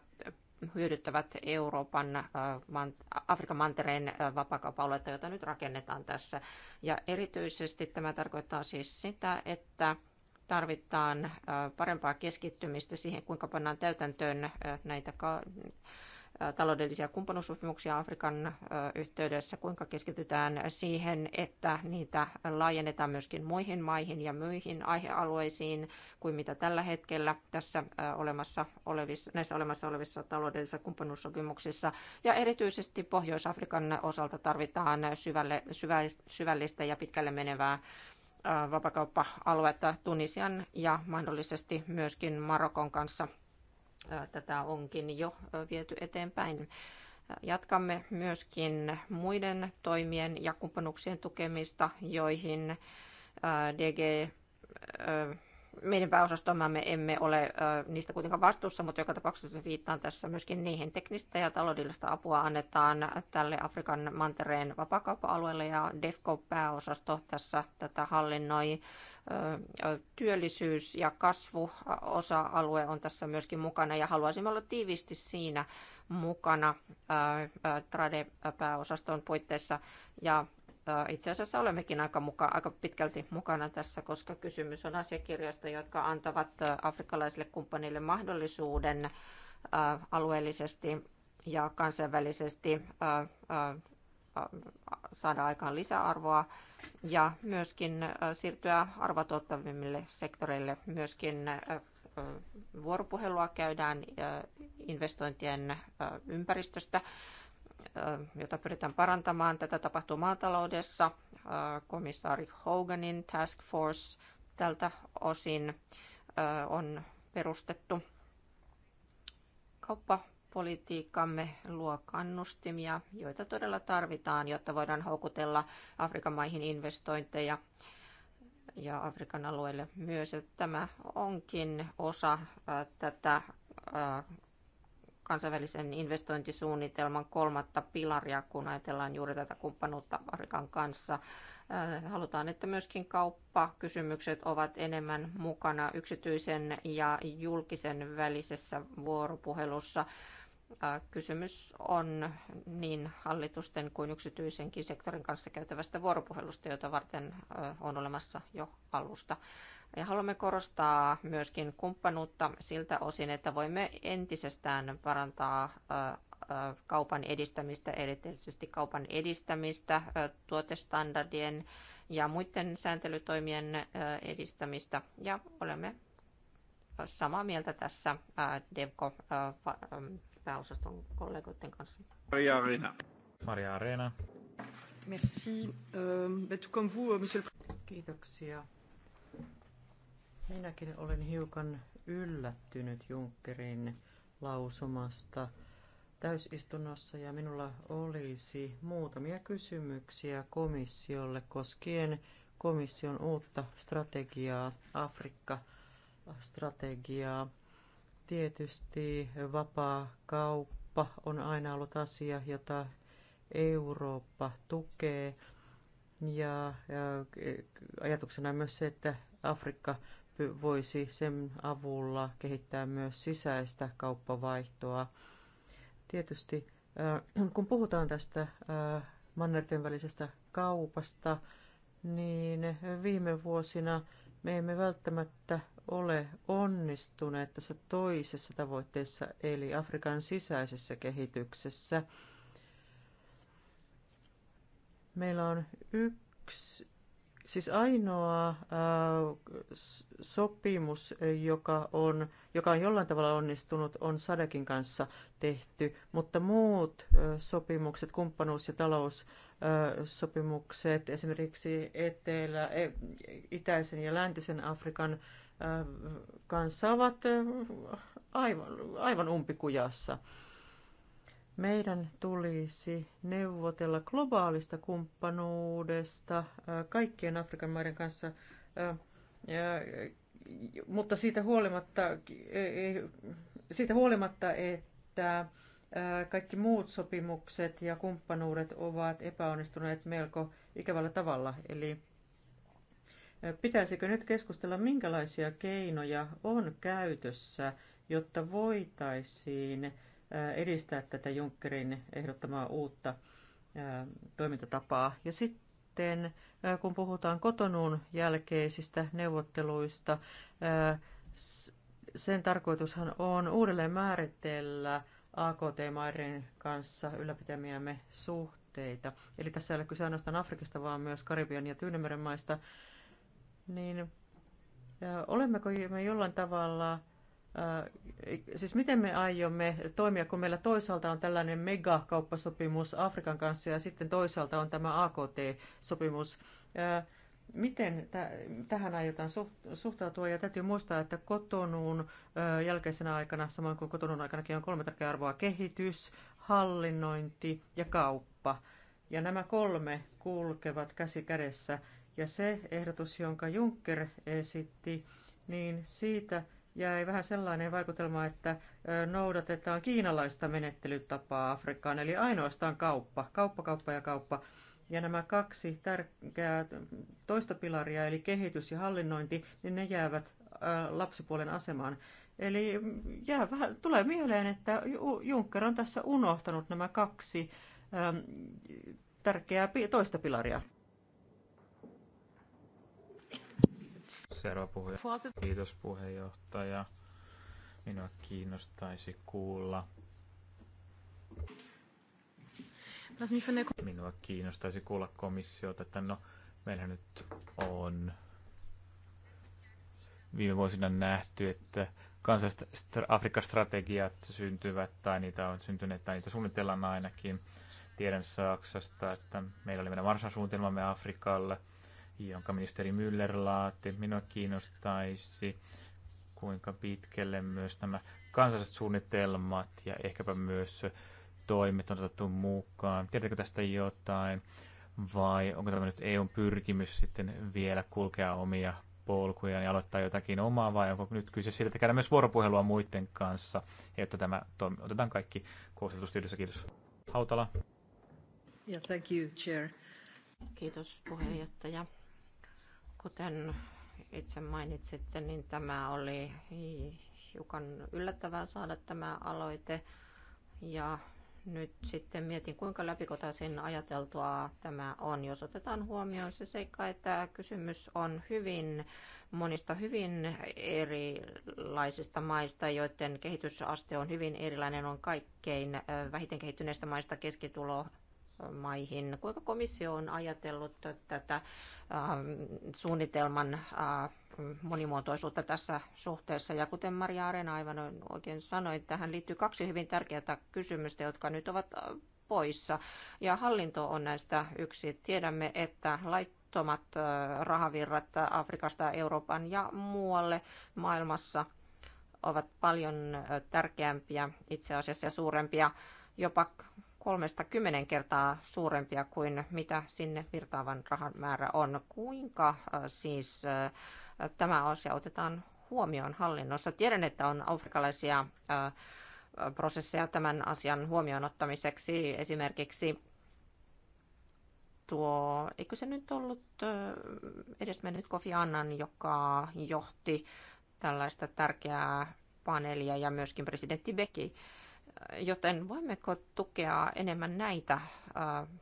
S2: hyödyttävät Euroopan, Afrikan mantereen vapakaupaluetta, jota nyt rakennetaan tässä. Ja erityisesti tämä tarkoittaa siis sitä, että tarvitaan parempaa keskittymistä siihen, kuinka pannaan täytäntöön näitä taloudellisia kumppanuussopimuksia Afrikan yhteydessä, kuinka keskitytään siihen, että niitä laajennetaan myöskin muihin maihin ja muihin aihealueisiin kuin mitä tällä hetkellä tässä olemassa olevissa, näissä olemassa olevissa taloudellisissa kumppanuussopimuksissa. Ja erityisesti Pohjois-Afrikan osalta tarvitaan syvälle, syvällistä ja pitkälle menevää vapakauppa-aluetta Tunisian ja mahdollisesti myöskin Marokon kanssa. Tätä onkin jo viety eteenpäin. Jatkamme myöskin muiden toimien ja kumppanuuksien tukemista, joihin DG meidän me emme ole niistä kuitenkaan vastuussa, mutta joka tapauksessa viittaan tässä myöskin niihin teknistä ja taloudellista apua annetaan tälle Afrikan mantereen vapakauppa-alueelle ja DEFCO-pääosasto tässä tätä hallinnoi. Työllisyys- ja kasvuosa-alue on tässä myöskin mukana ja haluaisimme olla tiivisti siinä mukana Trade-pääosaston puitteissa ja itse asiassa olemmekin aika, muka, aika pitkälti mukana tässä, koska kysymys on asiakirjoista, jotka antavat afrikkalaisille kumppanille mahdollisuuden alueellisesti ja kansainvälisesti saada aikaan lisäarvoa ja myöskin siirtyä arvotuottavimmille sektoreille. Myöskin vuoropuhelua käydään investointien ympäristöstä jota pyritään parantamaan. Tätä tapahtuu maataloudessa. Komissaari Hoganin task force tältä osin on perustettu. Kauppapolitiikkamme luo kannustimia, joita todella tarvitaan, jotta voidaan houkutella Afrikan maihin investointeja ja Afrikan alueelle myös. Tämä onkin osa tätä kansainvälisen investointisuunnitelman kolmatta pilaria, kun ajatellaan juuri tätä kumppanuutta Afrikan kanssa. Äh, halutaan, että myöskin kauppakysymykset ovat enemmän mukana yksityisen ja julkisen välisessä vuoropuhelussa. Äh, kysymys on niin hallitusten kuin yksityisenkin sektorin kanssa käytävästä vuoropuhelusta, jota varten äh, on olemassa jo alusta. Ja haluamme korostaa myöskin kumppanuutta siltä osin, että voimme entisestään parantaa kaupan edistämistä, erityisesti kaupan edistämistä, tuotestandardien ja muiden sääntelytoimien edistämistä. Ja olemme samaa mieltä tässä Devco pääosaston kollegoiden kanssa.
S1: Maria Arena. Maria Arena.
S3: Merci. Euh, tout comme vous, euh, monsieur le... Kiitoksia Minäkin olen hiukan yllättynyt Junckerin lausumasta täysistunnossa ja minulla olisi muutamia kysymyksiä komissiolle koskien komission uutta strategiaa, Afrikka-strategiaa. Tietysti vapaa kauppa on aina ollut asia, jota Eurooppa tukee. Ja, ja e, ajatuksena on myös se, että Afrikka voisi sen avulla kehittää myös sisäistä kauppavaihtoa. Tietysti äh, kun puhutaan tästä äh, mannerten välisestä kaupasta, niin viime vuosina me emme välttämättä ole onnistuneet tässä toisessa tavoitteessa, eli Afrikan sisäisessä kehityksessä. Meillä on yksi, Siis ainoa sopimus, joka on, joka on jollain tavalla onnistunut, on Sadekin kanssa tehty, mutta muut sopimukset, kumppanuus- ja taloussopimukset, esimerkiksi etelä, e, itäisen ja läntisen Afrikan kanssa, ovat aivan, aivan umpikujassa. Meidän tulisi neuvotella globaalista kumppanuudesta äh, kaikkien Afrikan maiden kanssa, äh, äh, mutta siitä huolimatta, siitä huolimatta että kaikki muut sopimukset ja kumppanuudet ovat epäonnistuneet melko ikävällä tavalla. Eli pitäisikö nyt keskustella, minkälaisia keinoja on käytössä, jotta voitaisiin edistää tätä Junckerin ehdottamaa uutta toimintatapaa. Ja sitten kun puhutaan kotonuun jälkeisistä neuvotteluista, sen tarkoitushan on uudelleen määritellä AKT-maiden kanssa ylläpitämiämme suhteita. Eli tässä ei ole kyse ainoastaan Afrikasta, vaan myös Karibian ja Tyynemeren maista. Niin olemmeko me jollain tavalla Äh, siis miten me aiomme toimia, kun meillä toisaalta on tällainen megakauppasopimus Afrikan kanssa ja sitten toisaalta on tämä AKT-sopimus. Äh, miten tähän aiotaan suhtautua? Ja täytyy muistaa, että kotonuun äh, jälkeisenä aikana, samoin kuin kotonuun aikanakin, on kolme tärkeää arvoa. Kehitys, hallinnointi ja kauppa. Ja nämä kolme kulkevat käsi kädessä. Ja se ehdotus, jonka Juncker esitti, niin siitä jäi vähän sellainen vaikutelma, että noudatetaan kiinalaista menettelytapaa Afrikkaan, eli ainoastaan kauppa, kauppa, kauppa ja kauppa. Ja nämä kaksi tärkeää toista pilaria, eli kehitys ja hallinnointi, niin ne jäävät lapsipuolen asemaan. Eli jää vähän, tulee mieleen, että Juncker on tässä unohtanut nämä kaksi tärkeää toista pilaria.
S1: Seuraava puhuja. Kiitos puheenjohtaja. Minua kiinnostaisi kuulla. Minua kiinnostaisi kuulla komissiota, että no, meillä nyt on viime vuosina nähty, että kansalliset Afrikan strategiat syntyvät tai niitä on syntyneet tai niitä suunnitellaan ainakin. Tiedän Saksasta, että meillä oli meidän Marsan suunnitelmamme Afrikalle – jonka ministeri Müller laati. Minua kiinnostaisi, kuinka pitkälle myös nämä kansalliset suunnitelmat ja ehkäpä myös toimet on otettu mukaan. Tiedätkö tästä jotain vai onko tämä nyt EUn pyrkimys sitten vielä kulkea omia polkuja ja aloittaa jotakin omaa vai onko nyt kyse siitä, että käydään myös vuoropuhelua muiden kanssa, jotta tämä toimi, otetaan kaikki koostetusti yhdessä. Kiitos. Hautala.
S4: Yeah,
S2: thank you, chair. Kiitos puheenjohtaja. Kuten itse mainitsitte, niin tämä oli hiukan yllättävää saada tämä aloite. Ja nyt sitten mietin, kuinka läpikotaisin ajateltua tämä on, jos otetaan huomioon se seikka, että kysymys on hyvin monista hyvin erilaisista maista, joiden kehitysaste on hyvin erilainen, on kaikkein äh, vähiten kehittyneistä maista keskitulo maihin. Kuinka komissio on ajatellut tätä ähm, suunnitelman äh, monimuotoisuutta tässä suhteessa. Ja kuten Maria Arena aivan oikein sanoi, tähän liittyy kaksi hyvin tärkeää kysymystä, jotka nyt ovat äh, poissa. Ja hallinto on näistä yksi. Tiedämme, että laittomat äh, rahavirrat Afrikasta, Euroopan ja muualle maailmassa ovat paljon tärkeämpiä itse asiassa suurempia jopa kolmesta kymmenen kertaa suurempia kuin mitä sinne virtaavan rahan määrä on. Kuinka äh, siis äh, tämä asia otetaan huomioon hallinnossa? Tiedän, että on afrikkalaisia äh, prosesseja tämän asian huomioon ottamiseksi. Esimerkiksi tuo, eikö se nyt ollut edesmennyt Kofi Annan, joka johti tällaista tärkeää paneelia ja myöskin presidentti Beki Joten voimmeko tukea enemmän näitä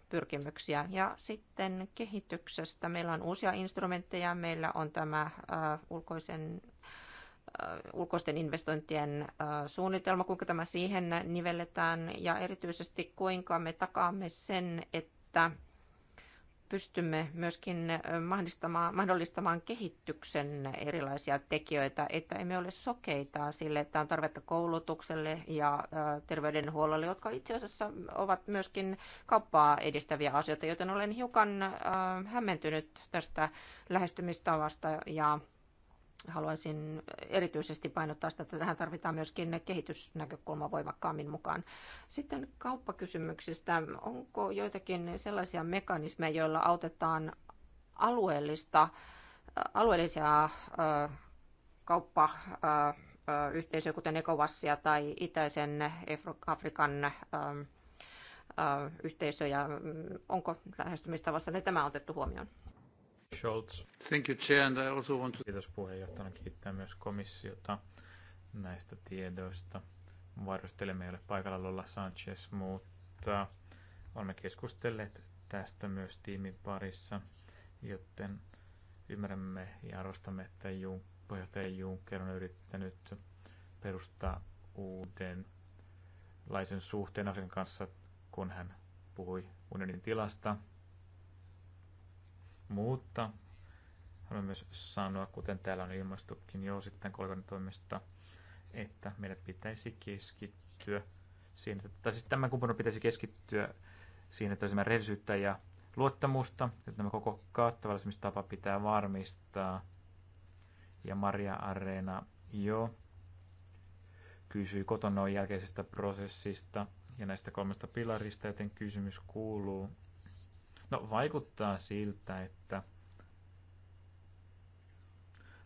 S2: pyrkimyksiä? Ja sitten kehityksestä. Meillä on uusia instrumentteja. Meillä on tämä ulkoisen ulkoisten investointien suunnitelma, kuinka tämä siihen nivelletään ja erityisesti kuinka me takaamme sen, että pystymme myöskin mahdollistamaan, mahdollistamaan kehityksen erilaisia tekijöitä, että emme ole sokeita sille, että on tarvetta koulutukselle ja terveydenhuollolle, jotka itse asiassa ovat myöskin kauppaa edistäviä asioita, joten olen hiukan hämmentynyt tästä lähestymistavasta ja haluaisin erityisesti painottaa sitä, että tähän tarvitaan myöskin kehitysnäkökulma voimakkaammin mukaan. Sitten kauppakysymyksistä. Onko joitakin sellaisia mekanismeja, joilla autetaan alueellista, alueellisia kauppa yhteisöjä, kuten Ekovassia tai Itäisen Afrikan yhteisöjä. Onko lähestymistavassa ne tämä otettu huomioon?
S1: Scholz. Thank you, Chair, and I also want to... Kiitos puheenjohtajana. Kiittää myös komissiota näistä tiedoista. Varjostelemme ei ole paikalla Lola Sanchez, mutta olemme keskustelleet tästä myös tiimin parissa, joten ymmärrämme ja arvostamme, että Jun, puheenjohtaja Juncker on yrittänyt perustaa uudenlaisen suhteen Afrikan kanssa, kun hän puhui unionin tilasta – mutta haluan myös sanoa, kuten täällä on ilmastukin jo sitten kollegan toimesta, että meidän pitäisi keskittyä siihen, että, siis tämän kumppanin pitäisi keskittyä siihen, että olisimme rehellisyyttä ja luottamusta, että tämä koko kattavallisemistapa tapa pitää varmistaa. Ja Maria Areena jo kysyi kotonoon jälkeisestä prosessista ja näistä kolmesta pilarista, joten kysymys kuuluu, No vaikuttaa siltä, että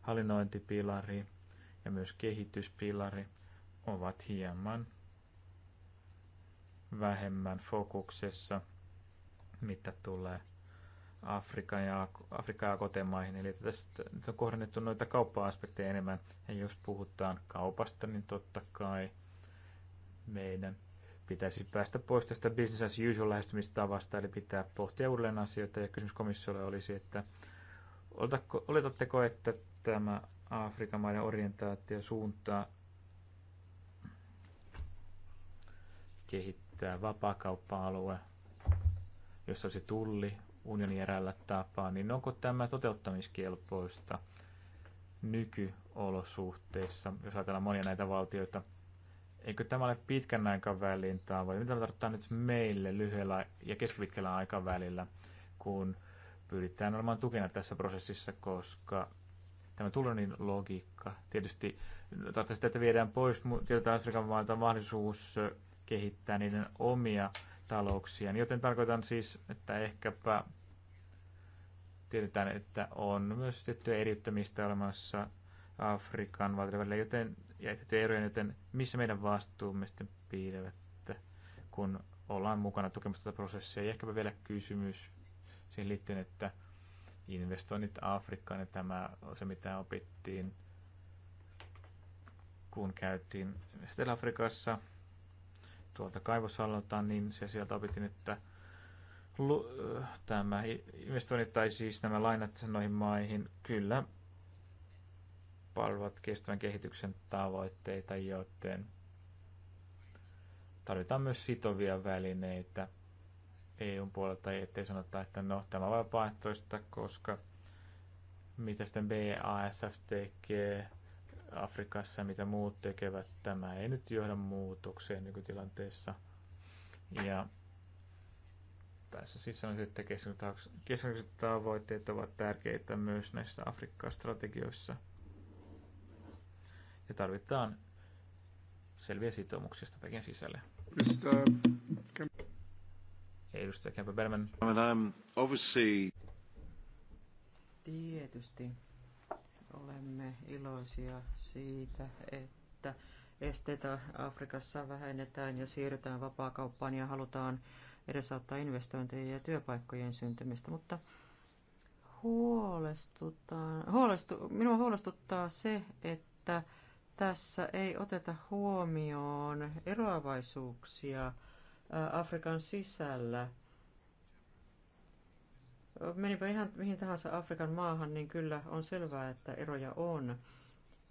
S1: hallinnointipilari ja myös kehityspilari ovat hieman vähemmän fokuksessa, mitä tulee Afrikan ja, Afrikan ja kotemaihin. Eli tästä nyt on kohdennettu noita kauppa-aspekteja enemmän. Ja jos puhutaan kaupasta, niin totta kai meidän pitäisi päästä pois tästä business as usual lähestymistavasta, eli pitää pohtia uudelleen asioita. Ja kysymys komissiolle olisi, että oletatteko, että tämä Afrikan maiden orientaatio suuntaa kehittää vapaakauppa-alue, jossa olisi tulli unionin eräällä tapaa, niin onko tämä toteuttamiskelpoista nykyolosuhteissa, jos ajatellaan monia näitä valtioita – Eikö tämä ole pitkän aikavälin tavoite? Mitä tarkoittaa nyt meille lyhyellä ja keskipitkällä aikavälillä, kun pyritään olemaan tukena tässä prosessissa, koska tämä Tulonin logiikka tietysti tarkoittaa sitä, että viedään pois tietyiltä Afrikan maalta mahdollisuus kehittää niiden omia talouksia. Niin joten tarkoitan siis, että ehkäpä tiedetään, että on myös tiettyä eriyttämistä olemassa Afrikan valtioiden välillä, joten ja jätettyjä erojen, joten missä meidän vastuumme sitten piilevät, kun ollaan mukana tukemassa tätä prosessia. Ja ehkäpä vielä kysymys siihen liittyen, että investoinnit Afrikkaan ja tämä on se, mitä opittiin, kun käytiin Etelä-Afrikassa tuolta kaivosalalta, niin se sieltä opittiin, että tämä investoinnit tai siis nämä lainat noihin maihin kyllä palvelut kestävän kehityksen tavoitteita, joten tarvitaan myös sitovia välineitä EUn puolelta, ettei sanota, että no tämä on vapaaehtoista, koska mitä sitten BASF tekee Afrikassa mitä muut tekevät, tämä ei nyt johda muutokseen nykytilanteessa. Ja tässä siis sanoisin, että keskeiset tavoitteet ovat tärkeitä myös näissä Afrikka-strategioissa – ja tarvitaan selviä sitoumuksia strategian sisälle. Edustaja Kempa Berman.
S3: Tietysti olemme iloisia siitä, että esteitä Afrikassa vähennetään ja siirrytään vapaakauppaan ja halutaan edesauttaa investointeja ja työpaikkojen syntymistä, mutta huolestuttaa, huolestu, minua huolestuttaa se, että tässä ei oteta huomioon eroavaisuuksia Afrikan sisällä. Menipä ihan mihin tahansa Afrikan maahan, niin kyllä on selvää, että eroja on.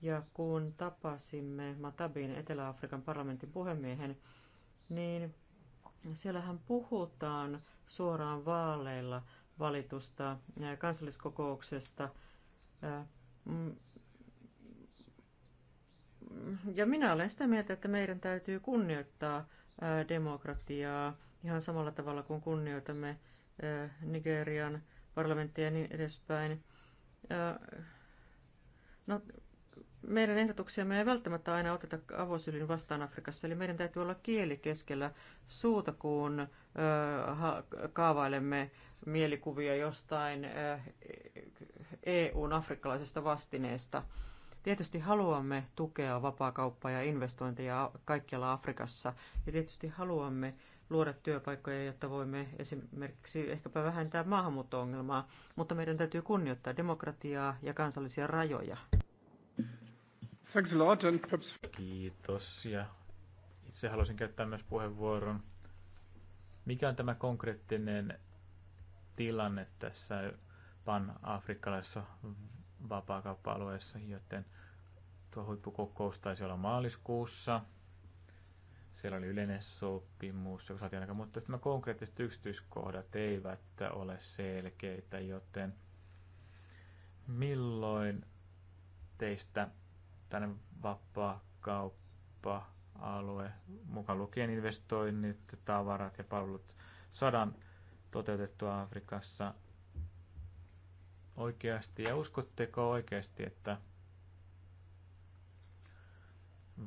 S3: Ja kun tapasimme Matabin Etelä-Afrikan parlamentin puhemiehen, niin siellähän puhutaan suoraan vaaleilla valitusta kansalliskokouksesta ja minä olen sitä mieltä, että meidän täytyy kunnioittaa demokratiaa ihan samalla tavalla kuin kunnioitamme Nigerian parlamenttia ja niin edespäin. No, meidän me ei välttämättä aina oteta avosylin vastaan Afrikassa, eli meidän täytyy olla kieli keskellä suuta, kun kaavailemme mielikuvia jostain EUn afrikkalaisesta vastineesta. Tietysti haluamme tukea vapaakauppaa ja investointeja kaikkialla Afrikassa. Ja tietysti haluamme luoda työpaikkoja, jotta voimme esimerkiksi ehkäpä vähentää maahanmuutto-ongelmaa, mutta meidän täytyy kunnioittaa demokratiaa ja kansallisia rajoja.
S1: Kiitos ja itse haluaisin käyttää myös puheenvuoron. Mikä on tämä konkreettinen tilanne tässä pan-afrikkalaisessa vapaakauppa-alueessa, joten tuo huippukokous taisi olla maaliskuussa. Siellä oli yleinen sopimus, joka saatiin aikaan, mutta nämä konkreettiset yksityiskohdat eivät ole selkeitä, joten milloin teistä tänne vapaakauppa-alue, mukaan lukien investoinnit, tavarat ja palvelut, saadaan toteutettua Afrikassa oikeasti ja uskotteko oikeasti, että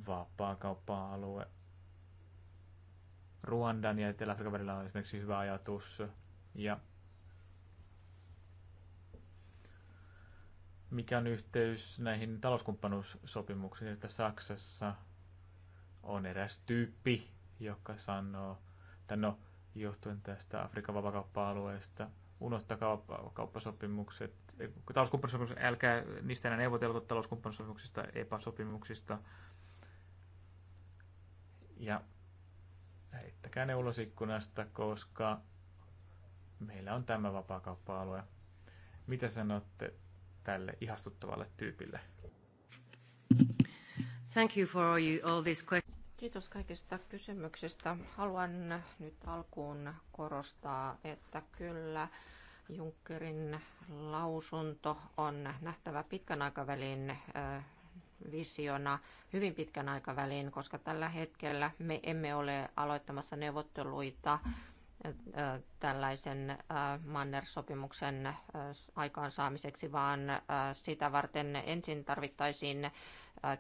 S1: vapaakauppa-alue Ruandan ja Etelä-Afrikan välillä on esimerkiksi hyvä ajatus ja mikä on yhteys näihin talouskumppanuussopimuksiin, että Saksassa on eräs tyyppi, joka sanoo, että no, johtuen tästä Afrikan vapakauppa-alueesta – unohtakaa kauppasopimukset, talouskumppanisopimukset, älkää niistä enää neuvotelko talouskumppanisopimuksista, epäsopimuksista. Ja heittäkää ne ulos ikkunasta, koska meillä on tämä vapaakauppa-alue. Mitä sanotte tälle ihastuttavalle tyypille?
S3: Thank you for all, you, all these questions. Kiitos
S2: kaikista kysymyksistä. Haluan nyt alkuun korostaa, että kyllä Junckerin lausunto on nähtävä pitkän aikavälin visiona hyvin pitkän aikavälin, koska tällä hetkellä me emme ole aloittamassa neuvotteluita tällaisen Manner-sopimuksen aikaansaamiseksi, vaan sitä varten ensin tarvittaisiin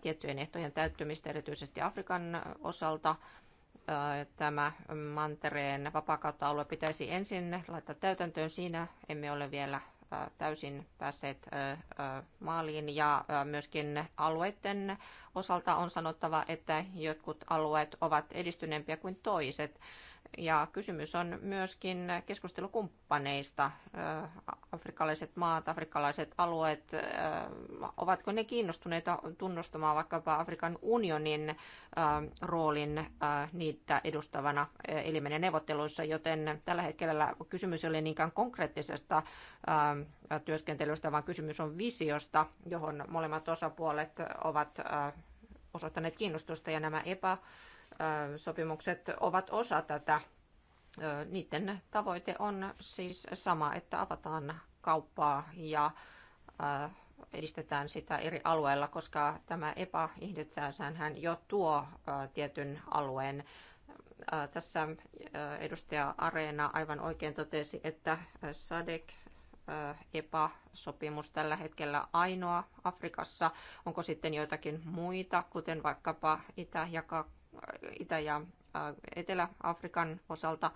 S2: tiettyjen ehtojen täyttymistä erityisesti Afrikan osalta. Tämä mantereen vapaakautta-alue pitäisi ensin laittaa täytäntöön. Siinä emme ole vielä täysin päässeet maaliin ja myöskin alueiden osalta on sanottava, että jotkut alueet ovat edistyneempiä kuin toiset. Ja kysymys on myöskin keskustelukumppaneista. Afrikkalaiset maat, afrikkalaiset alueet, ovatko ne kiinnostuneita tunnustamaan vaikkapa Afrikan unionin roolin niitä edustavana elimenä neuvotteluissa, joten tällä hetkellä kysymys ei ole niinkään konkreettisesta työskentelystä, vaan kysymys on visiosta, johon molemmat osapuolet ovat osoittaneet kiinnostusta ja nämä epä sopimukset ovat osa tätä. Niiden tavoite on siis sama, että avataan kauppaa ja edistetään sitä eri alueilla, koska tämä EPA hän jo tuo tietyn alueen. Tässä edustaja Areena aivan oikein totesi, että SADEC EPA-sopimus tällä hetkellä ainoa Afrikassa. Onko sitten joitakin muita, kuten vaikkapa Itä- ja Itä- ja Etelä-Afrikan osalta,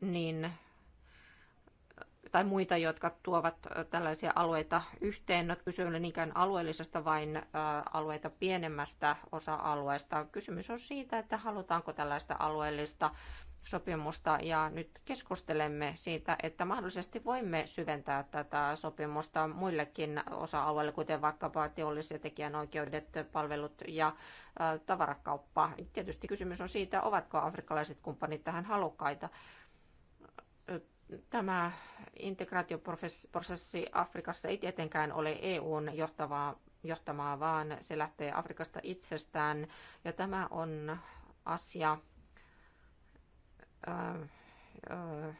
S2: niin tai muita, jotka tuovat tällaisia alueita yhteen. No, kyse ole niinkään alueellisesta, vain alueita pienemmästä osa-alueesta. Kysymys on siitä, että halutaanko tällaista alueellista sopimusta ja nyt keskustelemme siitä, että mahdollisesti voimme syventää tätä sopimusta muillekin osa-alueille, kuten vaikkapa teolliset ja tekijänoikeudet, palvelut ja tavarakauppa. Tietysti kysymys on siitä, ovatko afrikkalaiset kumppanit tähän halukkaita. Tämä integraatioprosessi Afrikassa ei tietenkään ole EUn johtavaa, johtamaa, vaan se lähtee Afrikasta itsestään ja tämä on asia, Äh, äh,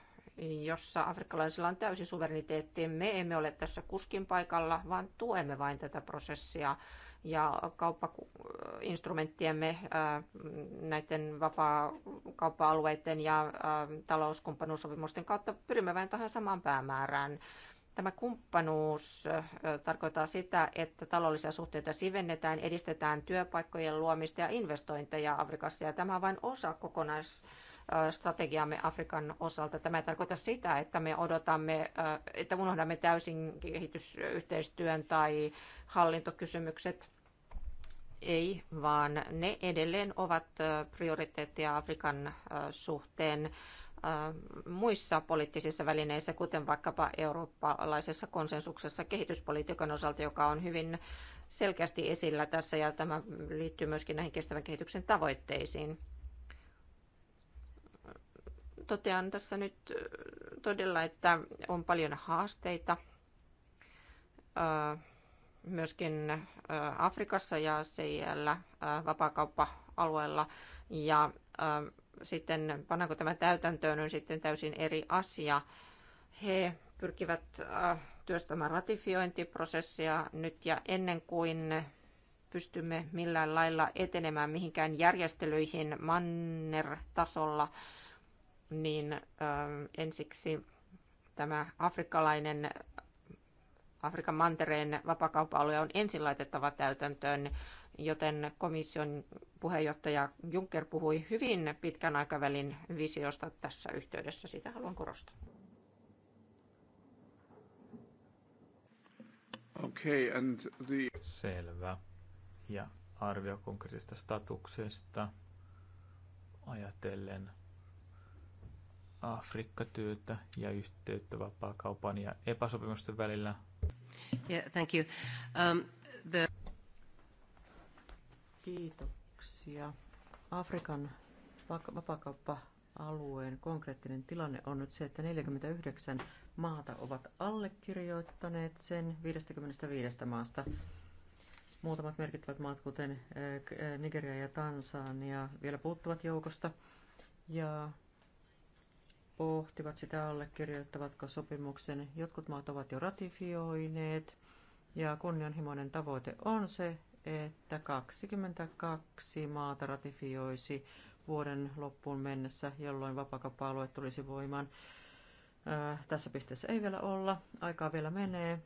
S2: jossa afrikkalaisilla on täysi suvereniteetti. Me emme ole tässä kuskin paikalla, vaan tuemme vain tätä prosessia ja kauppainstrumenttiemme äh, näiden vapaa-kauppa-alueiden ja talouskumppanuussopimusten kautta pyrimme vain tähän samaan päämäärään. Tämä kumppanuus tarkoittaa sitä, että taloudellisia suhteita sivennetään, edistetään työpaikkojen luomista ja investointeja Afrikassa. Ja tämä on vain osa kokonais Äh, strategiamme Afrikan osalta. Tämä ei tarkoita sitä, että me odotamme, äh, että unohdamme täysin kehitysyhteistyön tai hallintokysymykset. Ei, vaan ne edelleen ovat äh, prioriteettia Afrikan suhteen muissa poliittisissa välineissä, kuten vaikkapa eurooppalaisessa konsensuksessa kehityspolitiikan osalta, joka on hyvin selkeästi esillä tässä ja tämä liittyy myöskin näihin kestävän kehityksen tavoitteisiin totean tässä nyt todella, että on paljon haasteita myöskin Afrikassa ja siellä vapaakauppa-alueella. Ja sitten pannaanko tämä täytäntöön on sitten täysin eri asia. He pyrkivät työstämään ratifiointiprosessia nyt ja ennen kuin pystymme millään lailla etenemään mihinkään järjestelyihin manner-tasolla, niin ö, ähm, ensiksi tämä afrikkalainen Afrikan mantereen vapakauppa-alue on ensin laitettava täytäntöön, joten komission puheenjohtaja Juncker puhui hyvin pitkän aikavälin visiosta tässä yhteydessä. Sitä haluan korostaa.
S1: Okay, and the... Selvä. Ja arvio konkreettisesta statuksesta ajatellen Afrikka-työtä ja yhteyttä vapaakaupan ja epäsopimusten välillä.
S3: Yeah, thank you. Um, the... Kiitoksia. Afrikan vapaakauppa-alueen konkreettinen tilanne on nyt se, että 49 maata ovat allekirjoittaneet sen 55 maasta. Muutamat merkittävät maat, kuten eh, eh, Nigeria ja Tansania, vielä puuttuvat joukosta. Ja pohtivat sitä, allekirjoittavatko sopimuksen. Jotkut maat ovat jo ratifioineet ja kunnianhimoinen tavoite on se, että 22 maata ratifioisi vuoden loppuun mennessä, jolloin vapakauppa-alue tulisi voimaan. Äh, tässä pisteessä ei vielä olla, aikaa vielä menee.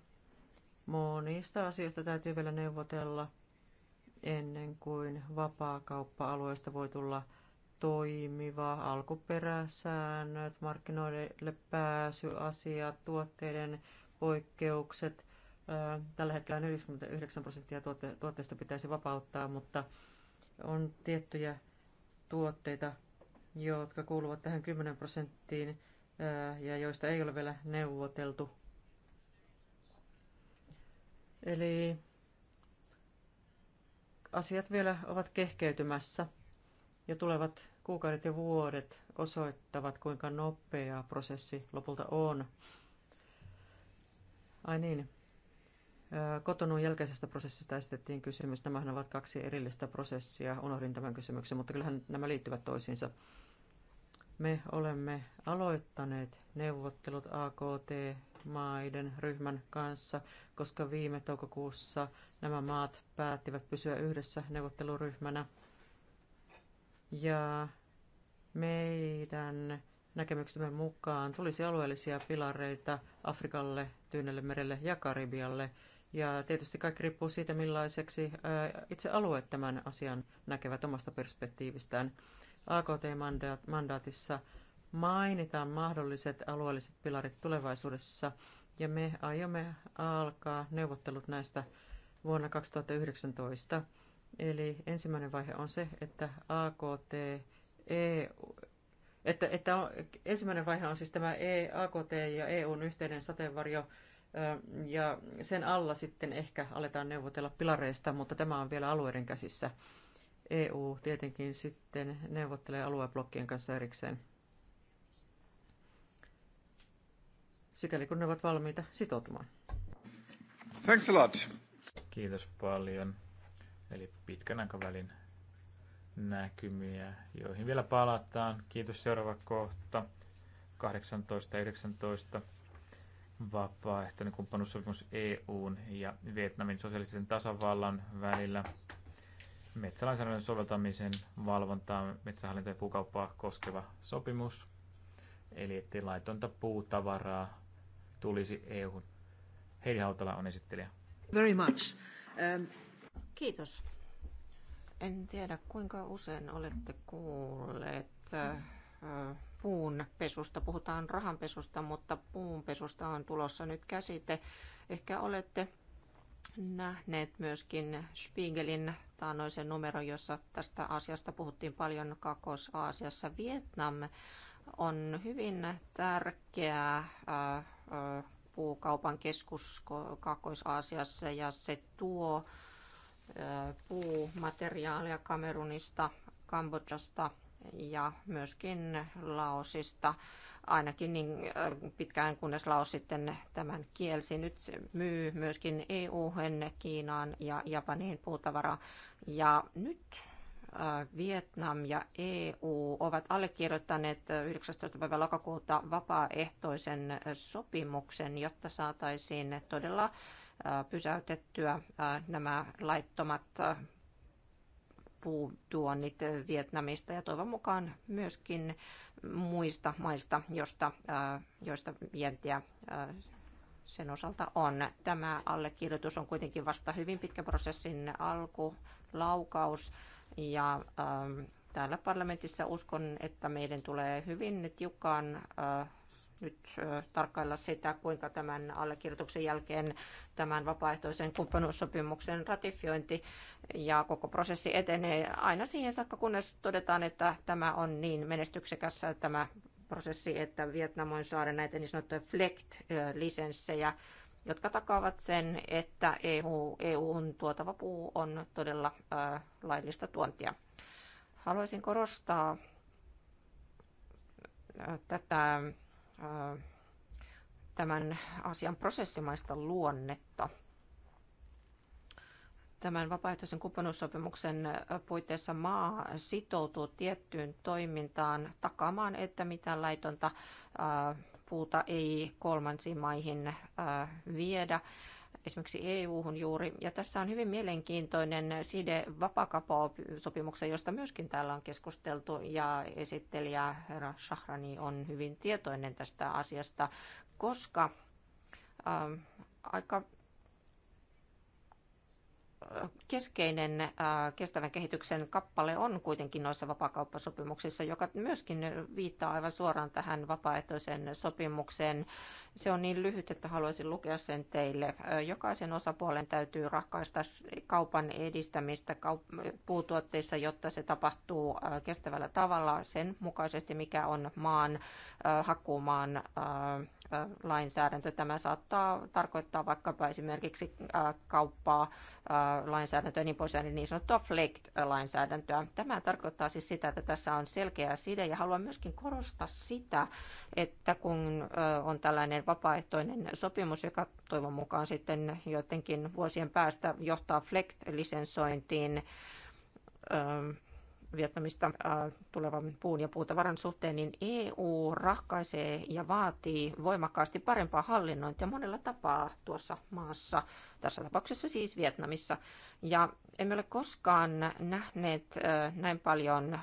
S3: Monista asioista täytyy vielä neuvotella ennen kuin vapaa-kauppa-alueesta voi tulla toimiva, alkuperäsäännöt, markkinoille pääsyasiat, tuotteiden poikkeukset. Tällä hetkellä 99 prosenttia tuotteista pitäisi vapauttaa, mutta on tiettyjä tuotteita, jotka kuuluvat tähän 10 prosenttiin ja joista ei ole vielä neuvoteltu. Eli asiat vielä ovat kehkeytymässä ja tulevat kuukaudet ja vuodet osoittavat, kuinka nopea prosessi lopulta on. Ai niin, Kotonun jälkeisestä prosessista esitettiin kysymys. Nämähän ovat kaksi erillistä prosessia. Unohdin tämän kysymyksen, mutta kyllähän nämä liittyvät toisiinsa. Me olemme aloittaneet neuvottelut AKT-maiden ryhmän kanssa, koska viime toukokuussa nämä maat päättivät pysyä yhdessä neuvotteluryhmänä – ja meidän näkemyksemme mukaan tulisi alueellisia pilareita Afrikalle, Tyynelle merelle ja Karibialle. Ja tietysti kaikki riippuu siitä, millaiseksi itse alueet tämän asian näkevät omasta perspektiivistään. AKT-mandaatissa mainitaan mahdolliset alueelliset pilarit tulevaisuudessa, ja me aiomme alkaa neuvottelut näistä vuonna 2019. Eli ensimmäinen vaihe on se, että AKT, EU, että, että on, ensimmäinen vaihe on siis tämä e, AKT ja EUn yhteinen sateenvarjo, ja sen alla sitten ehkä aletaan neuvotella pilareista, mutta tämä on vielä alueiden käsissä. EU tietenkin sitten neuvottelee alueblokkien kanssa erikseen. Sikäli kun ne ovat valmiita sitoutumaan.
S1: Thanks a lot. Kiitos paljon. Eli pitkän aikavälin näkymiä, joihin vielä palataan. Kiitos. Seuraava kohta. 18.19. vapaaehtoinen kumppanuussopimus EUn ja Vietnamin sosiaalisen tasavallan välillä metsälainsäädännön soveltamisen valvontaa metsähallinto- ja puukauppaa koskeva sopimus. Eli ettei laitonta puutavaraa tulisi EUhun. Heidi Hautala on esittelijä.
S4: Very
S2: much. Um, Kiitos. En tiedä, kuinka usein olette kuulleet äh, puun pesusta. Puhutaan rahanpesusta, mutta puun pesusta on tulossa nyt käsite. Ehkä olette nähneet myöskin Spiegelin taanoisen numero, jossa tästä asiasta puhuttiin paljon Kakos-Aasiassa. Vietnam on hyvin tärkeä äh, äh, puukaupan keskus kakos aasiassa ja se tuo puumateriaalia Kamerunista, Kambodžasta ja myöskin Laosista, ainakin niin pitkään kunnes Laos sitten tämän kielsi. Nyt se myy myöskin eu Kiinaan ja Japaniin puutavaraa. Ja nyt Vietnam ja EU ovat allekirjoittaneet 19. päivä lokakuuta vapaaehtoisen sopimuksen, jotta saataisiin todella pysäytettyä nämä laittomat puutuonnit Vietnamista ja toivon mukaan myöskin muista maista, josta, joista vientiä sen osalta on. Tämä allekirjoitus on kuitenkin vasta hyvin pitkän prosessin alku, laukaus ja täällä parlamentissa uskon, että meidän tulee hyvin tiukkaan nyt tarkkailla sitä, kuinka tämän allekirjoituksen jälkeen tämän vapaaehtoisen kumppanuussopimuksen ratifiointi ja koko prosessi etenee aina siihen saakka, kunnes todetaan, että tämä on niin menestyksekäs tämä prosessi, että Vietnam on saada näitä niin sanottuja FLECT-lisenssejä, jotka takaavat sen, että EU, EUn tuotava puu on todella ää, laillista tuontia. Haluaisin korostaa tätä tämän asian prosessimaista luonnetta. Tämän vapaaehtoisen kumppanuussopimuksen puitteissa maa sitoutuu tiettyyn toimintaan takaamaan, että mitään laitonta puuta ei kolmansiin maihin viedä esimerkiksi EU-hun juuri. Ja tässä on hyvin mielenkiintoinen side vapakapo sopimuksen josta myöskin täällä on keskusteltu. Ja esittelijä herra Shahrani on hyvin tietoinen tästä asiasta, koska äh, aika keskeinen äh, kestävän kehityksen kappale on kuitenkin noissa vapakauppasopimuksissa, joka myöskin viittaa aivan suoraan tähän vapaaehtoisen sopimukseen. Se on niin lyhyt, että haluaisin lukea sen teille. Äh, jokaisen osapuolen täytyy rahkaista kaupan edistämistä puutuotteissa, jotta se tapahtuu äh, kestävällä tavalla sen mukaisesti, mikä on maan hakumaan lainsäädäntö. Tämä saattaa tarkoittaa vaikkapa esimerkiksi kauppaa lainsäädäntöä ja niin poispäin, niin sanottua FLECT-lainsäädäntöä. Tämä tarkoittaa siis sitä, että tässä on selkeä side ja haluan myöskin korostaa sitä, että kun on tällainen vapaaehtoinen sopimus, joka toivon mukaan sitten joidenkin vuosien päästä johtaa FLECT-lisensointiin, Vietnamista äh, tulevan puun ja puutavaran suhteen, niin EU rahkaisee ja vaatii voimakkaasti parempaa hallinnointia monella tapaa tuossa maassa, tässä tapauksessa siis Vietnamissa. Ja emme ole koskaan nähneet äh, näin paljon äh,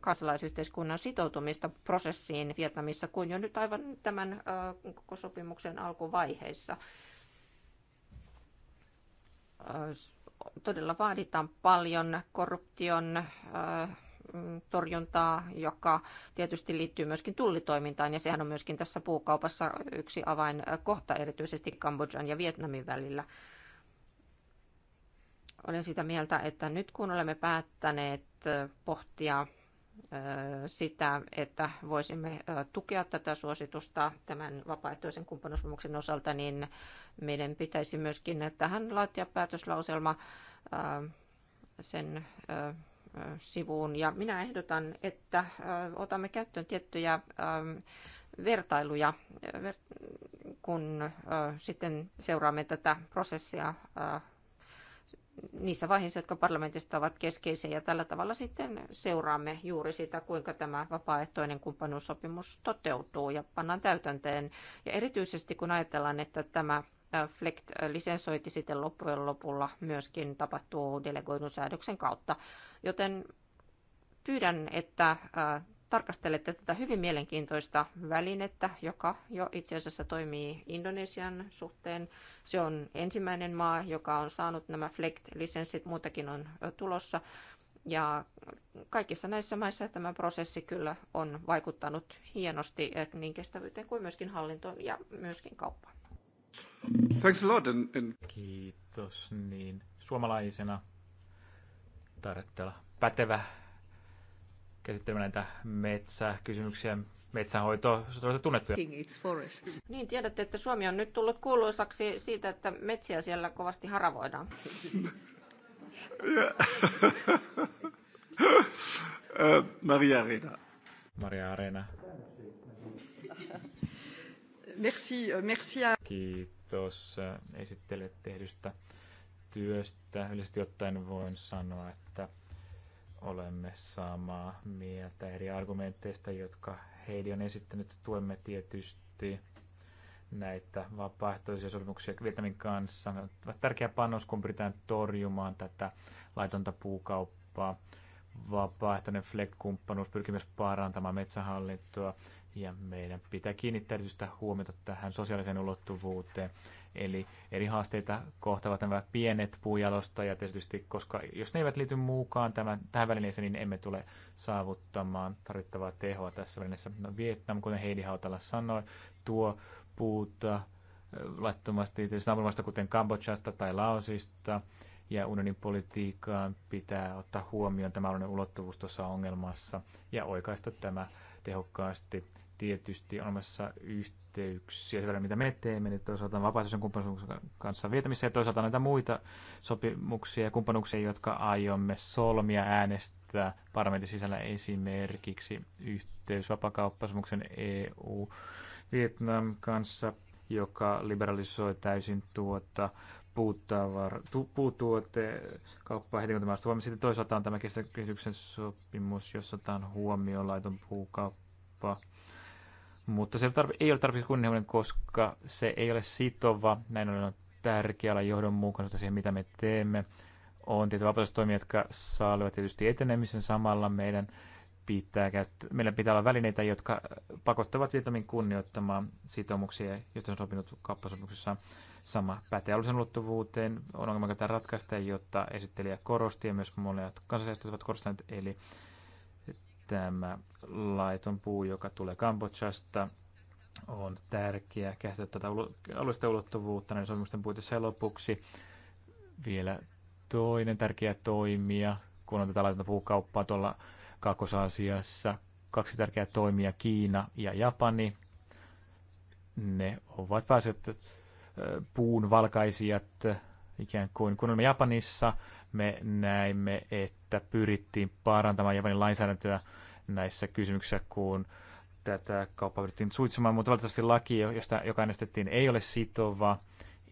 S2: kansalaisyhteiskunnan sitoutumista prosessiin Vietnamissa kuin jo nyt aivan tämän koko sopimuksen alkuvaiheessa todella vaaditaan paljon korruption mm, torjuntaa, joka tietysti liittyy myöskin tullitoimintaan, ja sehän on myöskin tässä puukaupassa yksi avainkohta, erityisesti Kambodjan ja Vietnamin välillä. Olen sitä mieltä, että nyt kun olemme päättäneet pohtia sitä, että voisimme tukea tätä suositusta tämän vapaaehtoisen kumppanuusmuksen osalta, niin meidän pitäisi myöskin tähän laatia päätöslauselma sen sivuun. Ja minä ehdotan, että otamme käyttöön tiettyjä vertailuja, kun sitten seuraamme tätä prosessia niissä vaiheissa, jotka parlamentista ovat keskeisiä. Ja tällä tavalla sitten seuraamme juuri sitä, kuinka tämä vapaaehtoinen kumppanuussopimus toteutuu ja pannaan täytäntöön. Ja erityisesti kun ajatellaan, että tämä flect lisensoiti sitten loppujen lopulla myöskin tapahtuu delegoidun säädöksen kautta. Joten pyydän, että tarkastelette tätä hyvin mielenkiintoista välinettä, joka jo itse asiassa toimii Indonesian suhteen. Se on ensimmäinen maa, joka on saanut nämä FLECT-lisenssit, muutakin on tulossa. Ja kaikissa näissä maissa tämä prosessi kyllä on vaikuttanut hienosti niin kestävyyteen kuin myöskin hallintoon ja myöskin kauppaan.
S1: Thanks a lot. And, and... Kiitos. Niin, suomalaisena tarvitaan pätevä käsittelemään näitä metsäkysymyksiä. Metsänhoito on tunnettuja.
S2: Niin, tiedätte, että Suomi on nyt tullut kuuluisaksi siitä, että metsiä siellä kovasti haravoidaan.
S1: Maria Arena. Maria Arena.
S3: Merci, merci
S1: Kiitos esittelijät tehdystä työstä. Yleisesti ottaen voin sanoa, että olemme samaa mieltä eri argumenteista, jotka Heidi on esittänyt. Tuemme tietysti näitä vapaaehtoisia sopimuksia Vietnamin kanssa. tärkeä panos, kun pyritään torjumaan tätä laitonta puukauppaa. Vapaaehtoinen FLEG-kumppanuus pyrkii myös parantamaan metsähallintoa ja meidän pitää kiinnittää erityistä huomiota tähän sosiaaliseen ulottuvuuteen. Eli eri haasteita kohtavat nämä pienet puujalostajat tietysti, koska jos ne eivät liity mukaan tämän, tähän välineeseen, niin emme tule saavuttamaan tarvittavaa tehoa tässä välineessä. No, Vietnam, kuten Heidi Hautala sanoi, tuo puuta laittomasti tietysti naapurimaista, kuten Kambodžasta tai Laosista, ja unionin politiikkaan pitää ottaa huomioon tämä ulottuvuus tuossa ongelmassa ja oikaista tämä tehokkaasti tietysti on olemassa yhteyksiä sen mitä me teemme, niin toisaalta vapaaehtoisen kumppanuksen kanssa vietämissä ja toisaalta näitä muita sopimuksia ja kumppanuuksia, jotka aiomme solmia äänestää parlamentin sisällä esimerkiksi yhteys vapakauppasopimuksen EU Vietnam kanssa, joka liberalisoi täysin tuota puutuote kauppaa heti kun tämä astuu Sitten toisaalta on tämä kestävyyskehityksen sopimus, jossa otetaan huomioon laiton puukauppa mutta se ei ole tarpeeksi kunnianhimoinen, koska se ei ole sitova. Näin on tärkeää olla johdonmukaisuutta siihen, mitä me teemme. On tietysti vapautustoimia, jotka saavat tietysti etenemisen samalla. Meidän pitää, käyttä, meillä pitää olla välineitä, jotka pakottavat vietomin kunnioittamaan sitoumuksia, joista on sopinut kappasopimuksessa. Sama pätee alusen ulottuvuuteen. On ongelma ratkaista, jotta esittelijä korosti ja myös monet kansalaiset ovat korostaneet, eli tämä laiton puu, joka tulee Kambodsasta, on tärkeä käsitellä tätä alueellista ulottuvuutta näiden sopimusten puitteissa. lopuksi vielä toinen tärkeä toimija, kun on tätä laitonta puukauppaa tuolla Kakos-Aasiassa. Kaksi tärkeää toimia, Kiina ja Japani. Ne ovat pääset puun valkaisijat ikään kuin. Kun olemme Japanissa, me näimme, että pyrittiin parantamaan Japanin lainsäädäntöä näissä kysymyksissä, kun tätä kauppaa pyrittiin suitsimaan, mutta valitettavasti laki, josta, joka äänestettiin, ei ole sitova.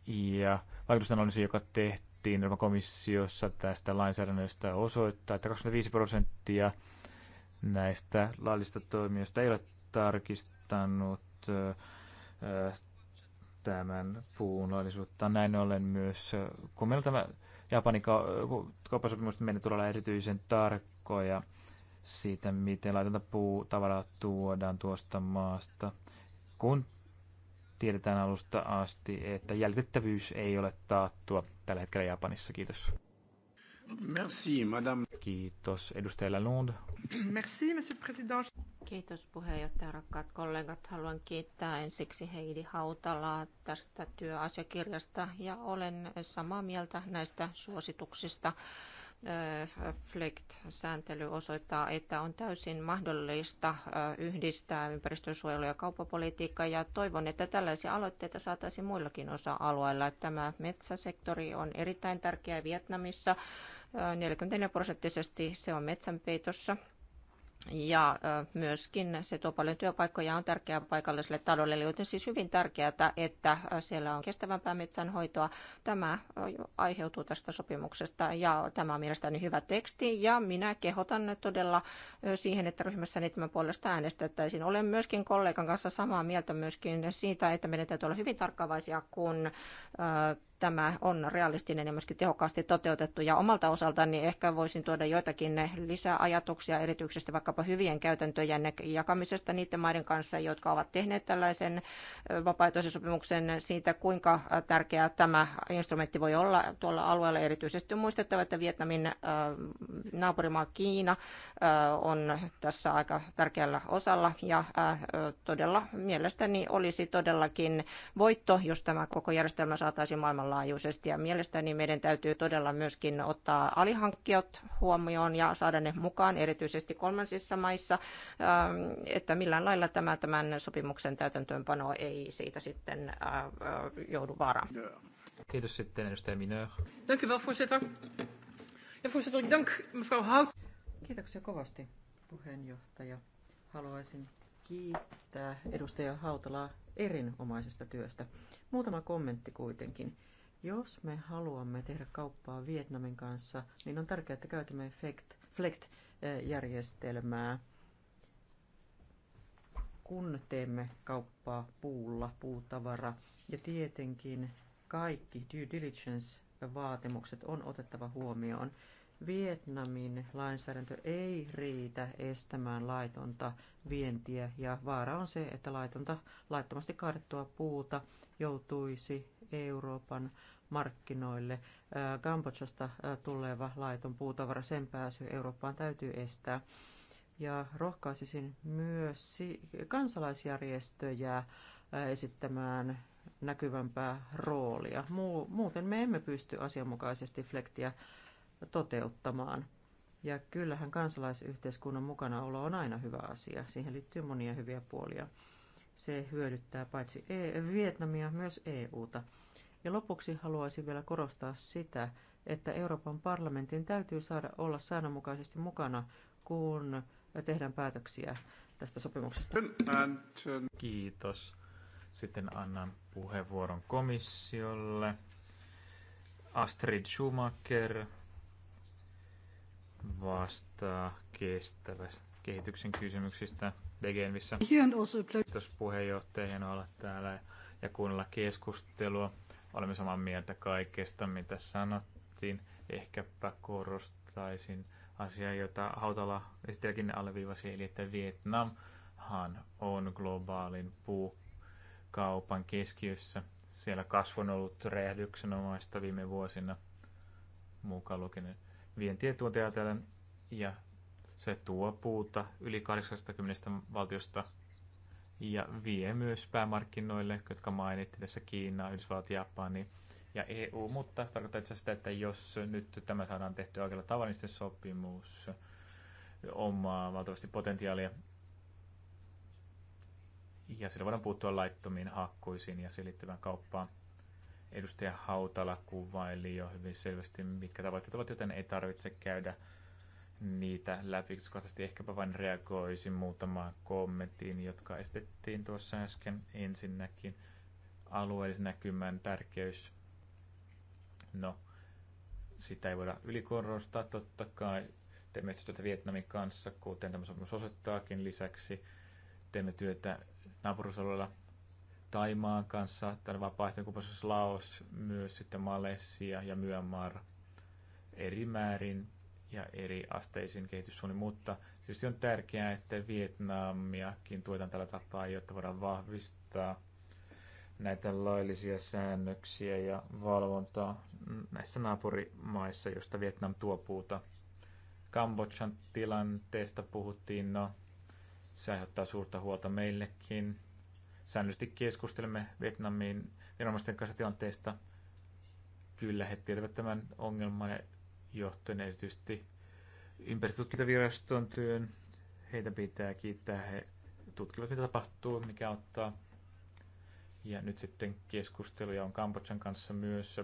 S1: Ja vaikutusanalyysi, joka tehtiin Euroopan komissiossa tästä lainsäädännöstä, osoittaa, että 25 prosenttia näistä laillista toimijoista ei ole tarkistanut tämän puun laillisuutta. Näin ollen myös, kun meillä on tämä Japanin kauppasopimus, niin meidän tulee erityisen tarkkoja siitä, miten laitonta puutavaraa tuodaan tuosta maasta, kun tiedetään alusta asti, että jäljitettävyys ei ole taattua tällä hetkellä Japanissa. Kiitos. Merci, madame. Kiitos, edustaja Lalonde.
S2: Merci, monsieur président. Kiitos puheenjohtaja, rakkaat kollegat. Haluan kiittää ensiksi Heidi Hautalaa tästä työasiakirjasta ja olen samaa mieltä näistä suosituksista. FLECT-sääntely osoittaa, että on täysin mahdollista yhdistää ympäristönsuojelu- ja kauppapolitiikkaa ja toivon, että tällaisia aloitteita saataisiin muillakin osa-alueilla. Tämä metsäsektori on erittäin tärkeä Vietnamissa. 44 prosenttisesti se on metsänpeitossa ja myöskin se tuo paljon työpaikkoja on tärkeää paikalliselle taloudelle, joten siis hyvin tärkeää, että siellä on kestävämpää metsänhoitoa. Tämä aiheutuu tästä sopimuksesta ja tämä on mielestäni hyvä teksti ja minä kehotan todella siihen, että ryhmässäni tämän puolesta äänestettäisiin. Olen myöskin kollegan kanssa samaa mieltä myöskin siitä, että meidän täytyy olla hyvin tarkkaavaisia, kun tämä on realistinen ja myöskin tehokkaasti toteutettu. Ja omalta osaltani ehkä voisin tuoda joitakin lisäajatuksia erityisesti vaikkapa hyvien käytäntöjen jakamisesta niiden maiden kanssa, jotka ovat tehneet tällaisen vapaaehtoisen sopimuksen siitä, kuinka tärkeää tämä instrumentti voi olla tuolla alueella. Erityisesti on muistettava, että Vietnamin naapurimaa Kiina on tässä aika tärkeällä osalla ja todella mielestäni olisi todellakin voitto, jos tämä koko järjestelmä saataisiin maailmalla maailmanlaajuisesti. Ja mielestäni meidän täytyy todella myöskin ottaa alihankkijat huomioon ja saada ne mukaan, erityisesti kolmansissa maissa, ähm, että millään lailla tämä, tämän sopimuksen täytäntöönpano ei siitä sitten äh, äh, joudu vaaraan.
S1: Kiitos sitten edustaja Mineur. Dank
S4: u wel, voorzitter.
S3: Ja voorzitter, dank mevrouw Hout. Kiitoksia kovasti, puheenjohtaja. Haluaisin kiittää edustaja Hautalaa erinomaisesta työstä. Muutama kommentti kuitenkin. Jos me haluamme tehdä kauppaa Vietnamin kanssa, niin on tärkeää, että käytämme FLECT-järjestelmää, kun teemme kauppaa puulla, puutavara. Ja tietenkin kaikki due diligence-vaatimukset on otettava huomioon. Vietnamin lainsäädäntö ei riitä estämään laitonta vientiä ja vaara on se, että laitonta, laittomasti kaadettua puuta joutuisi Euroopan markkinoille. Äh, Kambodsasta äh, tuleva laiton puutavara, sen pääsy Eurooppaan täytyy estää. Ja rohkaisisin myös kansalaisjärjestöjä äh, esittämään näkyvämpää roolia. Muuten me emme pysty asianmukaisesti flektiä toteuttamaan. Ja kyllähän kansalaisyhteiskunnan mukanaolo on aina hyvä asia. Siihen liittyy monia hyviä puolia. Se hyödyttää paitsi e-, Vietnamia myös EUta. Ja lopuksi haluaisin vielä korostaa sitä, että Euroopan parlamentin täytyy saada olla säännönmukaisesti mukana, kun tehdään päätöksiä tästä sopimuksesta.
S1: Kiitos. Sitten annan puheenvuoron komissiolle. Astrid Schumacher vastaa kestävästi kehityksen kysymyksistä Degenvissä. Kiitos puheenjohtaja, hienoa olla täällä ja kuunnella keskustelua. Olemme samaa mieltä kaikesta, mitä sanottiin. Ehkäpä korostaisin asiaa, jota Hautala esitelläkin alleviivasi, eli että Vietnamhan on globaalin puukaupan keskiössä. Siellä kasvu on ollut räjähdyksenomaista viime vuosina, mukaan lukien vientiä ja se tuo puuta yli 80 valtiosta ja vie myös päämarkkinoille, jotka mainittiin tässä Kiina, Yhdysvallat, Japani ja EU. Mutta se tarkoittaa itse sitä, että jos nyt tämä saadaan tehtyä oikealla tavalla, niin se sopimus omaa valtavasti potentiaalia. Ja sillä voidaan puuttua laittomiin hakkuisiin ja siihen kauppaan. Edustaja Hautala kuvaili jo hyvin selvästi, mitkä tavoitteet ovat, joten ei tarvitse käydä niitä läpi. Kohtaisesti ehkäpä vain reagoisin muutamaan kommenttiin, jotka estettiin tuossa äsken. Ensinnäkin näkymän tärkeys. No, sitä ei voida ylikorostaa totta kai. Teemme työtä Vietnamin kanssa, kuten tämä sopimus osoittaakin lisäksi. Teemme työtä naapurusalueella Taimaan kanssa, tämän vapaaehtoinen Laos, myös sitten Malesia ja Myanmar eri määrin ja eri asteisiin kehityssuunnin, mutta tietysti on tärkeää, että Vietnamiakin tuetaan tällä tapaa, jotta voidaan vahvistaa näitä laillisia säännöksiä ja valvontaa näissä naapurimaissa, josta Vietnam tuo puuta. Kambodjan tilanteesta puhuttiin, no se aiheuttaa suurta huolta meillekin. Säännöllisesti keskustelemme Vietnamin viranomaisten kanssa tilanteesta. Kyllä he tietävät tämän ongelman ja johtuen erityisesti ympäristötutkintaviraston työn. Heitä pitää kiittää, he tutkivat mitä tapahtuu, mikä auttaa. Ja nyt sitten keskusteluja on Kambodjan kanssa myös,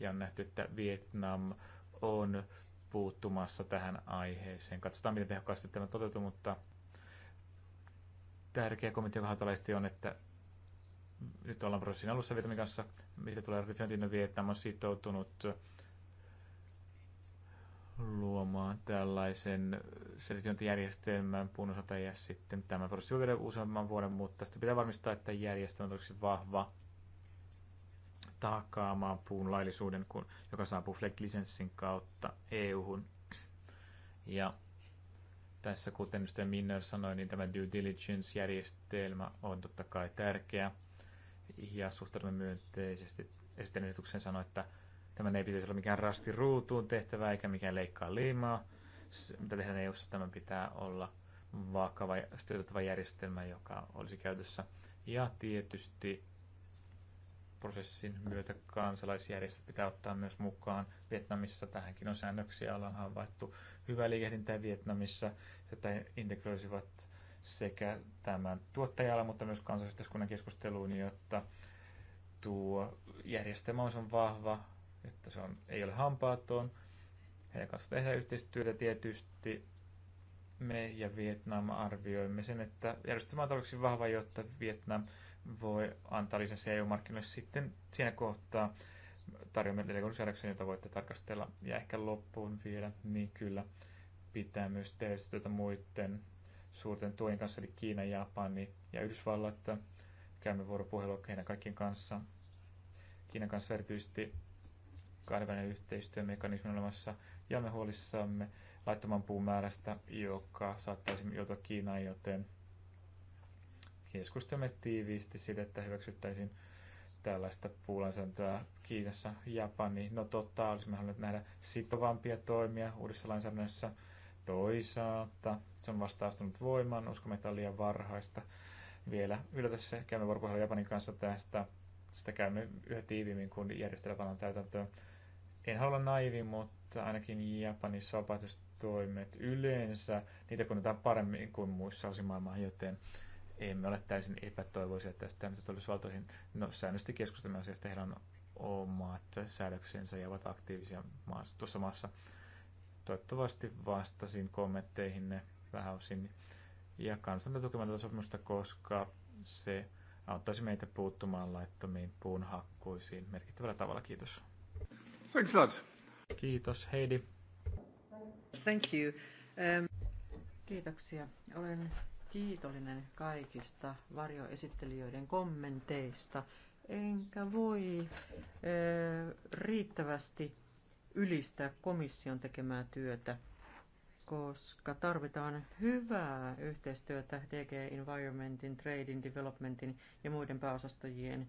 S1: ja on nähty, että Vietnam on puuttumassa tähän aiheeseen. Katsotaan, miten tehokkaasti tämä toteutuu, mutta tärkeä kommentti, joka on, että nyt ollaan prosessin alussa Vietnamin kanssa, mitä tulee ratifiointiin, no Vietnam on sitoutunut luomaan tällaisen sertifiointijärjestelmän puun ja sitten tämä prosessi voi viedä useamman vuoden, mutta sitten pitää varmistaa, että järjestelmä on vahva takaamaan puun laillisuuden, kun, joka saapuu FLEG-lisenssin kautta EU-hun. Ja tässä, kuten edustaja Minner sanoi, niin tämä due diligence-järjestelmä on totta kai tärkeä. Ja suhtaudumme myönteisesti esittänyt sanoi, että Tämän ei pitäisi olla mikään rasti ruutuun tehtävä eikä mikään leikkaa liimaa. Mitä tehdään eu tämän pitää olla vakava ja järjestelmä, joka olisi käytössä. Ja tietysti prosessin myötä kansalaisjärjestöt pitää ottaa myös mukaan. Vietnamissa tähänkin on säännöksiä, ollaan havaittu hyvää liikehdintää Vietnamissa, jotta integroisivat sekä tämän tuottajalla, mutta myös kansalaisyhteiskunnan keskusteluun, jotta tuo järjestelmä on vahva että se on, ei ole hampaaton. Heidän kanssa tehdään yhteistyötä tietysti. Me ja Vietnam arvioimme sen, että järjestelmä on tarpeeksi vahva, jotta Vietnam voi antaa lisenssiä EU-markkinoille sitten siinä kohtaa tarjoamme delegointisäädöksen, jota voitte tarkastella. Ja ehkä loppuun vielä, niin kyllä pitää myös tehdä työtä muiden suurten tuojien kanssa, eli Kiina, Japani ja Yhdysvallat. Käymme vuoropuhelua heidän kaikkien kanssa. Kiinan kanssa erityisesti kahdenvälinen yhteistyömekanismi olemassa ja me huolissamme laittoman puun määrästä, joka saattaisi joutua Kiinaan, joten keskustelemme tiiviisti siitä, että hyväksyttäisiin tällaista puulainsäädäntöä Kiinassa, Japani. No totta, olisimme halunneet nähdä sitovampia toimia uudessa lainsäädännössä. Toisaalta se on vasta astunut voimaan, uskomme, että on liian varhaista vielä yllätä se. Käymme vuoropuhelua Japanin kanssa tästä. Sitä käymme yhä tiiviimmin, kun järjestelmä pannaan täytäntöön en halua naivi, mutta ainakin Japanissa vapaaehtoistoimet yleensä, niitä kunnetaan paremmin kuin muissa osimaailmaa, joten emme ole täysin epätoivoisia tästä, mitä tulisi valtoihin. No, säännöllisesti keskustelemme asiasta, heillä on omat säädöksensä ja ovat aktiivisia maassa, tuossa maassa. Toivottavasti vastasin vähän osin ja kannustan tukemaan tätä sopimusta, koska se auttaisi meitä puuttumaan laittomiin puun hakkuisiin merkittävällä tavalla. Kiitos. Thanks a lot. Kiitos Heidi.
S3: Thank you. Um... Kiitoksia. Olen kiitollinen kaikista varjoesittelijöiden kommenteista. Enkä voi äh, riittävästi ylistää komission tekemää työtä, koska tarvitaan hyvää yhteistyötä DG Environmentin, Trading, Developmentin ja muiden pääosastojien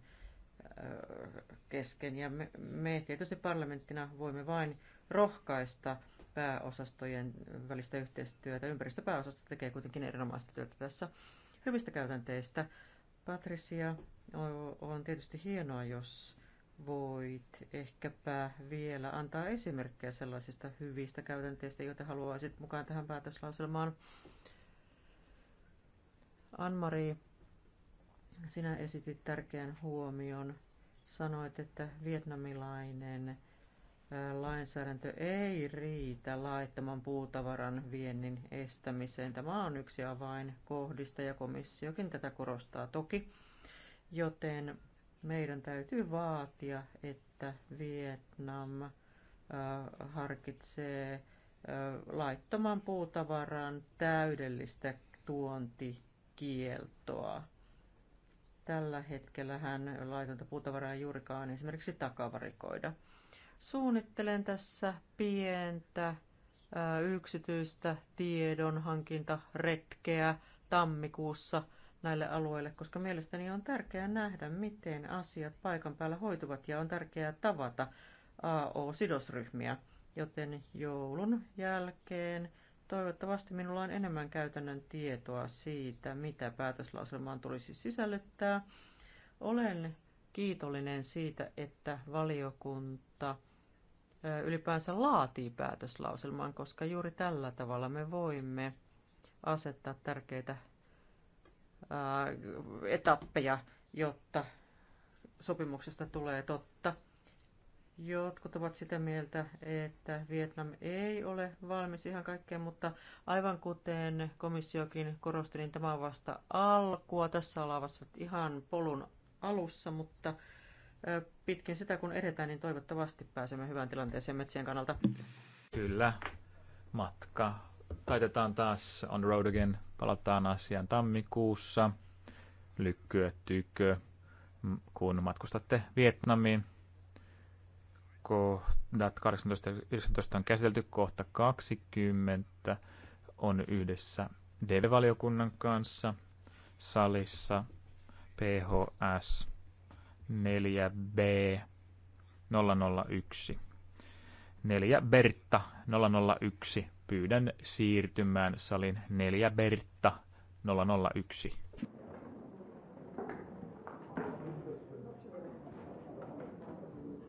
S3: kesken. Ja me, me tietysti parlamenttina voimme vain rohkaista pääosastojen välistä yhteistyötä. Ympäristöpääosasto tekee kuitenkin erinomaista työtä tässä hyvistä käytänteistä. Patricia, on tietysti hienoa, jos voit ehkäpä vielä antaa esimerkkejä sellaisista hyvistä käytänteistä, joita haluaisit mukaan tähän päätöslauselmaan. Anmari sinä esitit tärkeän huomion. Sanoit, että vietnamilainen lainsäädäntö ei riitä laittoman puutavaran viennin estämiseen. Tämä on yksi avain kohdista ja komissiokin tätä korostaa toki. Joten meidän täytyy vaatia, että Vietnam harkitsee laittoman puutavaran täydellistä tuontikieltoa. Tällä hetkellä hän laitonta puutavaraa juurikaan esimerkiksi takavarikoida. Suunnittelen tässä pientä yksityistä tiedonhankintaretkeä tammikuussa näille alueille, koska mielestäni on tärkeää nähdä, miten asiat paikan päällä hoituvat ja on tärkeää tavata AO-sidosryhmiä. Joten joulun jälkeen Toivottavasti minulla on enemmän käytännön tietoa siitä, mitä päätöslauselmaan tulisi sisällyttää. Olen kiitollinen siitä, että valiokunta ylipäänsä laatii päätöslauselman, koska juuri tällä tavalla me voimme asettaa tärkeitä etappeja, jotta sopimuksesta tulee totta. Jotkut ovat sitä mieltä, että Vietnam ei ole valmis ihan kaikkeen, mutta aivan kuten komissiokin korosti, niin tämä on vasta alkua. Tässä ollaan vasta ihan polun alussa, mutta pitkin sitä kun edetään, niin toivottavasti pääsemme hyvään tilanteeseen metsien kannalta.
S1: Kyllä, matka. Taitetaan taas on road again. Palataan asiaan tammikuussa. Lykkyä tykö, kun matkustatte Vietnamiin kohdat 18 on käsitelty, kohta 20 on yhdessä DV-valiokunnan kanssa salissa PHS 4B 001. 4 Bertta 001. Pyydän siirtymään salin 4 Bertta 001.